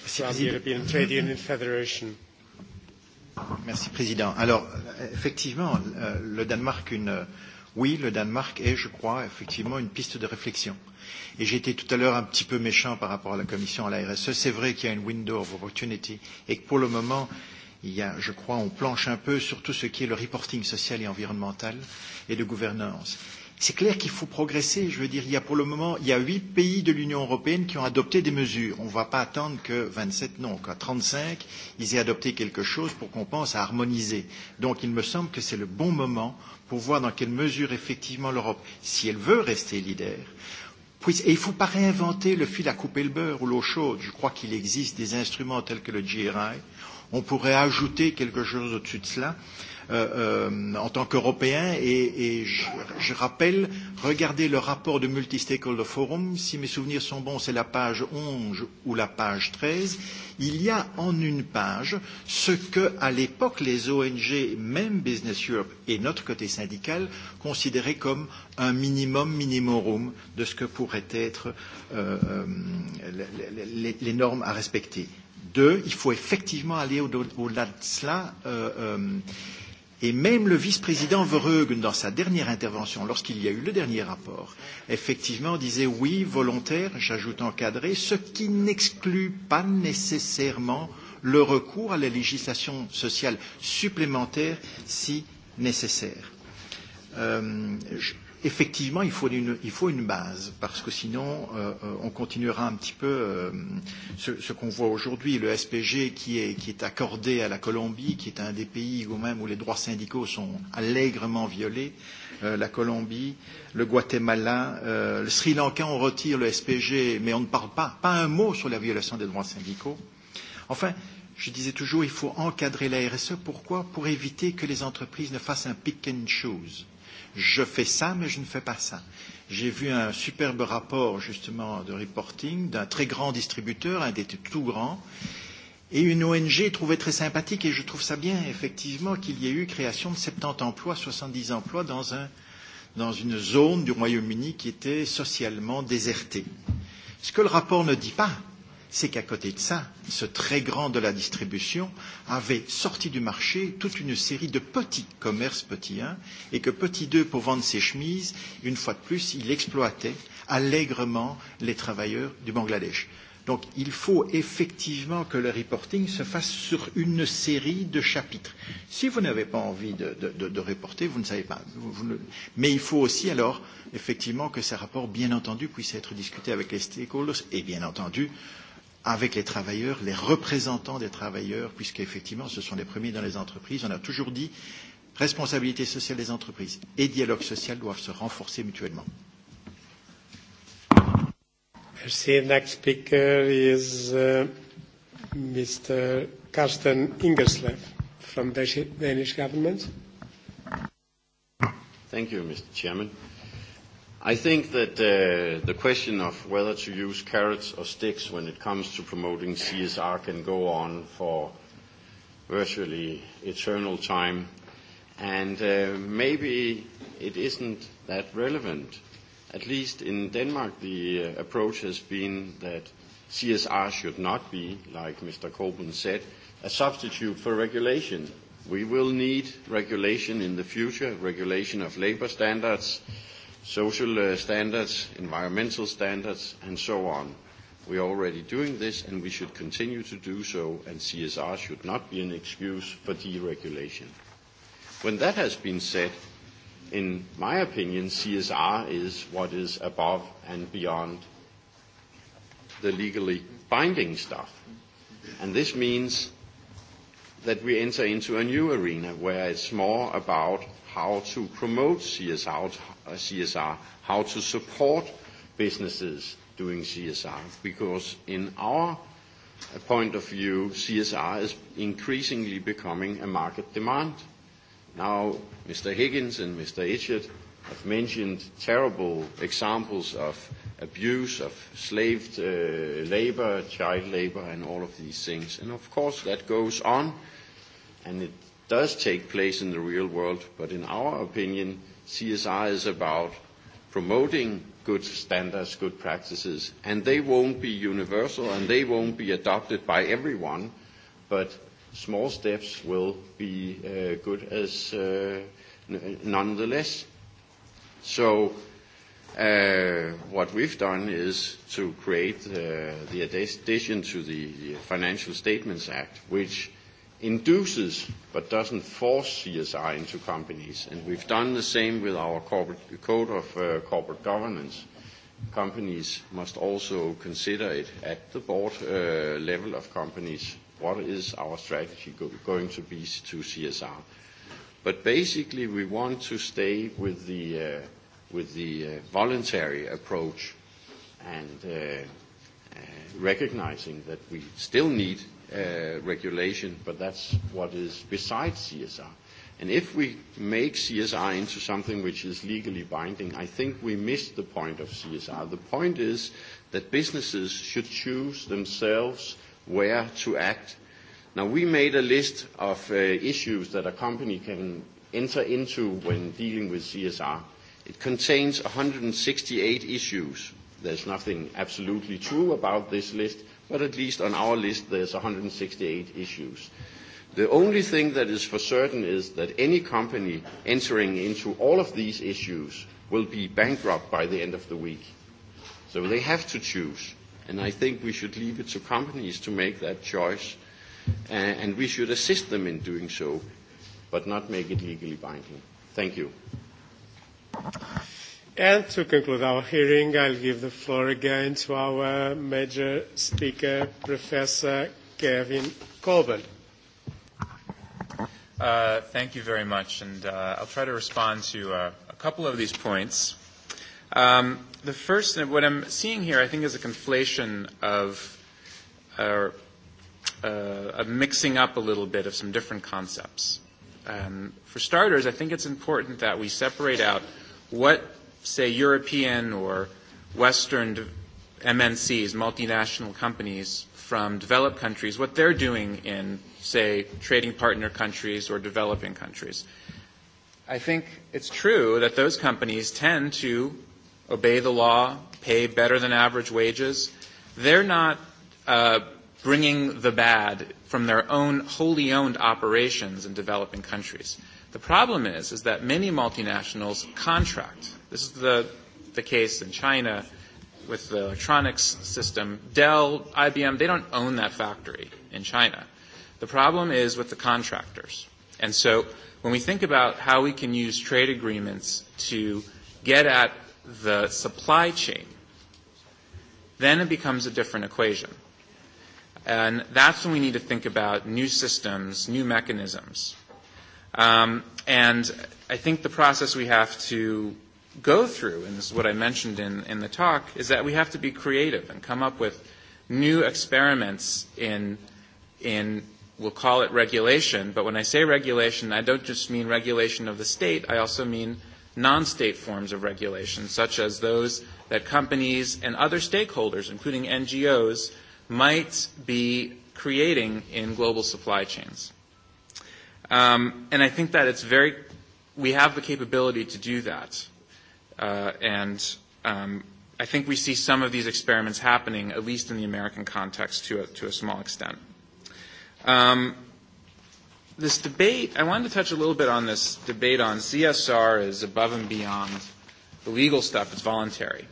D: from the European Trade Union Federation. Merci, Président. Alors, effectivement, le Danemark, une, oui, le Danemark est, je crois, effectivement, une piste de réflexion. Euh, Et j'étais tout à l'heure un petit peu méchant par rapport à la commission, à la RSE. C'est vrai qu'il y a une window of opportunity et que pour le moment, il y a, je crois, on planche un peu sur tout ce qui est le reporting social et environnemental et de gouvernance. C'est clair qu'il faut progresser. Je veux dire, il y a pour le moment, il y a huit pays de l'Union européenne qui ont adopté des mesures. On ne va pas attendre que 27, non, qu'à 35, ils aient adopté quelque chose pour qu'on pense à harmoniser. Donc, il me semble que c'est le bon moment pour voir dans quelle mesure, effectivement, l'Europe, si elle veut rester leader, Et il ne faut pas réinventer le fil à couper le beurre ou l'eau chaude. Je crois qu'il existe des instruments tels que le GRI. On pourrait ajouter quelque chose au-dessus de cela en tant qu'Européens. Et, et je, je rappelle, regardez le rapport du Multi-Stakeholder Forum. Si mes souvenirs sont bons, c'est la page 11 ou la page 13. Il y a en une page ce que, à l'époque, les ONG, même Business Europe et notre côté syndical, considéraient comme un minimum minimorum de ce que pourraient être euh, les, les normes à respecter. Deux, il faut effectivement aller au-delà de cela. Euh, euh, Et même le vice-président Verheugen, dans sa dernière intervention, lorsqu'il y a eu le dernier rapport, effectivement disait oui, volontaire, j'ajoute encadré, ce qui n'exclut pas nécessairement le recours à la législation sociale supplémentaire si nécessaire. Euh, effectivement, il faut une, il faut une base, parce que sinon, euh, on continuera un petit peu euh, ce, ce qu'on voit aujourd'hui, le SPG qui est, qui est accordé à la Colombie, qui est un des pays où même où les droits syndicaux sont allègrement violés, euh, la Colombie, le Guatemala, euh, le Sri Lanka, on retire le SPG, mais on ne parle pas, pas un mot sur la violation des droits syndicaux. Enfin, je disais toujours, il faut encadrer la RSE. Pourquoi Pour éviter que les entreprises ne fassent un pick and choose je fais ça, mais je ne fais pas ça. J'ai vu un superbe rapport justement de reporting d'un très grand distributeur, un des tout grands, et une ONG trouvait très sympathique, et je trouve ça bien effectivement qu'il y ait eu création de 70 emplois, 70 emplois dans, un, dans une zone du Royaume-Uni qui était socialement désertée. Ce que le rapport ne dit pas, c'est qu'à côté de ça, ce très grand de la distribution avait sorti du marché toute une série de petits commerces petit 1 et que petit 2, pour vendre ses chemises, une fois de plus, il exploitait allègrement les travailleurs du Bangladesh. Donc il faut effectivement que le reporting se fasse sur une série de chapitres. Si vous n'avez pas envie de, de, de, de reporter, vous ne savez pas. Vous, vous ne... Mais il faut aussi alors effectivement que ces rapports, bien entendu, puissent être discutés avec les stakeholders et bien entendu euh, avec les travailleurs, les représentants des travailleurs, puisqu'effectivement, ce sont les premiers dans les entreprises. On a toujours dit responsabilité sociale des entreprises et dialogue social doivent se renforcer mutuellement.
A: Merci. Next speaker is uh, Mr. Carsten Ingerslev from the Danish government.
C: Thank you, Mr. Chairman. I think that uh, the question of whether to use carrots or sticks when it comes to promoting CSR can go on for virtually eternal time, and uh, maybe it isn't that relevant. At least in Denmark, the uh, approach has been that CSR should not be, like Mr. Coburn said, a substitute for regulation. We will need regulation in the future, regulation of labor standards, social standards, environmental standards, and so on. We are already doing this, and we should continue to do so, and CSR should not be an excuse for deregulation. When that has been said, in my opinion, CSR is what is above and beyond the legally binding stuff. And this means that we enter into a new arena where it's more about how to promote CSR, CSR, how to support businesses doing CSR, because in our point of view, CSR is increasingly becoming a market demand. Now, Mr. Higgins and Mr. Itchett have mentioned terrible examples of abuse of slave labor, child labor, and all of these things. And of course, that goes on, and it does take place in the real world, but in our opinion, CSR is about promoting good standards, good practices, and they won't be universal and they won't be adopted by everyone, but small steps will be uh, good as uh, n- nonetheless. So uh, what we've done is to create uh, the addition to the Financial Statements Act, which – induces but doesn't force CSR into companies. And we've done the same with our corporate code of uh, corporate governance. Companies must also consider it at the board uh, level of companies. What is our strategy go- going to be to CSR? But basically, we want to stay with the uh, with the uh, voluntary approach and uh, uh, recognizing that we still need uh, regulation, but that's what is besides CSR. And if we make CSR into something which is legally binding, I think we missed the point of CSR. The point is that businesses should choose themselves where to act. Now, we made a list of uh, issues that a company can enter into when dealing with CSR. It contains 168 issues. There's nothing absolutely true about this list, but at least on our list there's 168 issues. The only thing that is for certain is that any company entering into all of these issues will be bankrupt by the end of the week. So they have to choose, and I think we should leave it to companies to make that choice, and we should assist them in doing so, but not make it legally binding. Thank you.
A: And to conclude our hearing, I'll give the floor again to our major speaker, Professor Kevin Colburn.
B: Uh, thank you very much, and uh, I'll try to respond to uh, a couple of these points. Um, the first, what I'm seeing here, I think, is a conflation of uh, uh, a mixing up a little bit of some different concepts. Um, for starters, I think it's important that we separate out what say, European or Western MNCs, multinational companies from developed countries, what they're doing in, say, trading partner countries or developing countries. I think it's true that those companies tend to obey the law, pay better than average wages. They're not uh, bringing the bad from their own wholly owned operations in developing countries. The problem is, is that many multinationals contract This is the, the case in China with the electronics system. Dell, IBM, they don't own that factory in China. The problem is with the contractors. And so when we think about how we can use trade agreements to get at the supply chain, then it becomes a different equation. And that's when we need to think about new systems, new mechanisms. Um, and I think the process we have to go through, and this is what I mentioned in, in the talk, is that we have to be creative and come up with new experiments in, in we'll call it regulation, but when I say regulation, I don't just mean regulation of the state, I also mean non-state forms of regulation, such as those that companies and other stakeholders, including NGOs, might be creating in global supply chains. Um, and I think that it's very, we have the capability to do that. Uh, and um, I think we see some of these experiments happening, at least in the American context, to a, to a small extent. Um, this debate, I wanted to touch a little bit on this debate on CSR is above and beyond the legal stuff, it's voluntary.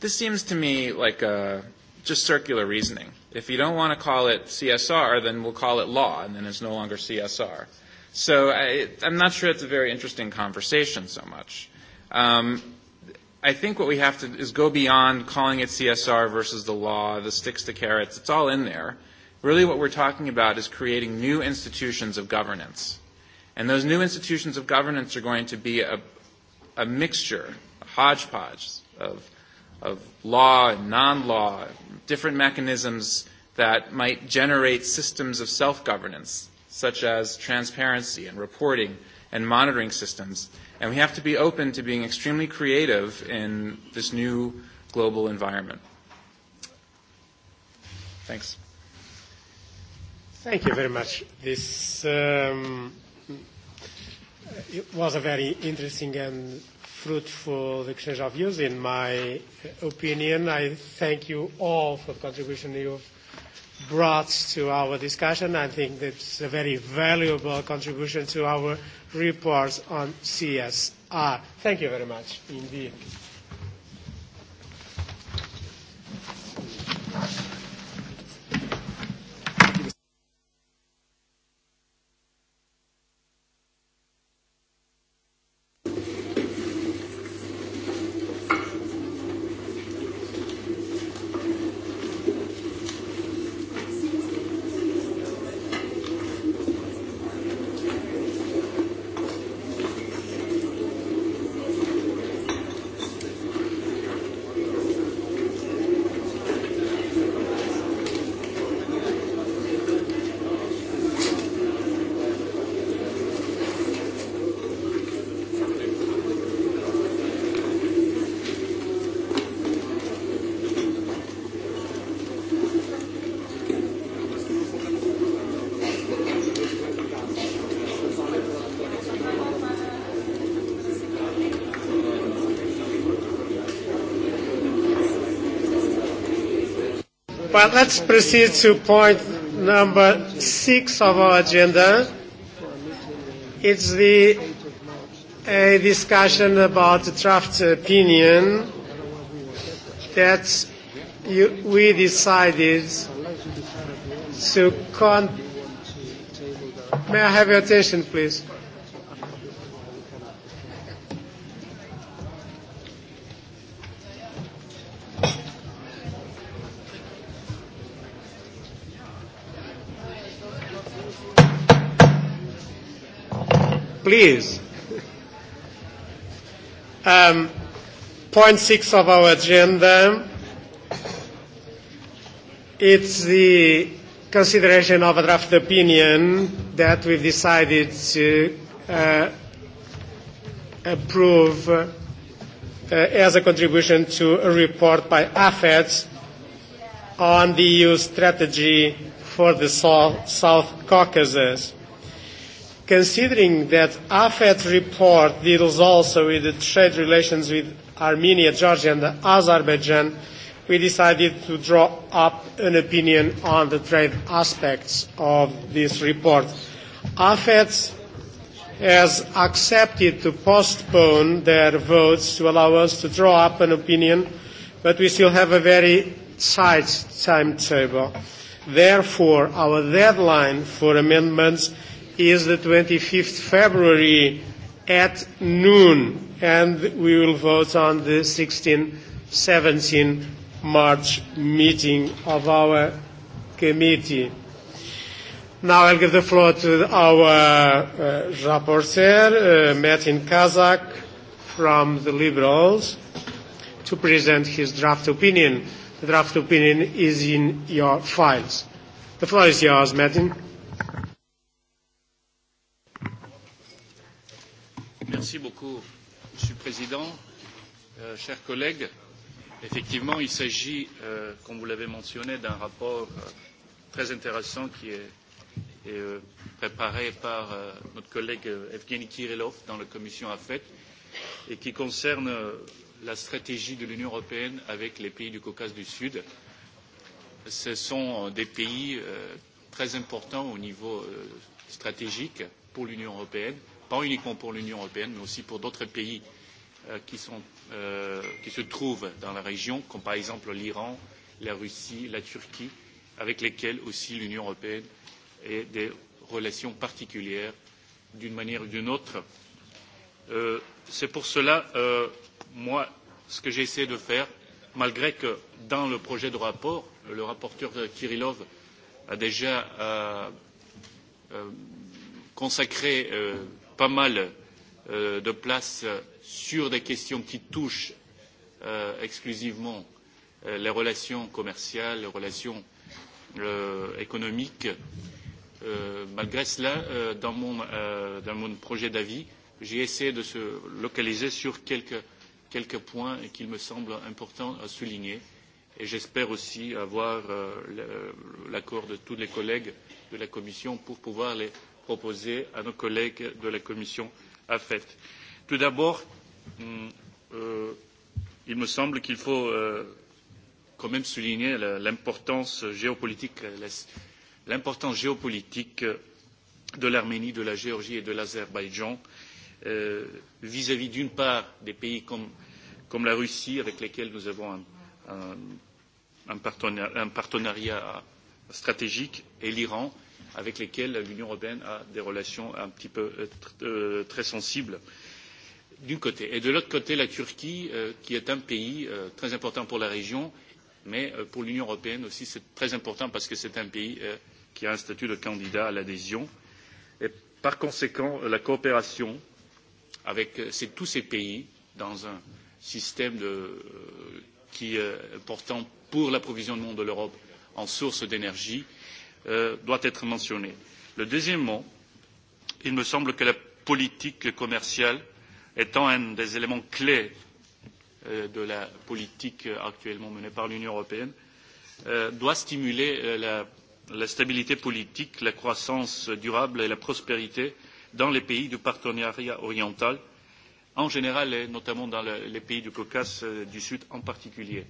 B: This seems to me like a, just circular reasoning. If you don't want to call it CSR, then we'll call it law, and then it's no longer CSR. So I, I'm not sure it's a very interesting conversation so much. Um, I think what we have to is go beyond calling it CSR versus the law, the sticks to carrots. It's all in there. Really, what we're talking about is creating new institutions of governance. And those new institutions of governance are going to be a, a mixture, a hodgepodge of, of law and non law, different mechanisms that might generate systems of self governance, such as transparency and reporting and monitoring systems And we have to be open to being extremely creative in this new global environment. Thanks.
A: Thank you very much. This um, it was a very interesting and fruitful exchange of views. In my opinion, I thank you all for the contribution you've brought to our discussion. I think that's a very valuable contribution to our reports on CSR. Thank you very much indeed. Well, let's proceed to point number six of our agenda. It's the a discussion about the draft opinion that you, we decided to con.
H: May I have your attention, please?
A: is. Um, point six of our agenda. It's the consideration of a draft opinion that we've decided to uh, approve uh, as a contribution to a report by AFET on the EU strategy for the South Caucasus considering that AFET report deals also with the trade relations with Armenia, Georgia and Azerbaijan, we decided to draw up an opinion on the trade aspects of this report. AFET has accepted to postpone their votes to allow us to draw up an opinion, but we still have a very tight timetable. Therefore, our deadline for amendments is the 25th February at noon, and we will vote on the 16, 17 March meeting of our committee. Now I'll give the floor to our uh, rapporteur, uh, Martin Kazak from the Liberals, to present his draft opinion. The draft opinion is in your files. The floor is yours, Martin.
J: Merci beaucoup, Monsieur le Président, euh, chers collègues. Effectivement, il s'agit, euh, comme vous l'avez mentionné, d'un rapport euh, très intéressant qui est, est euh, préparé par euh, notre collègue Evgeny Kirillov dans la commission AFET et qui concerne la stratégie de l'Union européenne avec les pays du Caucase du Sud. Ce sont des pays très importants au niveau stratégique pour l'Union européenne pas uniquement pour l'Union européenne, mais aussi pour d'autres pays qui, se trouvent dans la région, comme par exemple l'Iran, la Russie, la Turquie, avec lesquels aussi l'Union européenne a des relations particulières d'une manière ou d'une autre. C'est pour cela, moi, ce que j'ai essayé de faire, malgré que dans le projet de rapport, le rapporteur Kirillov a déjà consacré pas mal de place sur des questions qui touchent exclusivement les relations commerciales, les relations économiques. malgré cela, dans mon, projet d'avis, j'ai essayé de se localiser sur quelques, points qu'il me semble important à souligner et j'espère aussi avoir l'accord de tous les collègues de la Commission pour pouvoir les proposées à nos collègues de la commission AFET. Tout d'abord, il me semble qu'il faut quand même souligner l'importance géopolitique, l'importance géopolitique de l'Arménie, de la Géorgie et de l'Azerbaïdjan vis à vis d'une part des pays comme, la Russie avec lesquels nous avons un, partenariat stratégique et l'Iran avec lesquels l'Union européenne a des relations un petit peu très sensibles d'un côté et de l'autre côté la Turquie qui est un pays très important pour la région mais pour l'Union européenne aussi c'est très important parce que c'est un pays qui a un statut de candidat à l'adhésion et par conséquent la coopération avec tous ces pays dans un système qui est important pour l'approvisionnement de l'Europe en sources d'énergie doit être mentionné. Le deuxième mot, il me semble que la politique commerciale étant un des éléments clés de la politique actuellement menée par l'Union européenne, doit stimuler la, stabilité politique, la croissance durable et la prospérité dans les pays du partenariat oriental, en général et notamment dans les pays du Caucase du Sud en particulier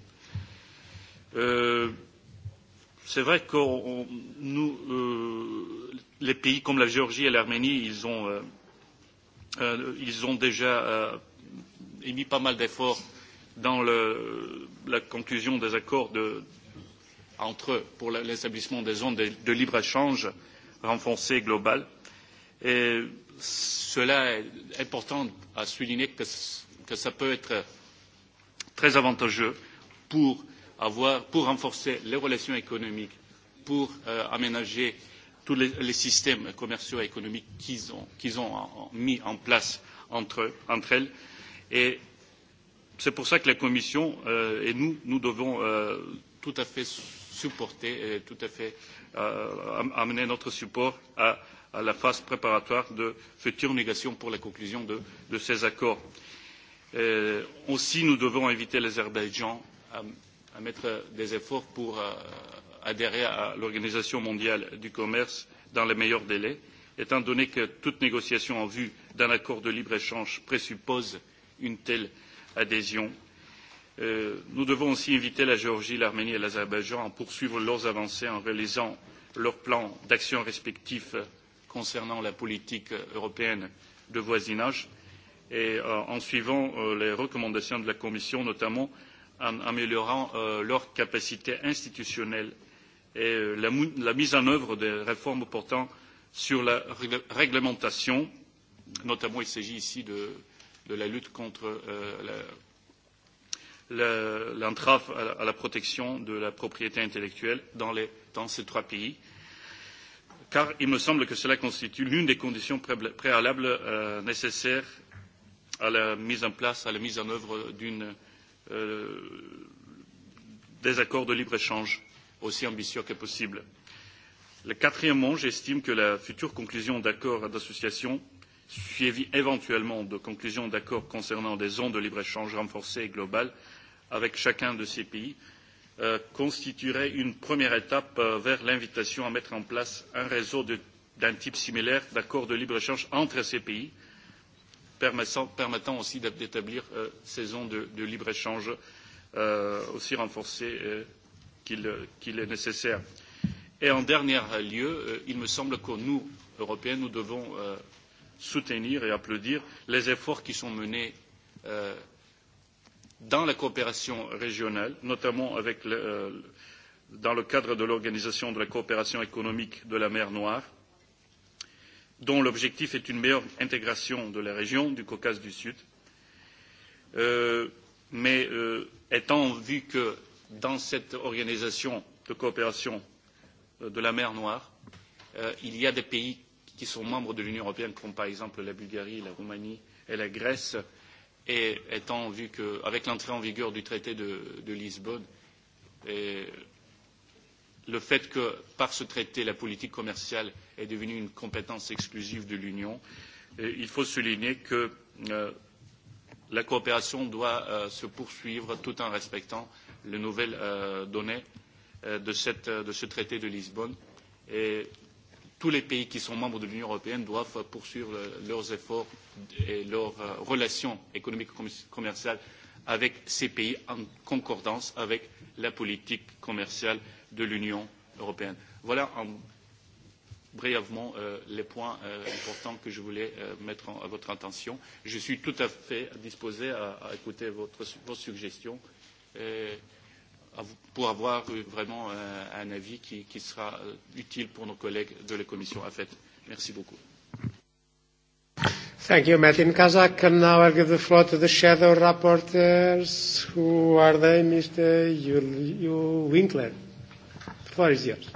J: c'est vrai que nous, les pays comme la Géorgie et l'Arménie, ils ont, ils ont déjà émis pas mal d'efforts dans la conclusion des accords entre eux pour l'établissement des zones de, libre-échange renforcées globales. Et cela est important à souligner que, cela peut être très avantageux pour avoir pour renforcer les relations économiques, pour aménager tous les, systèmes commerciaux et économiques qu'ils ont, mis en place entre, elles. Et c'est pour cela que la Commission et nous, nous devons tout à fait supporter et tout à fait amener notre support à, la phase préparatoire de futures négociations pour la conclusion de, ces accords. aussi, nous devons inviter l'Azerbaïdjan à mettre des efforts pour adhérer à l'Organisation mondiale du commerce dans les meilleurs délais, étant donné que toute négociation en vue d'un accord de libre-échange présuppose une telle adhésion. Nous devons aussi inviter la Géorgie, l'Arménie et l'Azerbaïdjan à poursuivre leurs avancées en réalisant leurs plans d'action respectifs concernant la politique européenne de voisinage et en suivant les recommandations de la Commission, notamment en améliorant leur capacité institutionnelle et la mise en œuvre des réformes portant sur la réglementation notamment il s'agit ici de la lutte contre l'entrave à la protection de la propriété intellectuelle dans ces trois pays car il me semble que cela constitue l'une des conditions préalables nécessaires à la mise en place à la mise en œuvre d'une des accords de libre-échange aussi ambitieux que possible. Quatrièmement, j'estime que la future conclusion d'accords d'association, suivie éventuellement de conclusions d'accords concernant des zones de libre-échange renforcées et globales avec chacun de ces pays, constituerait une première étape vers l'invitation à mettre en place un réseau d'un type similaire d'accords de libre-échange entre ces pays permettant aussi d'établir ces zones de libre-échange aussi renforcées qu'il est nécessaire. Et en dernier lieu, il me semble que nous, Européens, nous devons soutenir et applaudir les efforts qui sont menés dans la coopération régionale, notamment dans le cadre de l'Organisation de la coopération économique de la mer Noire, dont l'objectif est une meilleure intégration de la région du Caucase du Sud. mais étant vu que dans cette organisation de coopération de la mer Noire, il y a des pays qui sont membres de l'Union européenne, comme par exemple la Bulgarie, la Roumanie et la Grèce, et étant vu qu'avec l'entrée en vigueur du traité de, Lisbonne, le fait que par ce traité, la politique commerciale est devenue une compétence exclusive de l'Union. Il faut souligner que la coopération doit se poursuivre tout en respectant les nouvelles données de, ce traité de Lisbonne. Et tous les pays qui sont membres de l'Union européenne doivent poursuivre leurs efforts et leurs relations économiques et commerciales avec ces pays en concordance avec la politique commerciale de l'Union européenne. Voilà en, brièvement euh, les points euh, importants que je voulais euh, mettre en, à votre attention. Je suis tout à fait disposé à, à écouter votre, vos suggestions et à, pour avoir vraiment un avis qui, qui sera utile pour nos collègues de la commission à fait. Merci beaucoup.
A: Thank you, Martin Kazak. And now I'll give the floor to the shadow rapporteurs. Who are they, Mr. Yul, Winkler? floor is yours.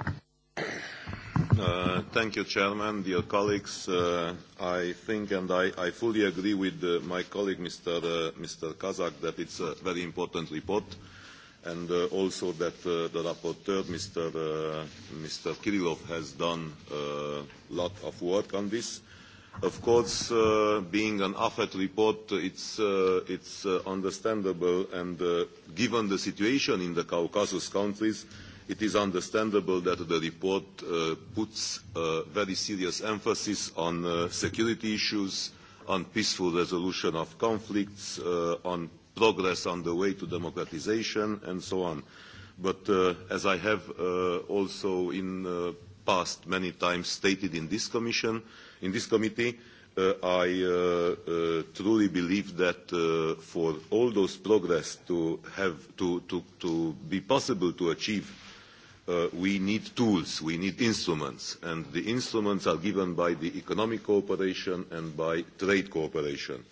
K: Uh, thank you, Chairman, dear colleagues. Uh, I think and I, I fully agree with uh, my colleague, Mr. Uh, Mr. Kazak, that it's a very important report and uh, also that uh, the rapporteur, Mr. Uh, Mr. Kirillov, has done a lot of work on this. Of course, uh, being an AFET report, it's, uh, it's uh, understandable and uh, given the situation in the Caucasus countries, it is understandable that the report puts a very serious emphasis on security issues, on peaceful resolution of conflicts, on progress on the way to democratisation and so on. But as I have also in the past many times stated in this commission, in this committee, I truly believe that for all those progress to have to, to, to be possible to achieve we need tools, we need instruments, and the instruments are given by the economic cooperation and by trade cooperation.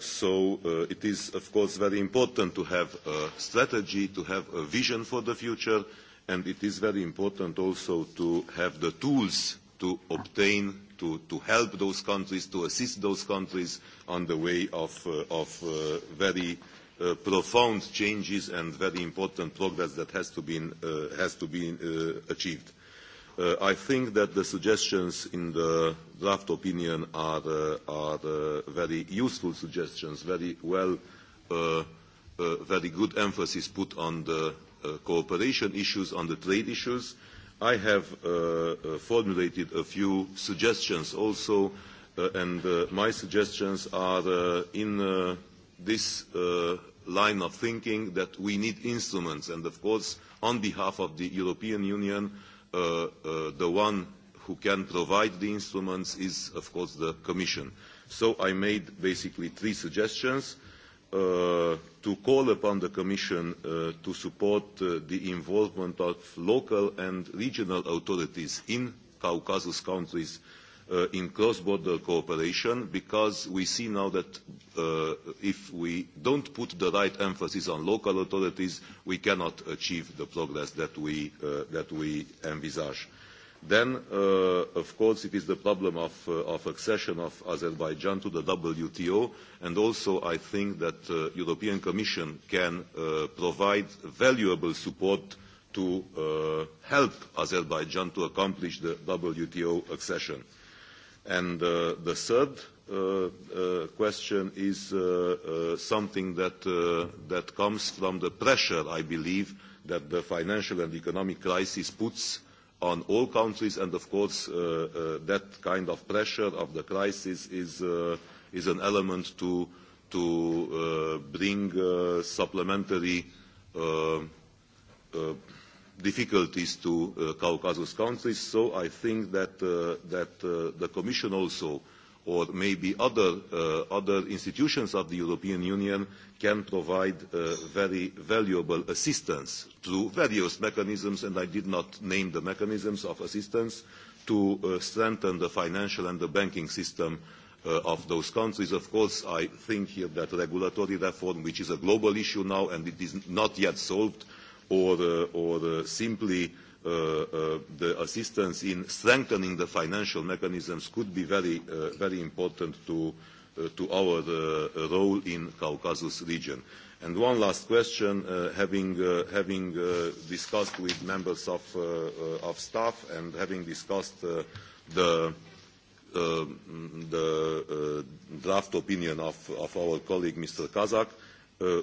K: so it is, of course, very important to have a strategy, to have a vision for the future, and it is very important also to have the tools to obtain, to, to help those countries, to assist those countries on the way of, very profound changes and very important progress that has to be, uh, has to be uh, achieved. Uh, I think that the suggestions in the draft opinion are, uh, are uh, very useful suggestions, very well, uh, uh, very good emphasis put on the uh, cooperation issues, on the trade issues. I have uh, uh, formulated a few suggestions also, uh, and uh, my suggestions are uh, in uh, this uh, line of thinking that we need instruments. And of course, on behalf of the European Union, uh, uh, the one who can provide the instruments is, of course, the Commission. So I made basically three suggestions to call upon the Commission to support the involvement of local and regional authorities in Caucasus countries in cross-border cooperation because we see now that if we don't put the right emphasis on local authorities, we cannot achieve the progress that we, envisage. Then, of course, it is the problem of, accession of Azerbaijan to the WTO, and also I think that the European Commission can provide valuable support to help Azerbaijan to accomplish the WTO accession And the third question is something that comes from the pressure, I believe, that the financial and economic crisis puts on all countries, and of course, that kind of pressure of the crisis is an element to bring supplementary difficulties to uh, Caucasus countries. So I think that, uh, that uh, the Commission also, or maybe other, uh, other institutions of the European Union, can provide uh, very valuable assistance through various mechanisms, and I did not name the mechanisms of assistance, to uh, strengthen the financial and the banking system of those countries. Of course, I think here that regulatory reform, which is a global issue now and it is not yet solved, or simply the assistance in strengthening the financial mechanisms could be very important to our role in Caucasus region. And One last question, having discussed with members of staff and having discussed the draft opinion of our colleague, Mr. Kazak,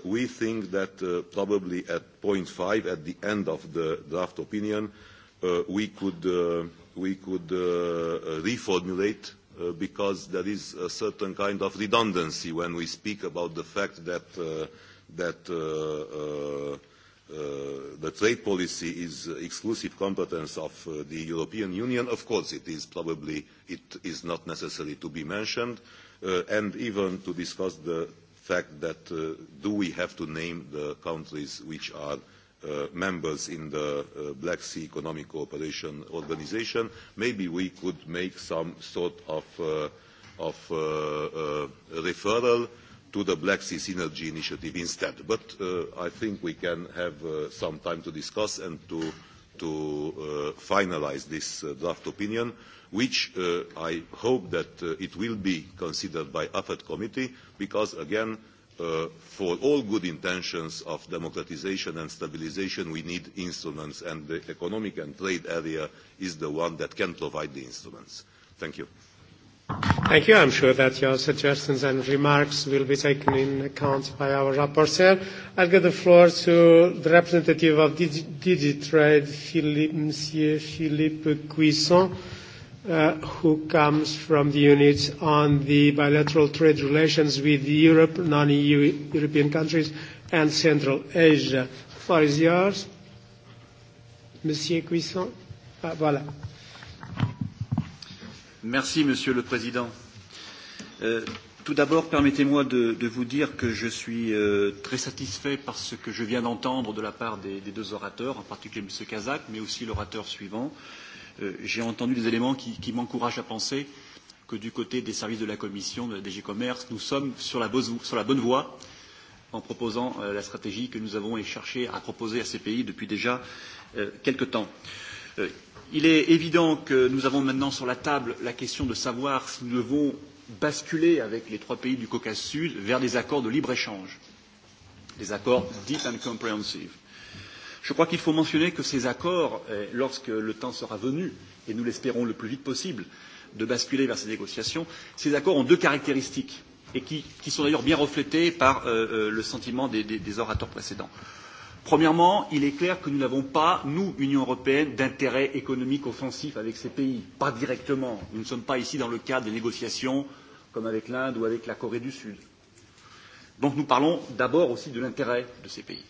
K: we think that probably at point five, at the end of the draft opinion, we could reformulate because there is a certain kind of redundancy when we speak about the fact that the trade policy is exclusive competence of the European Union. Of course, it is probably it is not necessary to be mentioned, and even to discuss the fact that do we have to name the countries which are members in the Black Sea Economic Cooperation Organisation, maybe we could make some sort of, referral to the Black Sea Synergy Initiative instead. But I think we can have some time to discuss and to to finalise this draft opinion, which I hope that it will be considered by the AFET committee, because again, for all good intentions of democratisation and stabilisation, we need instruments, and the economic and trade area is the one that can provide the instruments. Thank you.
A: Thank you. I'm sure that your suggestions and remarks will be taken in account by our rapporteur. I'll give the floor to the representative of Digitrade, Philippe, Monsieur Philippe Cuisson, uh, who comes from the unit on the bilateral trade relations with Europe, non-EU European countries, and Central Asia. The floor is yours. Monsieur Cuisson. Ah, voilà.
L: Merci, Monsieur le Président. Tout d'abord, permettez-moi de, de vous dire que je suis euh, très satisfait par ce que je viens d'entendre de la part des, des deux orateurs, en particulier M. Kazak, mais aussi l'orateur suivant. Euh, J'ai entendu des éléments qui, qui m'encouragent à penser que du côté des services de la Commission, de la DG Commerce, nous sommes sur la, sur la bonne voie en proposant euh, la stratégie que nous avons cherché à proposer à ces pays depuis déjà euh, quelque temps. Euh, Il est évident que nous avons maintenant sur la table la question de savoir si nous devons basculer avec les trois pays du Caucase Sud vers des accords de libre-échange, des accords deep and comprehensive. Je crois qu'il faut mentionner que ces accords, lorsque le temps sera venu, et nous l'espérons le plus vite possible, de basculer vers ces négociations, ces accords ont deux caractéristiques, et qui, qui sont d'ailleurs bien reflétées par euh, le sentiment des, des, des orateurs précédents. Premièrement, il est clair que nous n'avons pas, nous, Union européenne, d'intérêt économique offensif avec ces pays, pas directement. Nous ne sommes pas ici dans le cadre des négociations comme avec l'Inde ou avec la Corée du Sud. Donc nous parlons d'abord aussi de l'intérêt de ces pays.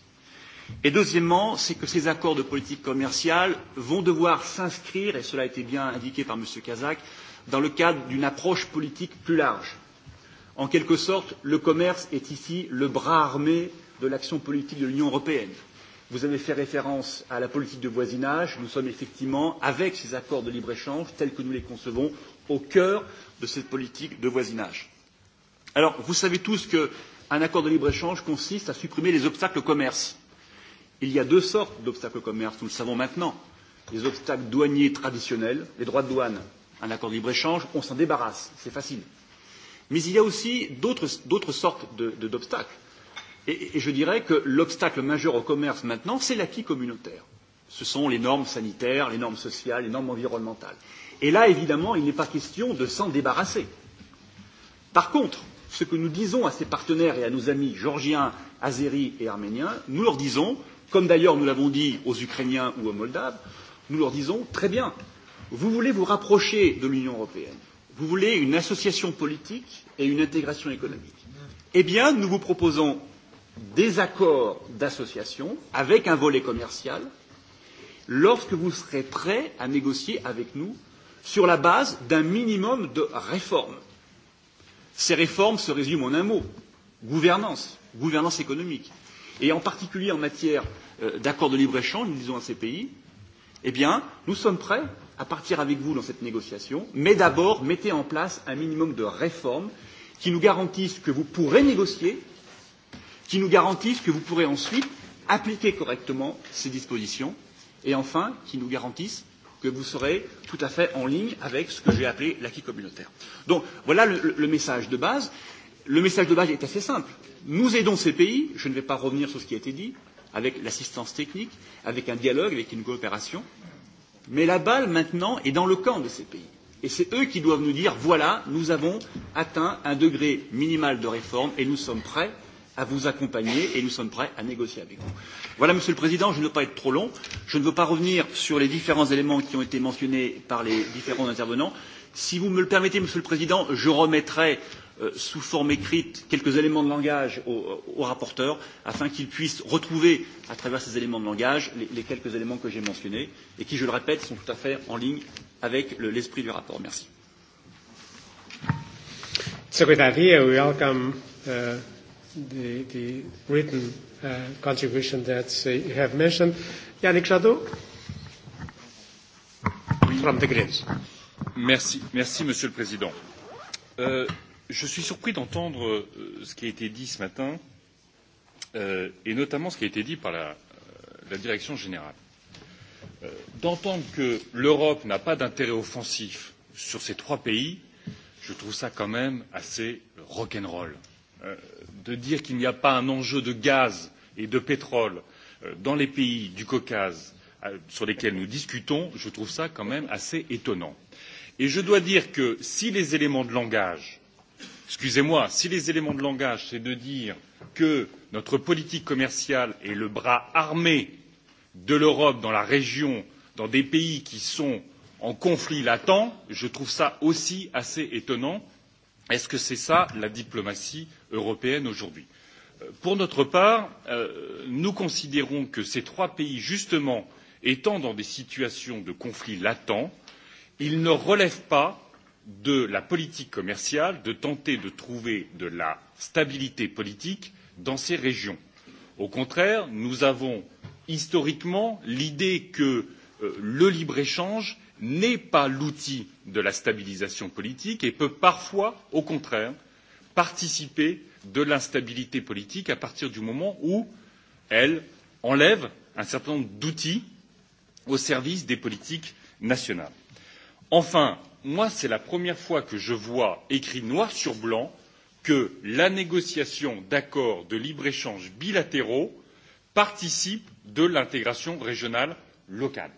L: Et deuxièmement, c'est que ces accords de politique commerciale vont devoir s'inscrire, et cela a été bien indiqué par M. Kazak, dans le cadre d'une approche politique plus large. En quelque sorte, le commerce est ici le bras armé de l'action politique de l'Union européenne. Vous avez fait référence à la politique de voisinage. Nous sommes effectivement, avec ces accords de libre-échange, tels que nous les concevons, au cœur de cette politique de voisinage. Alors, vous savez tous qu'un accord de libre-échange consiste à supprimer les obstacles au commerce. Il y a deux sortes d'obstacles au commerce, nous le savons maintenant. Les obstacles douaniers traditionnels, les droits de douane. Un accord de libre-échange, on s'en débarrasse, c'est facile. Mais il y a aussi d'autres sortes d'obstacles. Et, et je dirais que l'obstacle majeur au commerce maintenant, c'est l'acquis communautaire. Ce sont les normes sanitaires, les normes sociales, les normes environnementales. Et là, évidemment, il n'est pas question de s'en débarrasser. Par contre, ce que nous disons à ces partenaires et à nos amis géorgiens, azéris et arméniens, nous leur disons, comme d'ailleurs nous l'avons dit aux Ukrainiens ou aux Moldaves, nous leur disons très bien, vous voulez vous rapprocher de l'Union européenne, vous voulez une association politique et une intégration économique. Eh bien, nous vous proposons des accords d'association avec un volet commercial lorsque vous serez prêt à négocier avec nous sur la base d'un minimum de réformes. Ces réformes se résument en un mot gouvernance, gouvernance économique. Et en particulier en matière d'accords de libre-échange, nous disons à ces pays, eh bien, nous sommes prêts à partir avec vous dans cette négociation, mais d'abord, mettez en place un minimum de réformes qui nous garantissent que vous pourrez négocier qui nous garantissent que vous pourrez ensuite appliquer correctement ces dispositions et enfin qui nous garantissent que vous serez tout à fait en ligne avec ce que j'ai appelé l'acquis communautaire. Donc voilà le, le message de base. Le message de base est assez simple. Nous aidons ces pays, je ne vais pas revenir sur ce qui a été dit, avec l'assistance technique, avec un dialogue, avec une coopération, mais la balle maintenant est dans le camp de ces pays. Et c'est eux qui doivent nous dire voilà, nous avons atteint un degré minimal de réforme et nous sommes prêts à vous accompagner et nous sommes prêts à négocier avec vous. Voilà, Monsieur le Président, je ne veux pas être trop long. Je ne veux pas revenir sur les différents éléments qui ont été mentionnés par les différents intervenants. Si vous me le permettez, Monsieur le Président, je remettrai sous forme écrite quelques éléments de langage au, au rapporteur afin qu'il puisse retrouver à travers ces éléments de langage les, les quelques éléments que j'ai mentionnés et qui, je le répète, sont tout à fait en ligne avec l'esprit du rapport. Merci.
A: Secretary, we welcome uh, the, the written uh, contribution that uh, you have mentioned. Yannick Jadot from the Greens.
M: Merci, merci Monsieur le Président. Euh, je suis surpris d'entendre ce qui a été dit ce matin, euh, et notamment ce qui a été dit par la, la direction générale. Euh, d'entendre que l'Europe n'a pas d'intérêt offensif sur ces trois pays, je trouve ça quand même assez rock'n'roll. Euh, de dire qu'il n'y a pas un enjeu de gaz et de pétrole dans les pays du Caucase sur lesquels nous discutons, je trouve cela quand même assez étonnant. Et je dois dire que si les éléments de langage excusez moi si les éléments de langage c'est de dire que notre politique commerciale est le bras armé de l'Europe dans la région, dans des pays qui sont en conflit latent, je trouve cela aussi assez étonnant Est-ce que c'est ça la diplomatie européenne aujourd'hui Pour notre part, nous considérons que ces trois pays, justement, étant dans des situations de conflit latent, il ne relève pas de la politique commerciale de tenter de trouver de la stabilité politique dans ces régions. Au contraire, nous avons historiquement l'idée que le libre échange n'est pas l'outil de la stabilisation politique et peut parfois, au contraire, participer de l'instabilité politique à partir du moment où elle enlève un certain nombre d'outils au service des politiques nationales. Enfin, moi, c'est la première fois que je vois écrit noir sur blanc que la négociation d'accords de libre échange bilatéraux participe de l'intégration régionale locale.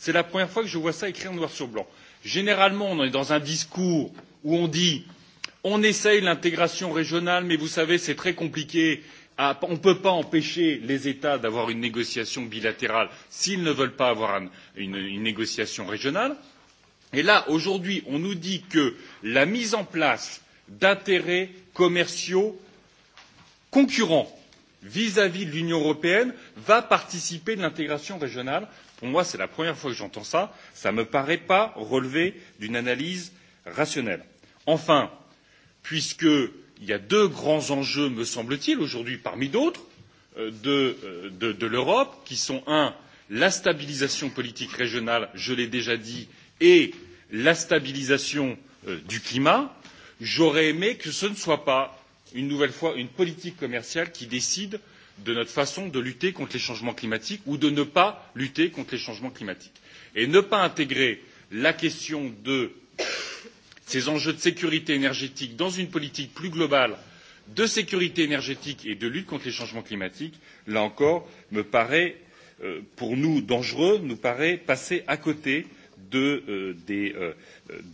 M: C'est la première fois que je vois ça écrit en noir sur blanc. Généralement, on est dans un discours où on dit on essaye l'intégration régionale, mais vous savez, c'est très compliqué. On ne peut pas empêcher les États d'avoir une négociation bilatérale s'ils ne veulent pas avoir une négociation régionale. Et là, aujourd'hui, on nous dit que la mise en place d'intérêts commerciaux concurrents vis à vis de l'Union européenne va participer de l'intégration régionale. Pour moi, c'est la première fois que j'entends cela, cela ne me paraît pas relever d'une analyse rationnelle. Enfin, puisqu'il y a deux grands enjeux, me semble t il, aujourd'hui parmi d'autres, de, l'Europe, qui sont un la stabilisation politique régionale, je l'ai déjà dit, et la stabilisation du climat, j'aurais aimé que ce ne soit pas une nouvelle fois une politique commerciale qui décide de notre façon de lutter contre les changements climatiques ou de ne pas lutter contre les changements climatiques. Et ne pas intégrer la question de ces enjeux de sécurité énergétique dans une politique plus globale de sécurité énergétique et de lutte contre les changements climatiques, là encore, me paraît pour nous dangereux, nous paraît passer à côté des,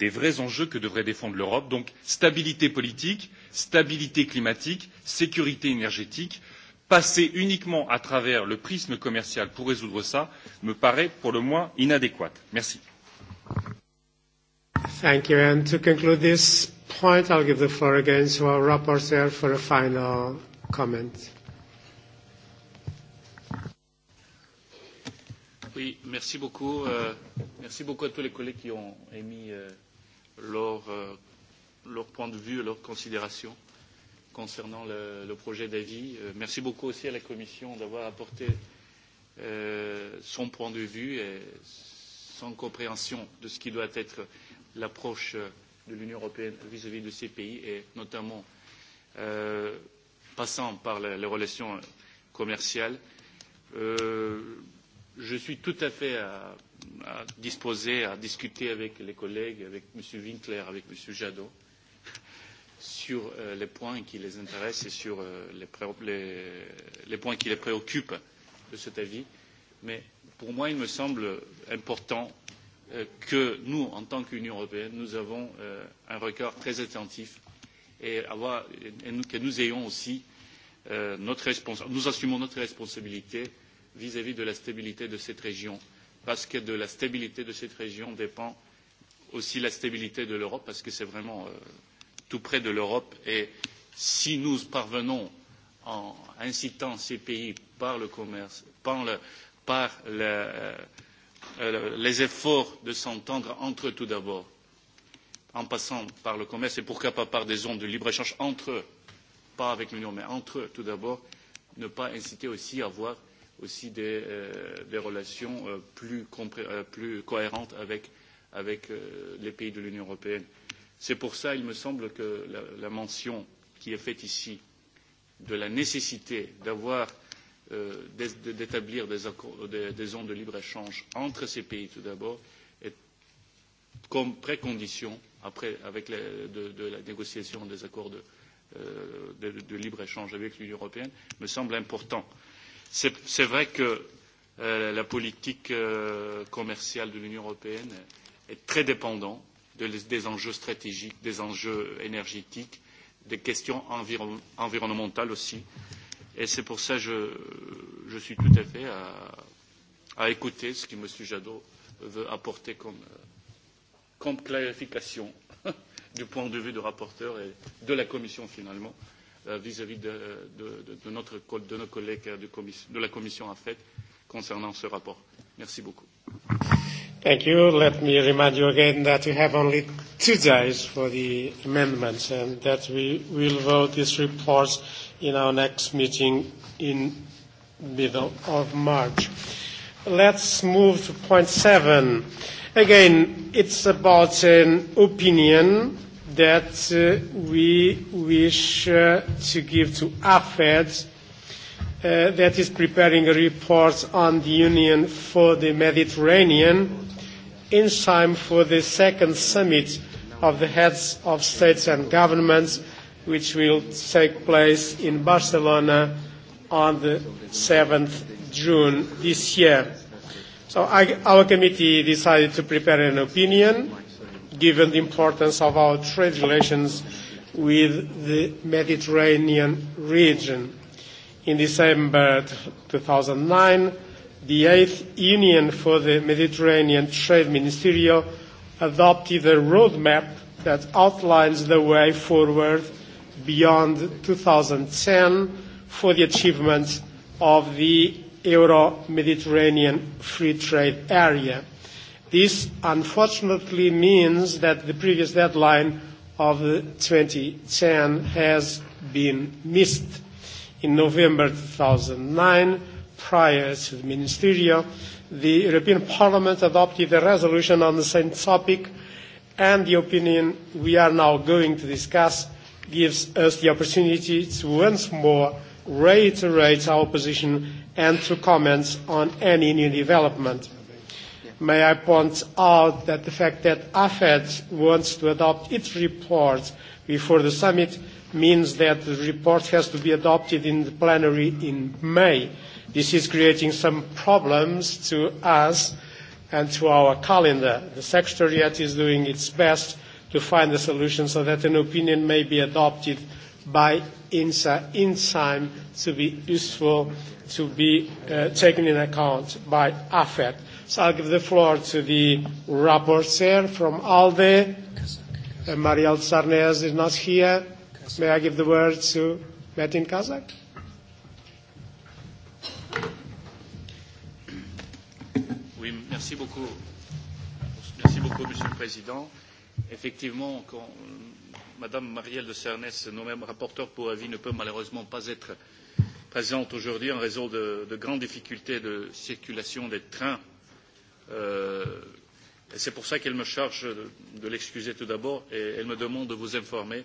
M: vrais enjeux que devrait défendre l'Europe. Donc stabilité politique, stabilité climatique, sécurité énergétique. Passer uniquement à travers le prisme commercial pour résoudre cela me paraît pour le moins inadéquat. Merci.
A: Thank you. And to conclude this point, I'll give the floor again to our rapporteur for a final comment.
J: Oui, merci beaucoup. Euh, merci beaucoup à tous les collègues qui ont émis euh, euh, leur point de vue et leurs considérations concernant le, le projet d'avis. Euh, merci beaucoup aussi à la Commission d'avoir apporté euh, son point de vue et son compréhension de ce qui doit être l'approche de l'Union européenne vis-à-vis de ces pays et notamment euh, passant par les, les relations commerciales. Euh, je suis tout à fait à, à disposé à discuter avec les collègues, avec M. Winkler, avec M. Jadot sur les points qui les intéressent et sur les, les points qui les préoccupent de cet avis. Mais pour moi, il me semble important que nous, en tant qu'Union européenne, nous avons un regard très attentif et, que nous ayons aussi notre responsabilité. Nous assumons notre responsabilité vis-à-vis de la stabilité de cette région, parce que de la stabilité de cette région dépend aussi la stabilité de l'Europe, parce que c'est vraiment tout près de l'Europe et si nous parvenons en incitant ces pays par le commerce, par, les efforts de s'entendre entre eux tout d'abord, en passant par le commerce et pourquoi pas par des zones de libre-échange entre eux, pas avec l'Union, mais entre eux tout d'abord, ne pas inciter aussi à avoir aussi des, relations plus, cohérentes avec, les pays de l'Union européenne C'est pour cela, il me semble, que la, mention qui est faite ici de la nécessité d'avoir d'établir des, zones de libre-échange entre ces pays tout d'abord est comme précondition après avec de, la négociation des accords de, libre-échange avec l'Union européenne me semble important. C'est vrai que la politique commerciale de l'Union européenne est très dépendante des enjeux stratégiques, des enjeux énergétiques, des questions environnementales aussi. Et c'est pour cela que je, suis tout à fait à, écouter ce que M. Jadot veut apporter comme, clarification du point de vue du rapporteur et de la Commission finalement vis-à-vis de, nos collègues de, la Commission en fait concernant ce rapport. Merci beaucoup.
A: Thank you. Let me remind you again that you have only two days for the amendments and that we will vote these reports in our next meeting in middle of March. Let's move to point seven. Again, it's about an opinion that uh, we wish uh, to give to AFED that is preparing a report on the Union for the Mediterranean in time for the second summit of the heads of states and governments, which will take place in Barcelona on the 7th June this year. So I, our committee decided to prepare an opinion given the importance of our trade relations with the Mediterranean region in December 2009, the Eighth Union for the Mediterranean Trade Ministerial adopted a roadmap that outlines the way forward beyond 2010 for the achievement of the Euro-Mediterranean Free Trade Area. This unfortunately means that the previous deadline of 2010 has been missed in November 2009, prior to the ministerial, the European Parliament adopted a resolution on the same topic, and the opinion we are now going to discuss gives us the opportunity to once more reiterate our position and to comment on any new development. May I point out that the fact that AFED wants to adopt its report before the summit means that the report has to be adopted in the plenary in May. This is creating some problems to us and to our calendar. The Secretariat is doing its best to find a solution so that an opinion may be adopted by INSA in time to be useful, to be uh, taken in account by AFET. So I'll give the floor to the rapporteur from ALDE. Uh, Marielle Sarnez is not here. May I give the word to Metin Kazak?
J: Oui, merci beaucoup. Merci beaucoup, Monsieur le Président. Effectivement, quand Madame Marielle de Cernès, nous-mêmes rapporteur pour avis, ne peut malheureusement pas être présente aujourd'hui en raison de, de grandes difficultés de circulation des trains. Euh, c'est pour ça qu'elle me charge de, de l'excuser tout d'abord et elle me demande de vous informer euh,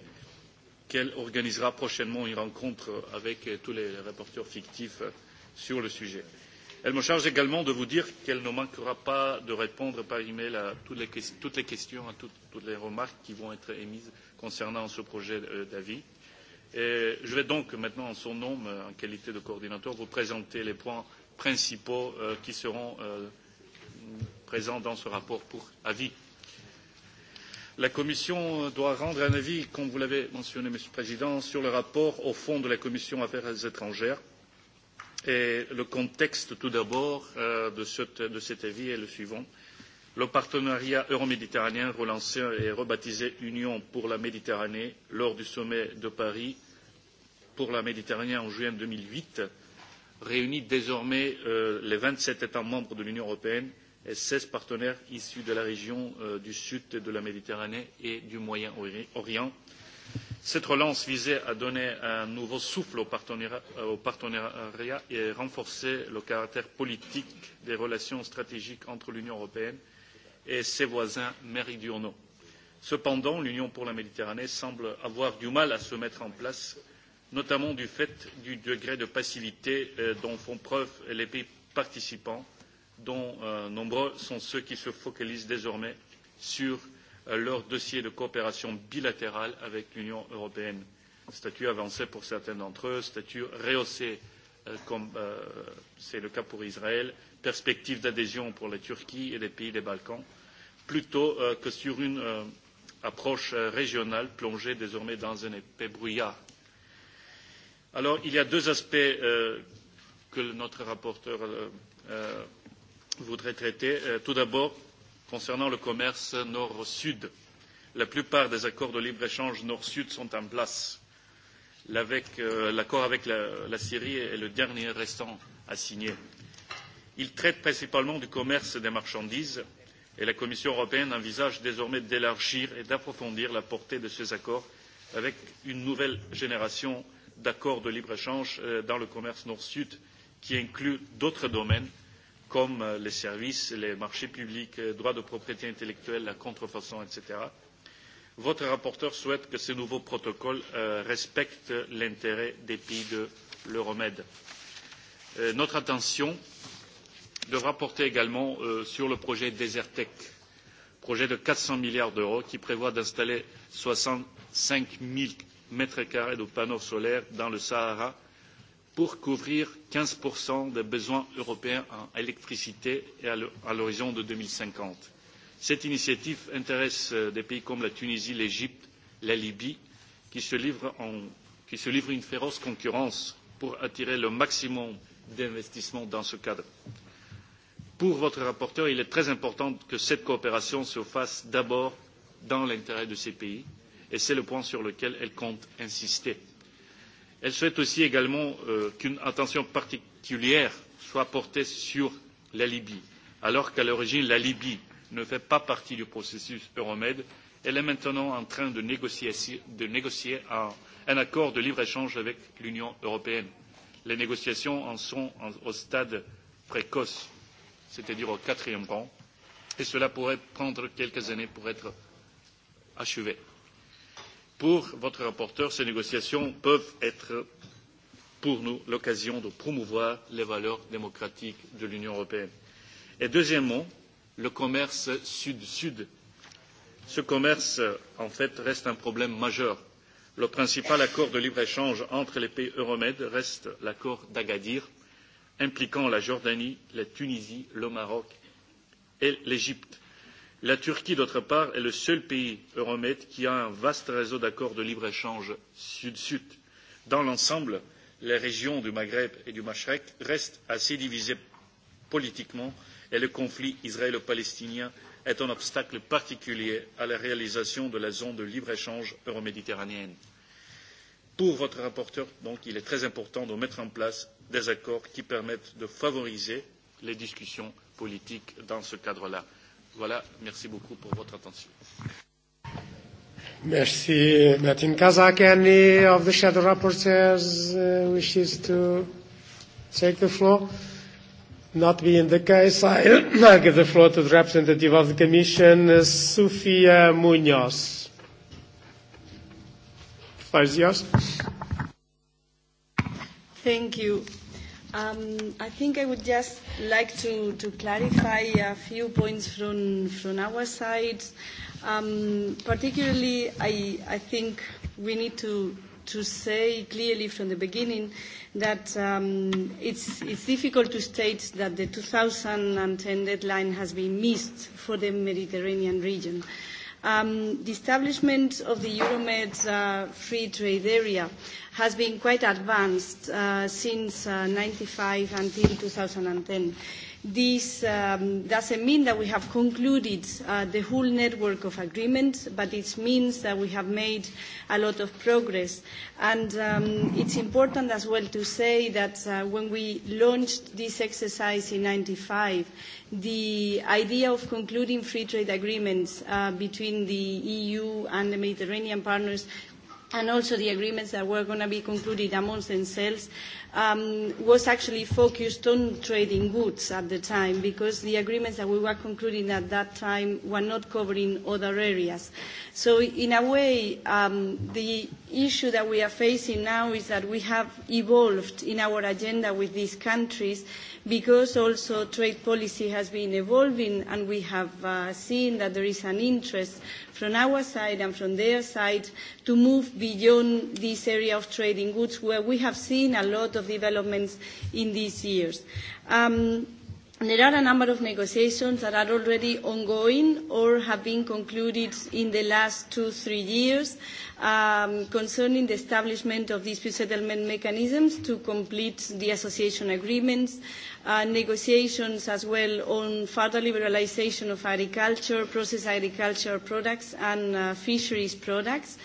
J: qu'elle organisera prochainement une rencontre avec tous les rapporteurs fictifs sur le sujet. Elle me charge également de vous dire qu'elle ne manquera pas de répondre par email à toutes les, toutes les questions, à toutes, toutes les remarques qui vont être émises concernant ce projet d'avis. Et je vais donc maintenant, en son nom, en qualité de coordinateur, vous présenter les points principaux qui seront présents dans ce rapport pour avis la commission doit rendre un avis, comme vous l'avez mentionné, Monsieur le Président, sur le rapport au fond de la commission des Affaires étrangères. Et le contexte, tout d'abord, de, cet avis est le suivant. Le partenariat euroméditerranéen relancé et rebaptisé Union pour la Méditerranée lors du sommet de Paris pour la Méditerranée en juin deux mille huit réunit désormais les vingt sept États membres de l'Union européenne et seize partenaires issus de la région du sud de la Méditerranée et du Moyen-Orient. Cette relance visait à donner un nouveau souffle au partenariat et renforcer le caractère politique des relations stratégiques entre l'Union européenne et ses voisins méridionaux. Cependant, l'Union pour la Méditerranée semble avoir du mal à se mettre en place, notamment du fait du degré de passivité dont font preuve les pays participants dont nombreux sont ceux qui se focalisent désormais sur leur dossier de coopération bilatérale avec l'Union européenne. Statut avancé pour certains d'entre eux, statut rehaussé comme c'est le cas pour Israël, perspective d'adhésion pour la Turquie et les pays des Balkans, plutôt que sur une approche régionale plongée désormais dans un épais brouillard. Alors, il y a deux aspects que notre rapporteur je voudrais traiter. tout d'abord, concernant le commerce nord-sud, la plupart des accords de libre-échange nord-sud sont en place. L'accord avec la, Syrie est le dernier restant à signer. Il traite principalement du commerce des marchandises et la Commission européenne envisage désormais d'élargir et d'approfondir la portée de ces accords avec une nouvelle génération d'accords de libre-échange dans le commerce nord-sud qui inclut d'autres domaines comme les services, les marchés publics, les droits de propriété intellectuelle, la contrefaçon, etc. Votre rapporteur souhaite que ce nouveau protocole respecte l'intérêt des pays de l'Euromed. notre attention devra porter également sur le projet Desertec, projet de quatre cents milliards d'euros qui prévoit d'installer soixante cinq 000 mètres carrés de panneaux solaires dans le Sahara pour couvrir quinze des besoins européens en électricité à l'horizon de. deux mille cinquante cette initiative intéresse des pays comme la tunisie l'égypte et la libye qui se livrent à une féroce concurrence pour attirer le maximum d'investissements dans ce cadre. pour votre rapporteur il est très important que cette coopération se fasse d'abord dans l'intérêt de ces pays et c'est le point sur lequel elle compte insister Elle souhaite aussi également qu'une attention particulière soit portée sur la Libye, alors qu'à l'origine la Libye ne fait pas partie du processus Euromed. Elle est maintenant en train de négocier, un, accord de libre-échange avec l'Union européenne. Les négociations en sont au stade précoce, c'est-à-dire au quatrième rang, et cela pourrait prendre quelques années pour être achevé pour votre rapporteur, ces négociations peuvent être pour nous l'occasion de promouvoir les valeurs démocratiques de l'Union européenne. Et deuxièmement, le commerce sud-sud. Ce commerce, en fait, reste un problème majeur. Le principal accord de libre-échange entre les pays Euromed reste l'accord d'Agadir, impliquant la Jordanie, la Tunisie, le Maroc et l'Égypte La Turquie, d'autre part, est le seul pays Euromed qui a un vaste réseau d'accords de libre-échange sud-sud. Dans l'ensemble, les régions du Maghreb et du Machrek restent assez divisées politiquement et le conflit israélo-palestinien est un obstacle particulier à la réalisation de la zone de libre-échange euroméditerranéenne. Pour votre rapporteur, donc, il est très important de mettre en place des accords qui permettent de favoriser les discussions politiques dans ce cadre-là Voilà, merci beaucoup pour votre attention.
A: Merci, Martin Kazak. Any of the shadow rapporteurs uh, wishes to take the floor? Not being the case, I, give the floor to the representative of the Commission, uh, Sofia Munoz. Five years.
N: Thank you. Um, I think I would just like to, to clarify a few points from, from our side. Um, particularly, I, I think we need to, to say clearly from the beginning that um, it's, it's difficult to state that the 2010 deadline has been missed for the Mediterranean region. Um, the establishment of the Euromed uh, free trade area has been quite advanced uh, since uh, five until 2010. This um, doesn't mean that we have concluded uh, the whole network of agreements, but it means that we have made a lot of progress. And um, it's important as well to say that uh, when we launched this exercise in 95, the idea of concluding free trade agreements uh, between the EU and the Mediterranean partners and also the agreements that were going to be concluded amongst themselves um, was actually focused on trading goods at the time because the agreements that we were concluding at that time were not covering other areas. So in a way, um, the issue that we are facing now is that we have evolved in our agenda with these countries because also trade policy has been evolving and we have uh, seen that there is an interest from our side and from their side to move beyond this area of trading goods where we have seen a lot of developments in these years. Um, There are a number of negotiations that are already ongoing or have been concluded in the last two, three years um, concerning the establishment of dispute settlement mechanisms to complete the association agreements and negotiations as well on further liberalisation of agriculture, processed agriculture products and uh, fisheries products.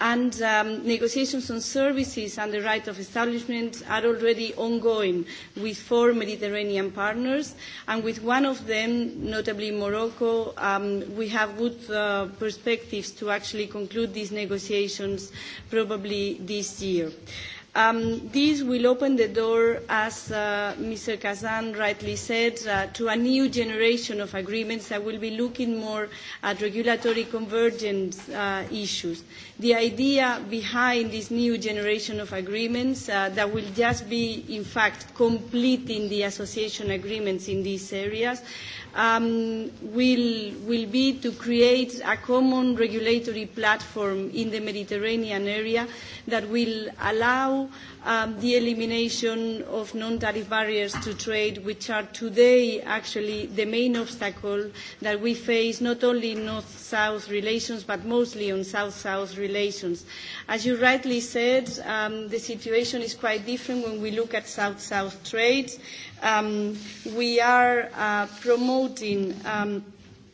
N: And um, negotiations on services and the right of establishment are already ongoing with four Mediterranean partners. And with one of them, notably Morocco, um, we have good uh, perspectives to actually conclude these negotiations probably this year. Uh, Um, this will open the door, as uh, Mr. Kazan rightly said, uh, to a new generation of agreements that will be looking more at regulatory convergence uh, issues. The idea behind this new generation of agreements uh, that will just be, in fact, completing the association agreements in these areas um, will, will be to create a common regulatory platform in the Mediterranean area that will allow the elimination of non-tariff barriers to trade, which are today actually the main obstacle that we face, not only in North-South relations, but mostly on South-South relations. As you rightly said, the situation is quite different when we look at South-South trade. We are promoting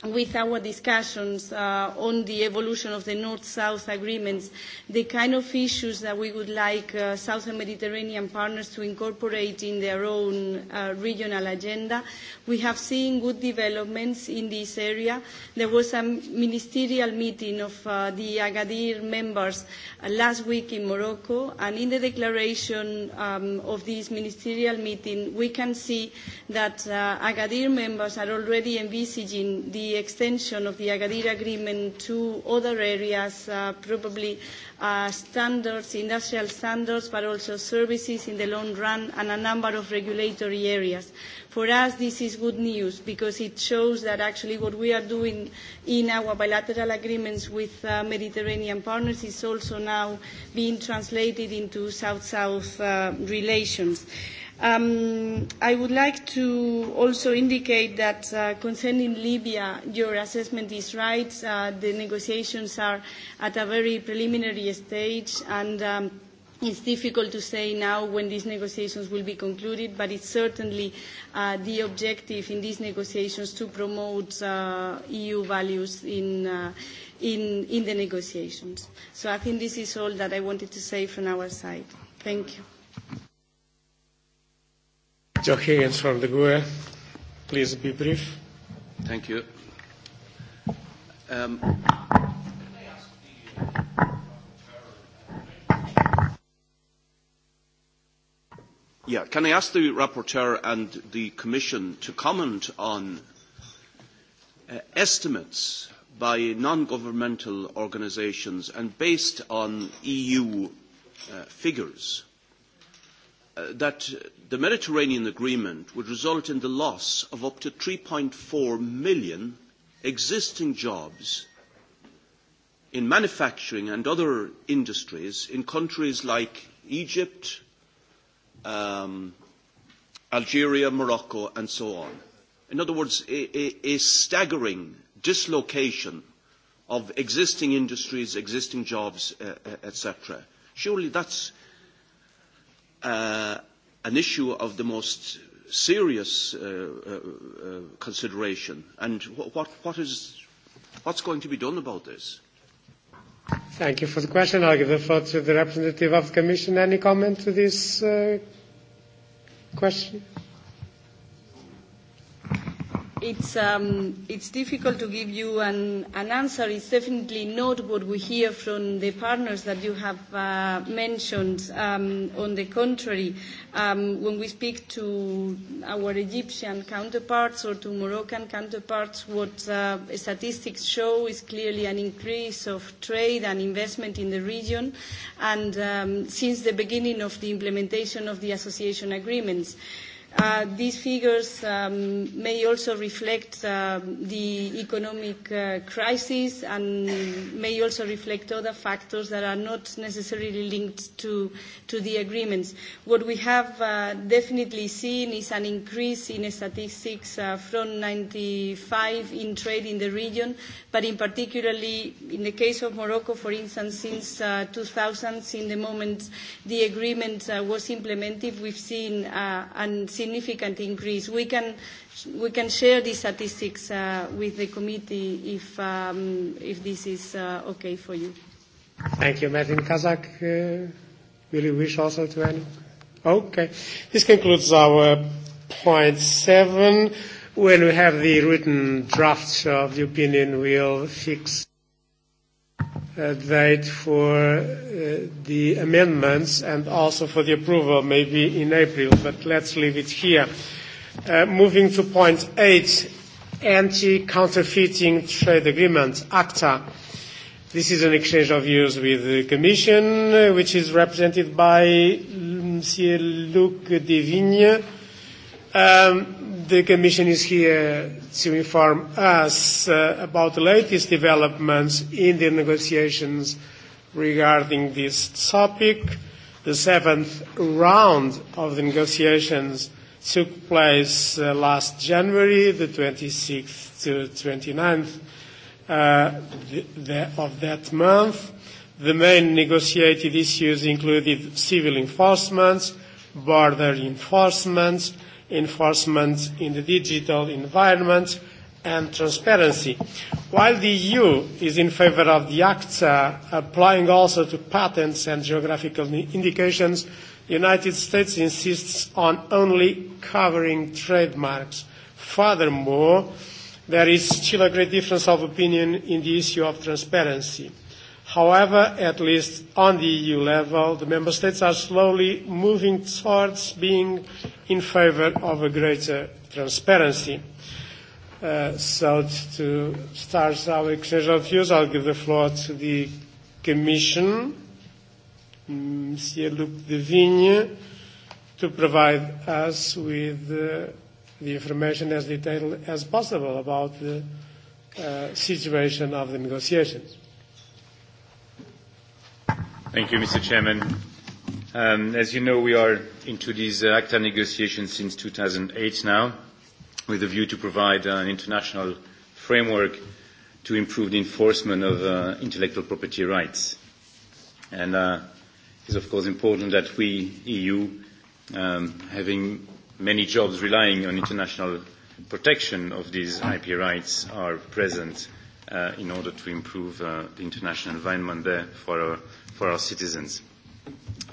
N: with our discussions uh, on the evolution of the North-South agreements, the kind of issues that we would like uh, and Mediterranean partners to incorporate in their own uh, regional agenda. We have seen good developments in this area. There was a ministerial meeting of uh, the Agadir members uh, last week in Morocco, and in the declaration um, of this ministerial meeting, we can see that uh, Agadir members are already envisaging the extension of the Agadir Agreement to other areas, uh, probably uh, standards, industrial standards, but also services in the long run and a number of regulatory areas. For us, this is good news because it shows that actually what we are doing in our bilateral agreements with uh, Mediterranean partners is also now being translated into South-South uh, relations. Uh, Um, I would like to also indicate that uh, concerning Libya, your assessment is right. Uh, the negotiations are at a very preliminary stage, and um, it's difficult to say now when these negotiations will be concluded, but it's certainly uh, the objective in these negotiations to promote uh, EU values in, uh, in, in the negotiations. So I think this is all that I wanted to say from our side. Thank you.
A: Joe Higgins from the GUE.
H: Please be brief. Thank you. Um, yeah, can I ask the rapporteur and the Commission to comment on uh, estimates by non-governmental organisations and based on EU uh, figures? that the Mediterranean Agreement would result in the loss of up to three four million existing jobs in manufacturing and other industries in countries like Egypt, Algeria, Morocco, and so on. In other words, a, staggering dislocation of existing industries, existing jobs, etc. Surely that's uh, an issue of the most serious uh, uh, consideration. And what, what is, what's going to be done about this?
A: Thank you for the question. I'll give the floor to the representative of the Commission. Any comment to this uh, question?
N: it's, um, it's difficult to give you an, an answer. It's definitely not what we hear from the partners that you have uh, mentioned. Um, on the contrary, um, when we speak to our Egyptian counterparts or to Moroccan counterparts, what uh, statistics show is clearly an increase of trade and investment in the region and um, since the beginning of the implementation of the association agreements. Uh, Uh, these figures um, may also reflect uh, the economic uh, crisis and may also reflect other factors that are not necessarily linked to, to the agreements. What we have uh, definitely seen is an increase in statistics uh, from 95 in trade in the region, but in particularly in the case of Morocco, for instance, since uh, 2000, in the moment the agreement uh, was implemented, we've seen uh, an significant increase. We can, we can share these statistics uh, with the committee if, um, if this is uh, okay for you.
A: Thank you, Martin Kazak. Uh, will you wish also to end? Okay. This concludes our point seven. When we have the written drafts of the opinion, we'll fix date for the amendments and also for the approval, maybe in April, but let's leave it here. Moving to point eight, Anti-Counterfeiting Trade Agreement, ACTA. This is an exchange of views with the Commission, which is represented by Monsieur Luc de Vigne. The Commission is here to inform us uh, about the latest developments in the negotiations regarding this topic. The seventh round of the negotiations took place uh, last January, the 26th to 29th uh, the, the, of that month. The main negotiated issues included civil enforcements, border enforcements, enforcement in the digital environment, and transparency. While the EU is in favour of the ACTA applying also to patents and geographical indications, the United States insists on only covering trademarks. Furthermore, there is still a great difference of opinion in the issue of transparency. However, at least on the EU level, the Member States are slowly moving towards being in favour of a greater transparency. Uh, so to start our exchange of views, I'll give the floor to the Commission, Monsieur Luc de Vigne, to provide us with uh, the information as detailed as possible about the uh, situation of the negotiations.
O: Thank you, Mr. Chairman. Um, as you know, we are into these uh, ACTA negotiations since 2008 now, with a view to provide an international framework to improve the enforcement of uh, intellectual property rights. And uh, it's, of course, important that we, EU, um, having many jobs relying on international protection of these IP rights, are present uh, in order to improve uh, the international environment there for our for our citizens.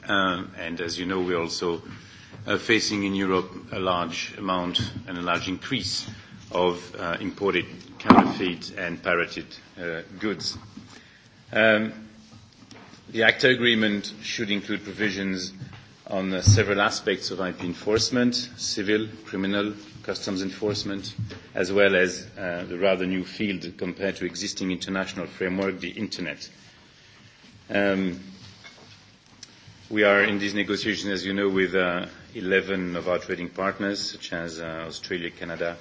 O: And as you know, we're also facing in Europe a large amount and a large increase of imported counterfeit and pirated goods. The ACTA agreement should include provisions on several aspects of IP enforcement, civil, criminal, customs enforcement, as well as the rather new field compared to existing international framework, the Internet Um, we are in these negotiations, as you know, with uh, 11 of our trading partners, such as uh, Australia, Canada,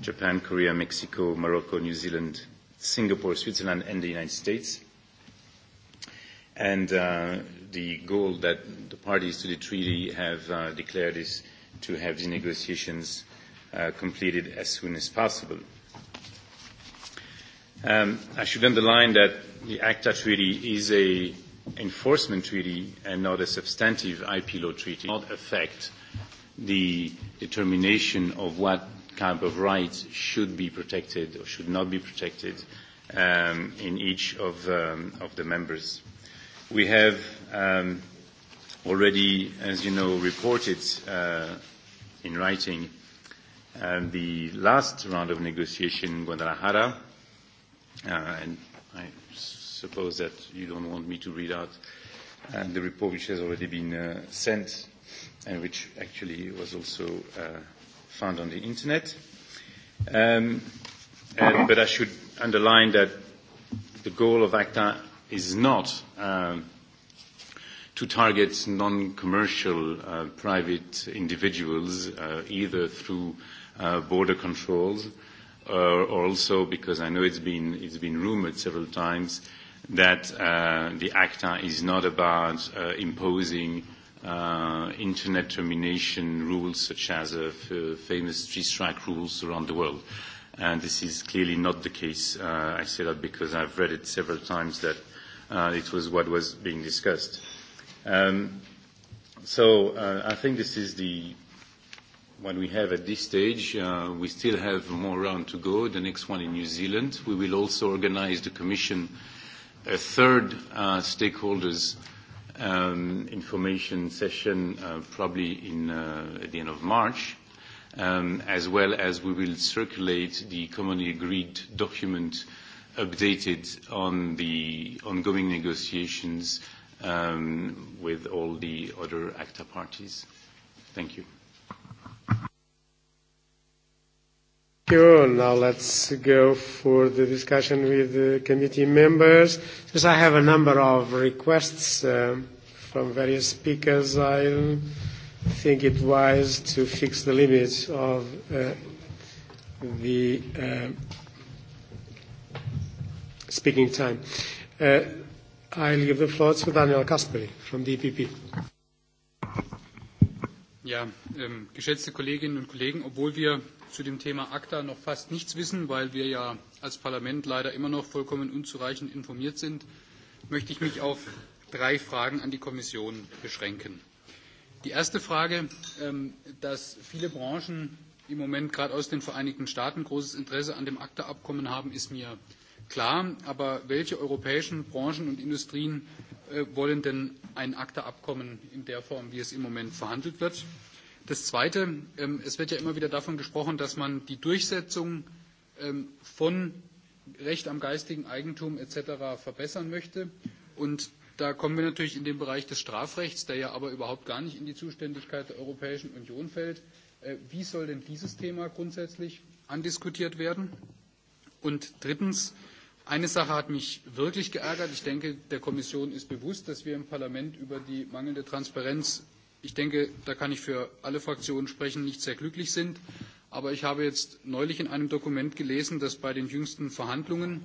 O: Japan, Korea, Mexico, Morocco, New Zealand, Singapore, Switzerland, and the United States. And uh, the goal that the parties to the treaty have uh, declared is to have the negotiations uh, completed as soon as possible. Um, I should underline that the ACTA Treaty is a enforcement treaty and not a substantive IP law treaty. It Not affect the determination of what kind of rights should be protected or should not be protected um, in each of, um, of the members. We have um, already, as you know, reported uh, in writing um, the last round of negotiation in Guadalajara and I suppose that you don't want me to read out uh, the report which has already been uh, sent and which actually was also uh, found on the internet. Um, uh, but I should underline that the goal of ACTA is not um, to target non-commercial uh, private individuals uh, either through uh, border controls or also because I know it's been, it's been rumored several times that uh, the ACTA is not about uh, imposing uh, internet termination rules such as uh, f- famous three-strike rules around the world. And this is clearly not the case. Uh, I say that because I've read it several times that uh, it was what was being discussed. Um, so uh, I think this is the what we have at this stage. Uh, we still have more round to go, the next one in New Zealand. We will also organize the Commission a third uh, stakeholders um, information session uh, probably in, uh, at the end of March, um, as well as we will circulate the commonly agreed document updated on the ongoing negotiations um, with all the other ACTA parties. Thank you.
A: Now let's go for the discussion with the committee members. Since I have a number of requests uh, from various speakers, I think it wise to fix the limits of uh, the uh, speaking time. Uh, I'll give the floor to Daniel Kasperi from the EPP.
I: Ja, ähm, geschätzte Kolleginnen und Kollegen, obwohl wir zu dem Thema ACTA noch fast nichts wissen, weil wir ja als Parlament leider immer noch vollkommen unzureichend informiert sind, möchte ich mich auf drei Fragen an die Kommission beschränken. Die erste Frage, dass viele Branchen im Moment gerade aus den Vereinigten Staaten großes Interesse an dem ACTA-Abkommen haben, ist mir klar. Aber welche europäischen Branchen und Industrien wollen denn ein ACTA-Abkommen in der Form, wie es im Moment verhandelt wird? Das Zweite, es wird ja immer wieder davon gesprochen, dass man die Durchsetzung von Recht am geistigen Eigentum etc. verbessern möchte. Und da kommen wir natürlich in den Bereich des Strafrechts, der ja aber überhaupt gar nicht in die Zuständigkeit der Europäischen Union fällt. Wie soll denn dieses Thema grundsätzlich andiskutiert werden? Und drittens, eine Sache hat mich wirklich geärgert. Ich denke, der Kommission ist bewusst, dass wir im Parlament über die mangelnde Transparenz ich denke, da kann ich für alle Fraktionen sprechen, nicht sehr glücklich sind. Aber ich habe jetzt neulich in einem Dokument gelesen, dass bei den jüngsten Verhandlungen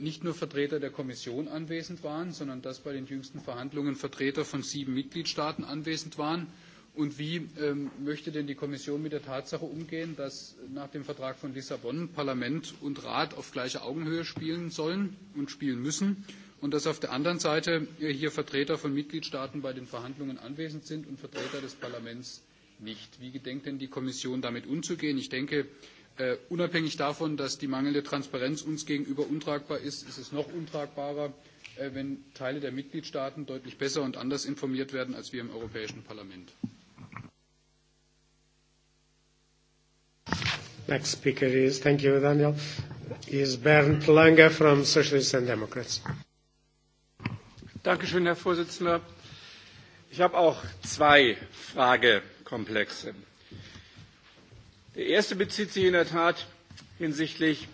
I: nicht nur Vertreter der Kommission anwesend waren, sondern dass bei den jüngsten Verhandlungen Vertreter von sieben Mitgliedstaaten anwesend waren. Und wie möchte denn die Kommission mit der Tatsache umgehen, dass nach dem Vertrag von Lissabon Parlament und Rat auf gleicher Augenhöhe spielen sollen und spielen müssen und dass auf der anderen Seite hier Vertreter von Mitgliedstaaten bei den Verhandlungen anwesend sind und Vertreter des Parlaments nicht. Wie gedenkt denn die Kommission damit umzugehen? Ich denke, unabhängig davon, dass die mangelnde Transparenz uns gegenüber untragbar ist, ist es noch untragbarer, wenn Teile der Mitgliedstaaten deutlich besser und anders informiert werden als wir im Europäischen Parlament.
A: Next speaker is, thank you Daniel, is Bernd Lange from Socialists and Democrats.
P: Dankeschön, Herr Vorsitzender. Ich habe auch zwei Fragekomplexe. Der erste bezieht sich in der Tat hinsichtlich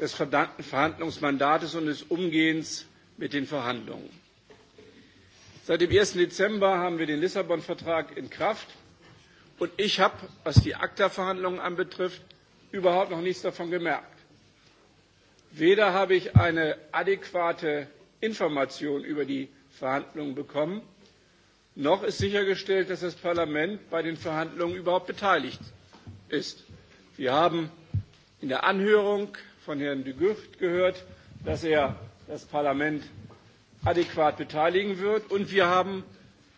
P: des Verhandlungsmandates und des Umgehens mit den Verhandlungen. Seit dem 1. Dezember haben wir den Lissabon-Vertrag in Kraft. Und ich habe, was die ACTA-Verhandlungen anbetrifft, überhaupt noch nichts davon gemerkt. Weder habe ich eine adäquate Informationen über die Verhandlungen bekommen. Noch ist sichergestellt, dass das Parlament bei den Verhandlungen überhaupt beteiligt ist. Wir haben in der Anhörung von Herrn de Gucht gehört, dass er das Parlament adäquat beteiligen wird. Und wir haben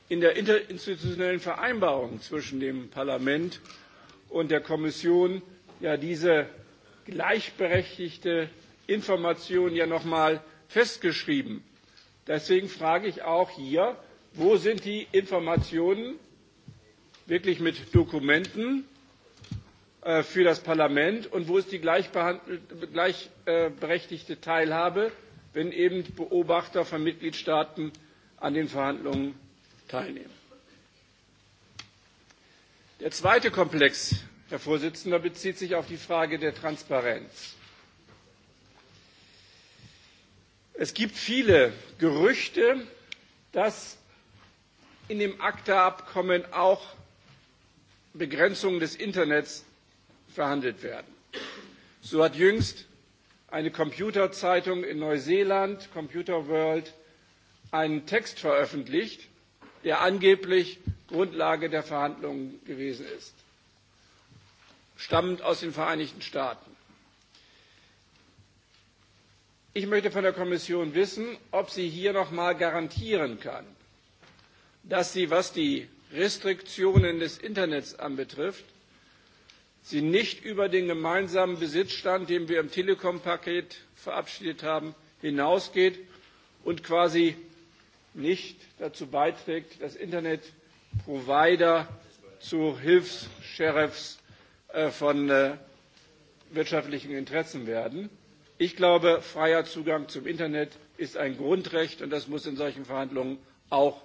P: in der interinstitutionellen Vereinbarung zwischen dem Parlament und der Kommission ja diese gleichberechtigte Information ja noch einmal festgeschrieben. Deswegen frage ich auch hier, wo sind die Informationen wirklich mit Dokumenten für das Parlament und wo ist die gleichberechtigte Teilhabe, wenn eben Beobachter von Mitgliedstaaten an den Verhandlungen teilnehmen? Der zweite Komplex, Herr Vorsitzender, bezieht sich auf die Frage der Transparenz. Es gibt viele Gerüchte, dass in dem ACTA-Abkommen auch Begrenzungen des Internets verhandelt werden. So hat jüngst eine Computerzeitung in Neuseeland, Computer World, einen Text veröffentlicht, der angeblich Grundlage der Verhandlungen gewesen ist, stammend aus den Vereinigten Staaten. Ich möchte von der Kommission wissen, ob sie hier noch mal garantieren kann, dass sie, was die Restriktionen des Internets anbetrifft, sie nicht über den gemeinsamen Besitzstand, den wir im Telekom-Paket verabschiedet haben, hinausgeht und quasi nicht dazu beiträgt, dass Internetprovider zu Hilfs-Sheriffs von wirtschaftlichen Interessen werden. Ich glaube, freier Zugang zum Internet ist ein Grundrecht und das muss in solchen Verhandlungen auch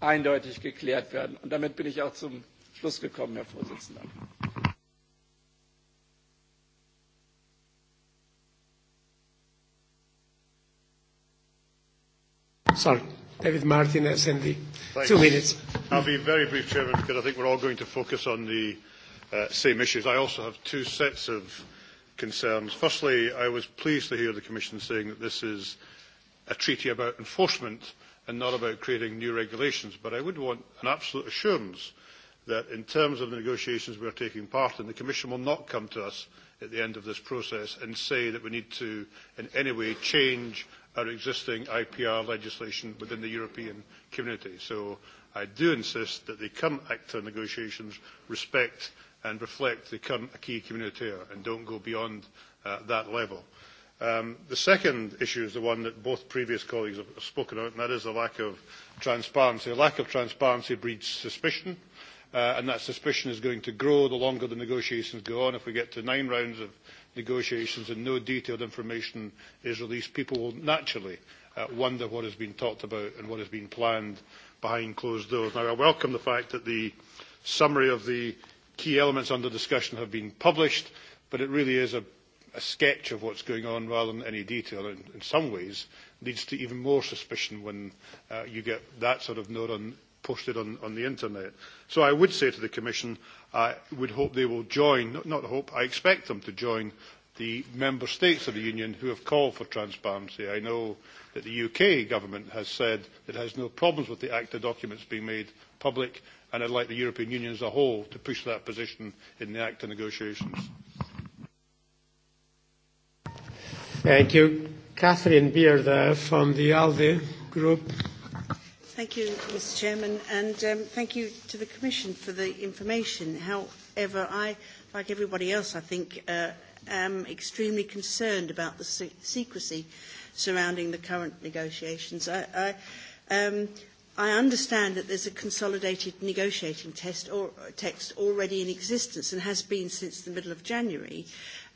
P: eindeutig geklärt werden. Und damit bin ich auch zum Schluss gekommen, Herr Vorsitzender.
A: Sorry, David Martin, SND. Two minutes.
Q: I'll be very brief, Chairman, because I think we're all going to focus on the uh, same issues. I also have two sets of concerns. Firstly, I was pleased to hear the Commission saying that this is a treaty about enforcement and not about creating new regulations, but I would want an absolute assurance that in terms of the negotiations we are taking part in, the Commission will not come to us at the end of this process and say that we need to in any way change our existing IPR legislation within the European community. So I do insist that the current ACTA negotiations respect and reflect the current acquis communautaire and don't go beyond uh, that level. Um, the second issue is the one that both previous colleagues have spoken about, and that is the lack of transparency. A lack of transparency breeds suspicion, uh, and that suspicion is going to grow the longer the negotiations go on. If we get to nine rounds of negotiations and no detailed information is released, people will naturally uh, wonder what has been talked about and what has been planned behind closed doors. Now, I welcome the fact that the summary of the key elements under discussion have been published, but it really is a, a sketch of what's going on rather than any detail. And in some ways, leads to even more suspicion when uh, you get that sort of note on, posted on, on the internet. So I would say to the Commission, I would hope they will join, not, not hope, I expect them to join the member states of the union who have called for transparency. I know that the UK government has said it has no problems with the ACTA documents being made public and I'd like the European Union as a whole to push that position in the ACTA negotiations.
A: Thank you. Catherine from the ALDE group.
R: Thank you, Mr. Chairman, and um, thank you to the Commission for the information. However, I, like everybody else, I think, uh, am extremely concerned about the secrecy surrounding the current negotiations. I, I, um, I understand that there's a consolidated negotiating test or, text already in existence and has been since the middle of January,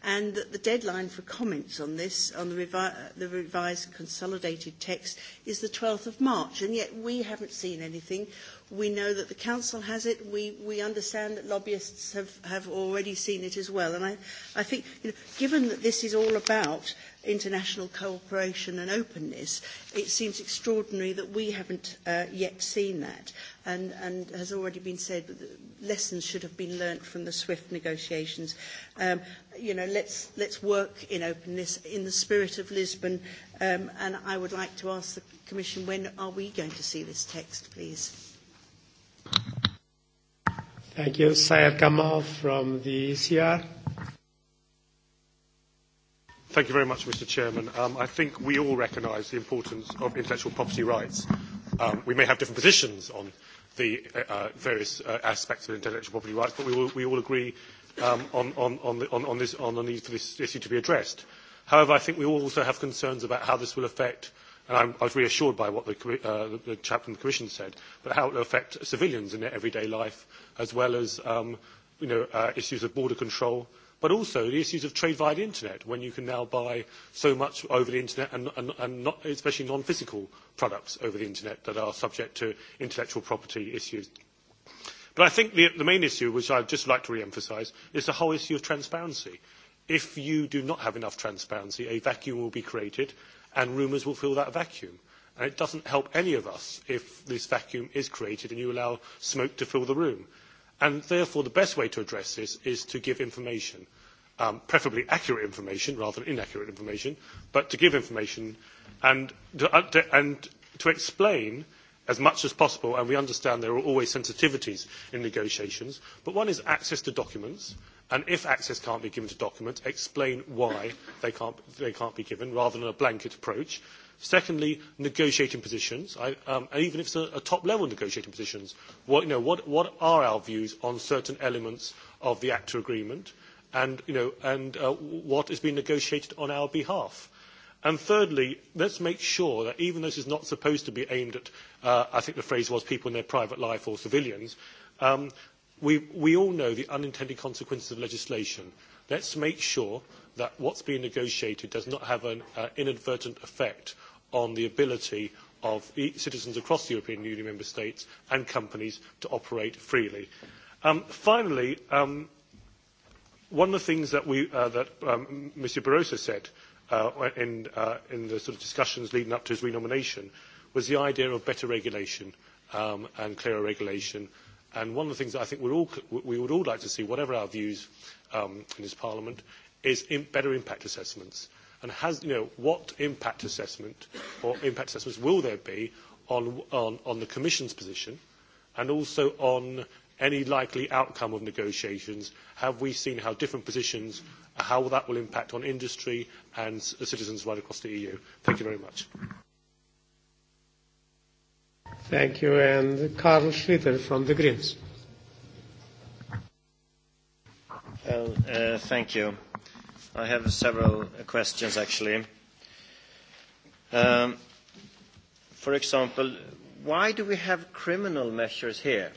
R: and that the deadline for comments on this, on the, revi- the revised consolidated text, is the 12th of March. And yet we haven't seen anything. We know that the Council has it. We, we understand that lobbyists have, have already seen it as well. And I, I think, you know, given that this is all about international cooperation and openness, it seems extraordinary that we haven't uh, yet seen that. And, and has already been said, that lessons should have been learnt from the SWIFT negotiations. Um, you know, let's, let's work in openness in the spirit of Lisbon. Um, and I would like to ask the Commission, when are we going to see this text, please?
A: Thank you. Sayed Kamal from the ECR.
S: Thank you very much, Mr. Chairman. Um, I think we all recognise the importance of intellectual property rights. Um, we may have different positions on the uh, various uh, aspects of intellectual property rights, but we, will, we all agree on the need for this issue to be addressed. However, I think we also have concerns about how this will affect, and I was reassured by what the chap from the Commission said, but how it will affect civilians in their everyday life, as well as issues of border control, but also the issues of trade via the internet, when you can now buy so much over the internet and, and, and not, especially non-physical products over the internet that are subject to intellectual property issues. But I think the, the main issue, which I'd just like to re-emphasise, is the whole issue of transparency. If you do not have enough transparency, a vacuum will be created and rumours will fill that vacuum. And it doesn't help any of us if this vacuum is created and you allow smoke to fill the room. And therefore, the best way to address this is to give information, um, preferably accurate information rather than inaccurate information, but to give information and to, and to explain as much as possible, and we understand there are always sensitivities in negotiations, but one is access to documents, and if access can't be given to documents, explain why they can't, they can't be given, rather than a blanket approach. Secondly, negotiating positions, I, um, and even if it's a, a top-level negotiating positions, what, you know, what, what are our views on certain elements of the ACTA agreement, and, you know, and uh, what is being negotiated on our behalf? And thirdly, let's make sure that even though this is not supposed to be aimed at, uh, I think the phrase was people in their private life or civilians, um, we, we all know the unintended consequences of legislation. Let's make sure that what's being negotiated does not have an uh, inadvertent effect on the ability of citizens across the European Union member states and companies to operate freely. Um, finally, um, one of the things that, we, uh, that um, Mr. Barroso said – in, the sort of discussions leading up to his renomination was the idea of better regulation and clearer regulation. And one of the things that I think we're all, we would all like to see, whatever our views in this Parliament, is in better impact assessments. And has, you know, what impact assessment or impact assessments will there be on, on, on the Commission's position and also on any likely outcome of negotiations? Have we seen how different positions, how that will impact on industry and citizens right across the EU? Thank you very
Q: much.
A: Thank you. And Karl from the Greens.
T: Thank you. I have several questions, actually. For example, why do we have criminal measures here?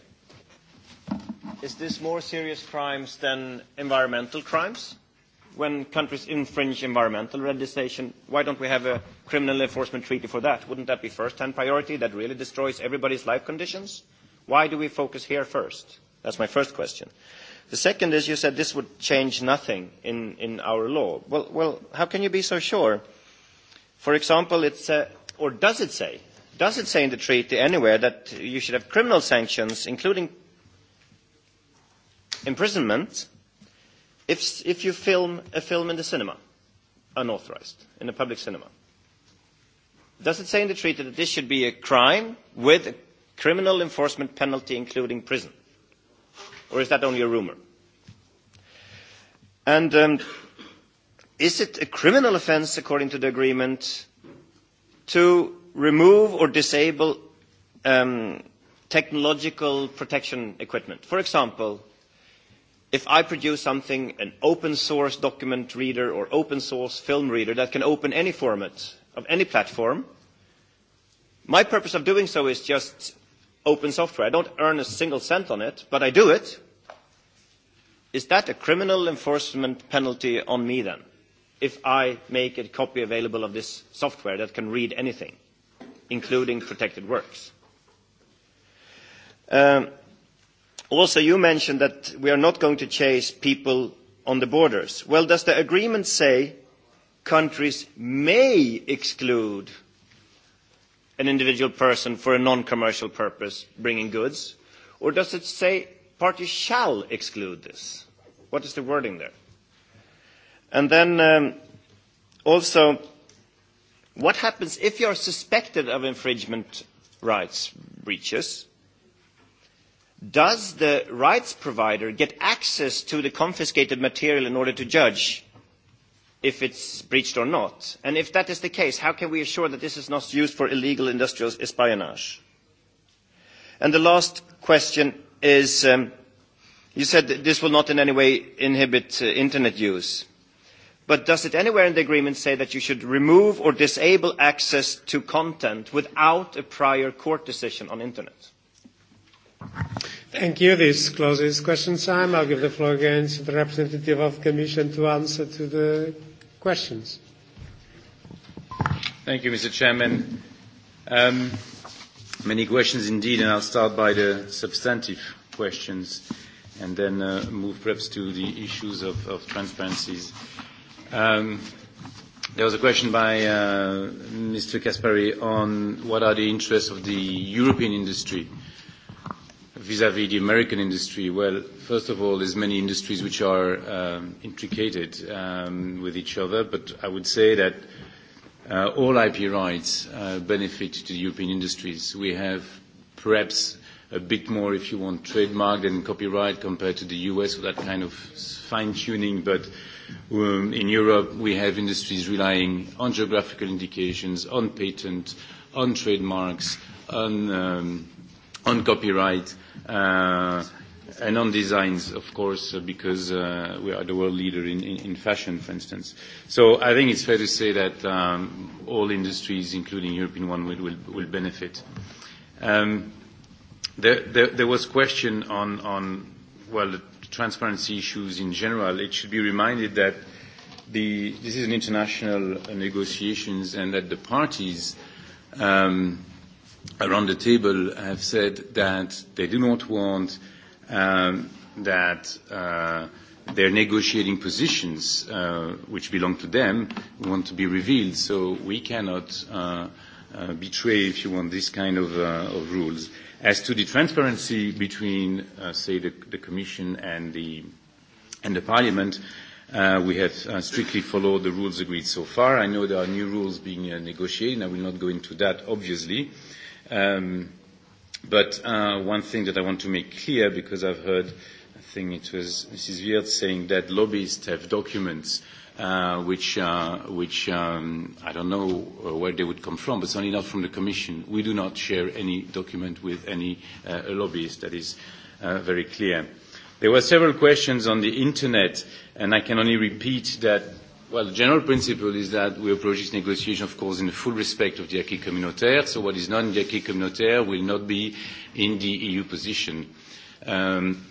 T: is this more serious crimes than environmental crimes? When countries infringe environmental legislation, why don't we have a criminal enforcement treaty for that? Wouldn't that be first-hand priority that really destroys everybody's life conditions? Why do we focus here first? That's my first question. The second is you said this would change nothing in, in our law. Well, well, how can you be so sure? For example, it's, a, or does it say, does it say in the treaty anywhere that you should have criminal sanctions, including imprisonment if, if you film a film in the cinema, unauthorized, in a public cinema. Does it say in the treaty that this should be a crime with a criminal enforcement penalty, including prison? Or is that only a rumor? And um, is it a criminal offense, according to the agreement, to remove or disable um, technological protection equipment? For example, if I produce something, an open source document reader or open source film reader that can open any format of any platform, my purpose of doing so is just open software. I don't earn a single cent on it, but I do it. Is that a criminal enforcement penalty on me then? If I make a copy available of this software that can read anything, including protected works. Um, Also, you mentioned that we are not going to chase people on the borders. Well, does the agreement say countries may exclude an individual person for a non-commercial purpose bringing goods? Or does it say parties shall exclude this? What is the wording there? And then um, also, what happens if you are suspected of infringement rights breaches? Does the rights provider get access to the confiscated material in order to judge if it's breached or not? And if that is the case, how can we assure that this is not used for illegal industrial espionage? And the last question is, um, you said that this will not in any way inhibit uh, internet use. But does it anywhere in the agreement say that you should remove or disable access to content without a prior court decision on internet?
A: Thank you. This closes question time. I'll give the floor again to the representative of the Commission to answer to the questions.
O: Thank you, Mr. Chairman. Um, many questions indeed, and I'll start by the substantive questions and then uh, move perhaps to the issues of, of transparencies. Um, there was a question by uh, Mr. Kaspari on what are the interests of the European industry uh, vis-à-vis the American industry? Well, first of all, there's many industries which are um, intricated um, with each other, but I would say that uh, all IP rights uh, benefit to the European industries. We have perhaps a bit more, if you want, trademark than copyright compared to the U.S. with that kind of fine-tuning. But um in Europe, we have industries relying on geographical indications, on patent, on trademarks, on um on copyright. Uh, and on designs, of course, because uh, we are the world leader in, in, in fashion, for instance. So I think it's fair to say that um, all industries, including European one, will, will, will benefit. Um, there, there, there was question on, on well, the transparency issues in general. It should be reminded that the, this is an international negotiations and that the parties um, around the table have said that they do not want um, that uh, their negotiating positions, uh, which belong to them, want to be revealed. So we cannot uh, uh, betray, if you want, this kind of, uh, of rules. As to the transparency between, uh, say, the, the Commission and the, and the Parliament, uh, we have uh, strictly followed the rules agreed so far. I know there are new rules being uh, negotiated, and I will not go into that, obviously. Uh, Um, but uh, one thing that I want to make clear, because I've heard, I think it was Mrs. Wirt saying that lobbyists have documents uh, which, uh, which um, I don't know where they would come from, but certainly not from the Commission. We do not share any document with any uh, lobbyist. That is uh, very clear. There were several questions on the Internet, and I can only repeat that Well, the general principle is that we approach this negotiation, of course, in the full respect of the acquis communautaire. So what is not in the acquis communautaire will not be in the EU position. Um,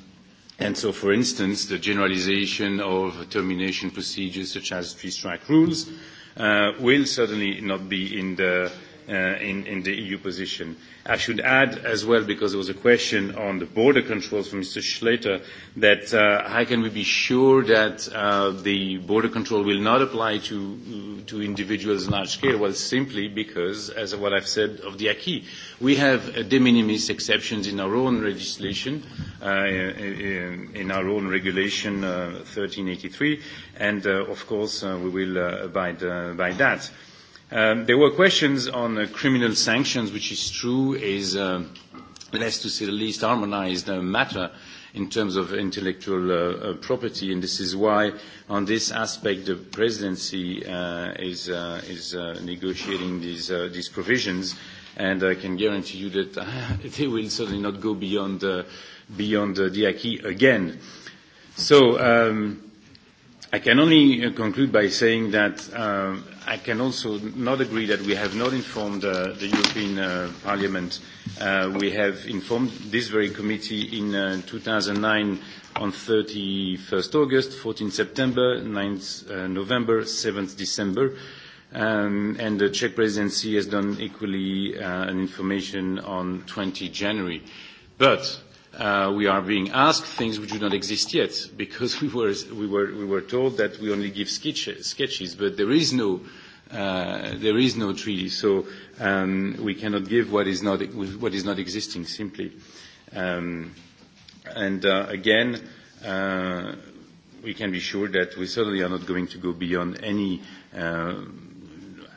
O: and so, for instance, the generalization of termination procedures such as three-strike rules uh, will certainly not be in the in, in the EU position. I should add as well, because there was a question on the border controls from Mr. Schleter, that uh, how can we be sure that uh, the border control will not apply to, to individuals in large scale? Well, simply because, as what I've said of the acquis, we have uh, de minimis exceptions in our own legislation, uh, in, in our own regulation uh, 1383, and uh, of course uh, we will uh, abide uh, by that. Um, there were questions on uh, criminal sanctions, which is true, is, uh, less to say the least, harmonized uh, matter in terms of intellectual uh, uh, property, and this is why on this aspect the presidency uh, is, uh, is uh, negotiating these, uh, these provisions, and I can guarantee you that uh, they will certainly not go beyond, uh, beyond uh, the acquis again. So um, I can only conclude by saying that uh, I can also not agree that we have not informed uh, the European uh, Parliament. Uh, we have informed this very committee in uh, 2009 on 31st August, 14 September, 9th uh, November, 7th December. Um, and the Czech presidency has done equally uh, an information on 20 January. But uh, we are being asked things which do not exist yet because we were, we were, we were told that we only give sketches, sketches but there is no uh, there is no treaty, so um, we cannot give what is not, what is not existing simply. Um, and uh, again, uh, we can be sure that we certainly are not going to go beyond any uh,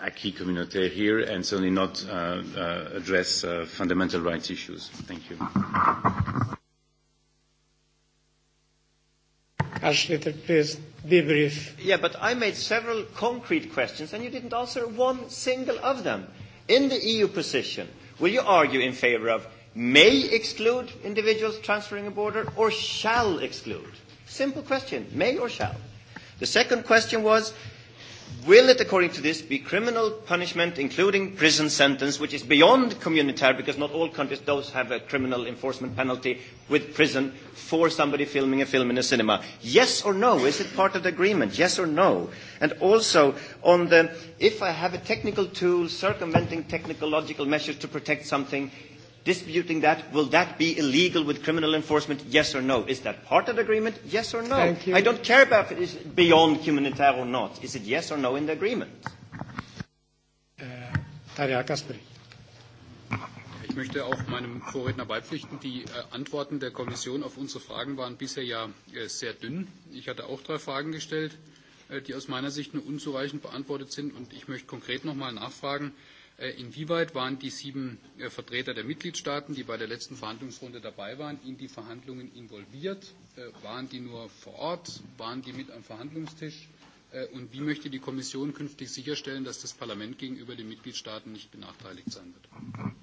O: acquis communautaire here and certainly not uh, uh, address uh, fundamental rights issues. Thank you.
A: Ashley, please be
T: brief. Yeah, but I made several concrete questions and you didn't answer one single of them. In the EU position, will you argue in favor of may exclude individuals transferring a border or shall exclude? Simple question, may or shall. The second question was will it, according to this, be criminal punishment, including prison sentence, which is beyond communitaire because not all countries does have a criminal enforcement penalty with prison for somebody filming a film in a cinema? Yes or no? Is it part of the agreement? Yes or no? And also, on the, if I have a technical tool circumventing technological measures to protect something, disputing that, will that be illegal with criminal enforcement? Yes or no? Is that part of the agreement? Yes or no? Thank you. I don't care about if it is beyond humanitarian or not. Is it yes or no in the agreement?
A: Herr Kasperi.
I: Ich möchte auch meinem Vorredner beipflichten. Die Antworten der Kommission auf unsere Fragen waren bisher ja sehr dünn. Ich hatte auch drei Fragen gestellt, die aus meiner Sicht nur unzureichend beantwortet sind. Und ich möchte konkret noch mal nachfragen, Inwieweit waren die sieben Vertreter der Mitgliedstaaten, die bei der letzten Verhandlungsrunde dabei waren, in die Verhandlungen involviert? Waren die nur vor Ort? Waren die mit am Verhandlungstisch? Und wie möchte die Kommission künftig sicherstellen, dass das Parlament gegenüber den Mitgliedstaaten nicht benachteiligt sein wird?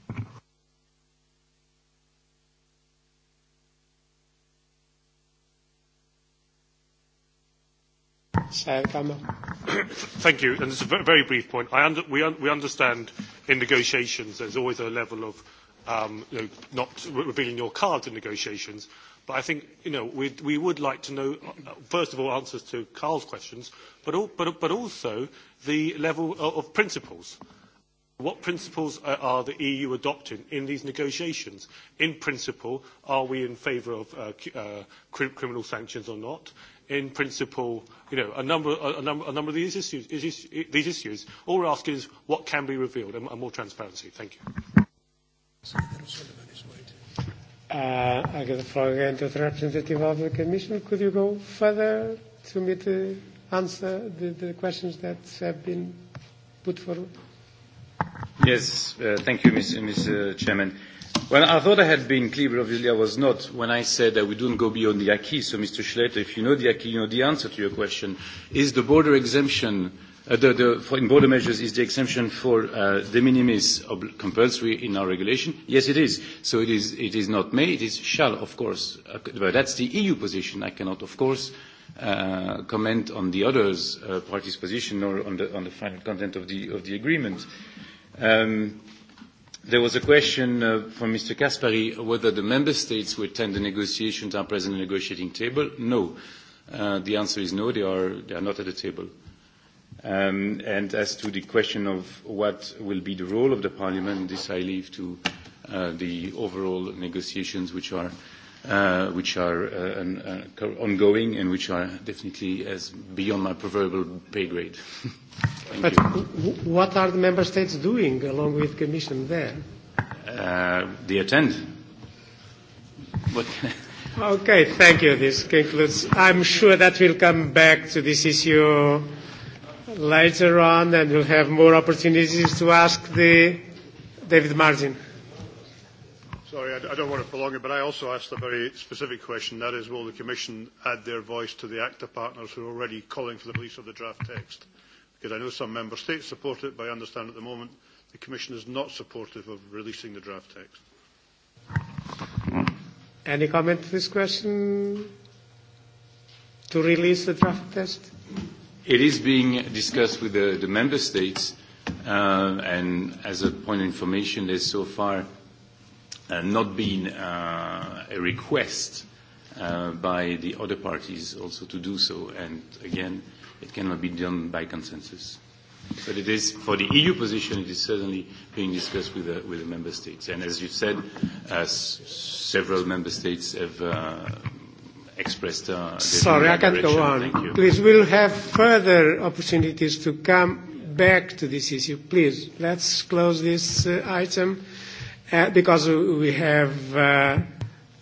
A: Thank
S: you. This it's a very brief point. I understand in negotiations there's always a level of you know, not revealing your cards in negotiations. But I think you know, we, would like to know, first of all, answers to Carl's questions, but, also the level of, principles. What principles are the EU adopting in these negotiations? In principle, are we in favour of criminal sanctions or not? in principle, you know, a number, a number, a number of these issues, issues, these issues. All we're asking is what can be revealed and, and more transparency. Thank you.
A: Uh, I get the floor again to the representative of the Commission. Could you go further to me to answer the, the questions that have been put forward?
O: Yes, uh, thank you, Mr. Chairman. Uh, Well, I thought I had been clear, but obviously I was not, when I said that we don't go beyond the acquis. So, Mr. Schletter, if you know the acquis, you know the answer to your question. Is the border exemption, uh, the, the, for, in border measures, is the exemption for uh, de minimis compulsory in our regulation? Yes, it is. So it is, it is not may, it is shall, of course. But that's the EU position. I cannot, of course, uh, comment on the others' uh, party's position or on the, on the final content of the, of the agreement. Um, There was a question uh, from Mr. Kaspari whether the member states who attend the negotiations are present at the negotiating table. No. Uh, the answer is no, they are, they are not at the table. Um, and as to the question of what will be the role of the parliament, this I leave to uh, the overall negotiations which are uh, which are uh, an, uh, ongoing and which are definitely as beyond my proverbial pay grade. Thank but
A: you. what are the member states doing along with Commission there?
O: Uh, they attend.
J: What?
A: okay, thank you. This concludes. I'm sure that we'll come back to this issue later on, and we'll have more opportunities to ask the David Martin.
Q: Sorry, I don't want to prolong it, but I also asked a very specific question. That is, will the Commission add their voice to the ACTA partners who are already calling for the release of the draft text? Because I know some Member States support it, but I understand at the moment the Commission is not supportive of releasing the draft text.
A: Any comment to this question? To release the draft text?
O: It is being discussed with the, the Member States, uh, and as a point of information, there's so far not been uh, a request uh, by the other parties also to do so. And again, it cannot be done by consensus. But it is, for the EU position, it is certainly being discussed with the, with the member states. And as you said, uh, s- several member states have uh, expressed uh, Sorry, I can't go on. Thank you. Please,
A: we'll have further opportunities to come back to this issue. Please, let's close this uh, item because we have uh,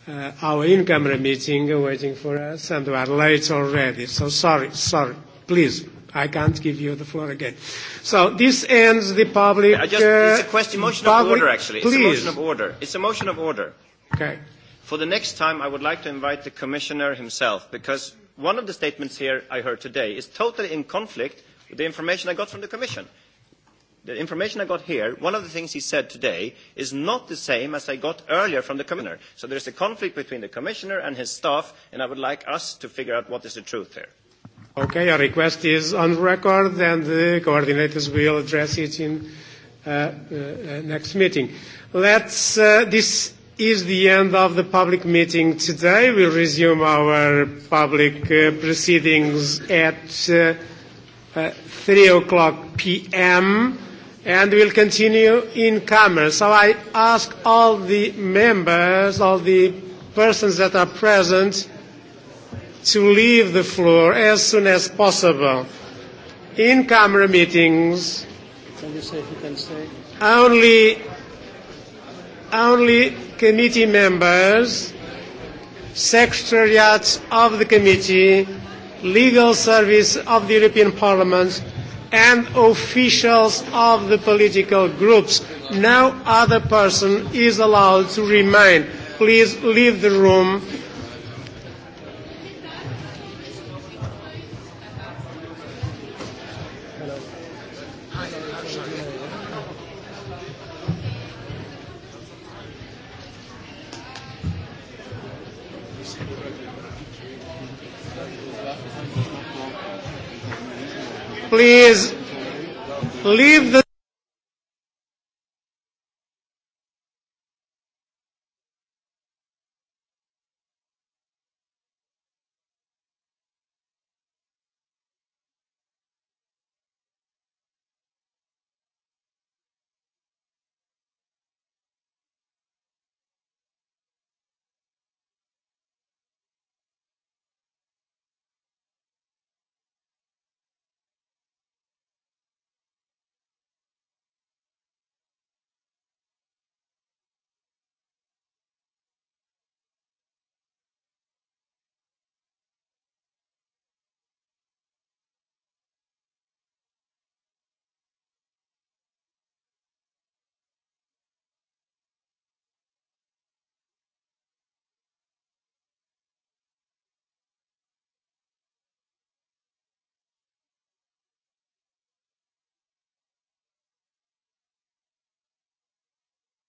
A: uh, our in-camera meeting waiting for us, and we are late already. So sorry, sorry. Please, I can't give you the floor again. So this ends the public. I just, it's a question, motion of order, actually. Please. It's a motion of
T: order. It's a motion of order. Okay. For the next time, I would like to invite the commissioner himself, because one of the statements here I heard today is totally in conflict with the information I got from the commission the information I got here, one of the things he said today is not the same as I got earlier from the commissioner. So there is a conflict between the commissioner and his staff, and I would like us to figure out what is the truth here.
A: Okay, our request is on record, and the coordinators will address it in uh, uh, next meeting. Let's. Uh, this is the end of the public meeting today. We'll resume our public uh, proceedings at uh, uh, 3 o'clock p.m and will continue in camera. So I ask all the members, all the persons that are present, to leave the floor as soon as possible. In camera meetings,
H: can you say can stay?
A: Only, only committee members, secretariats of the committee, legal service of the European Parliament and officials of the political groups. No other person is allowed to remain. Please leave the room Please
H: leave the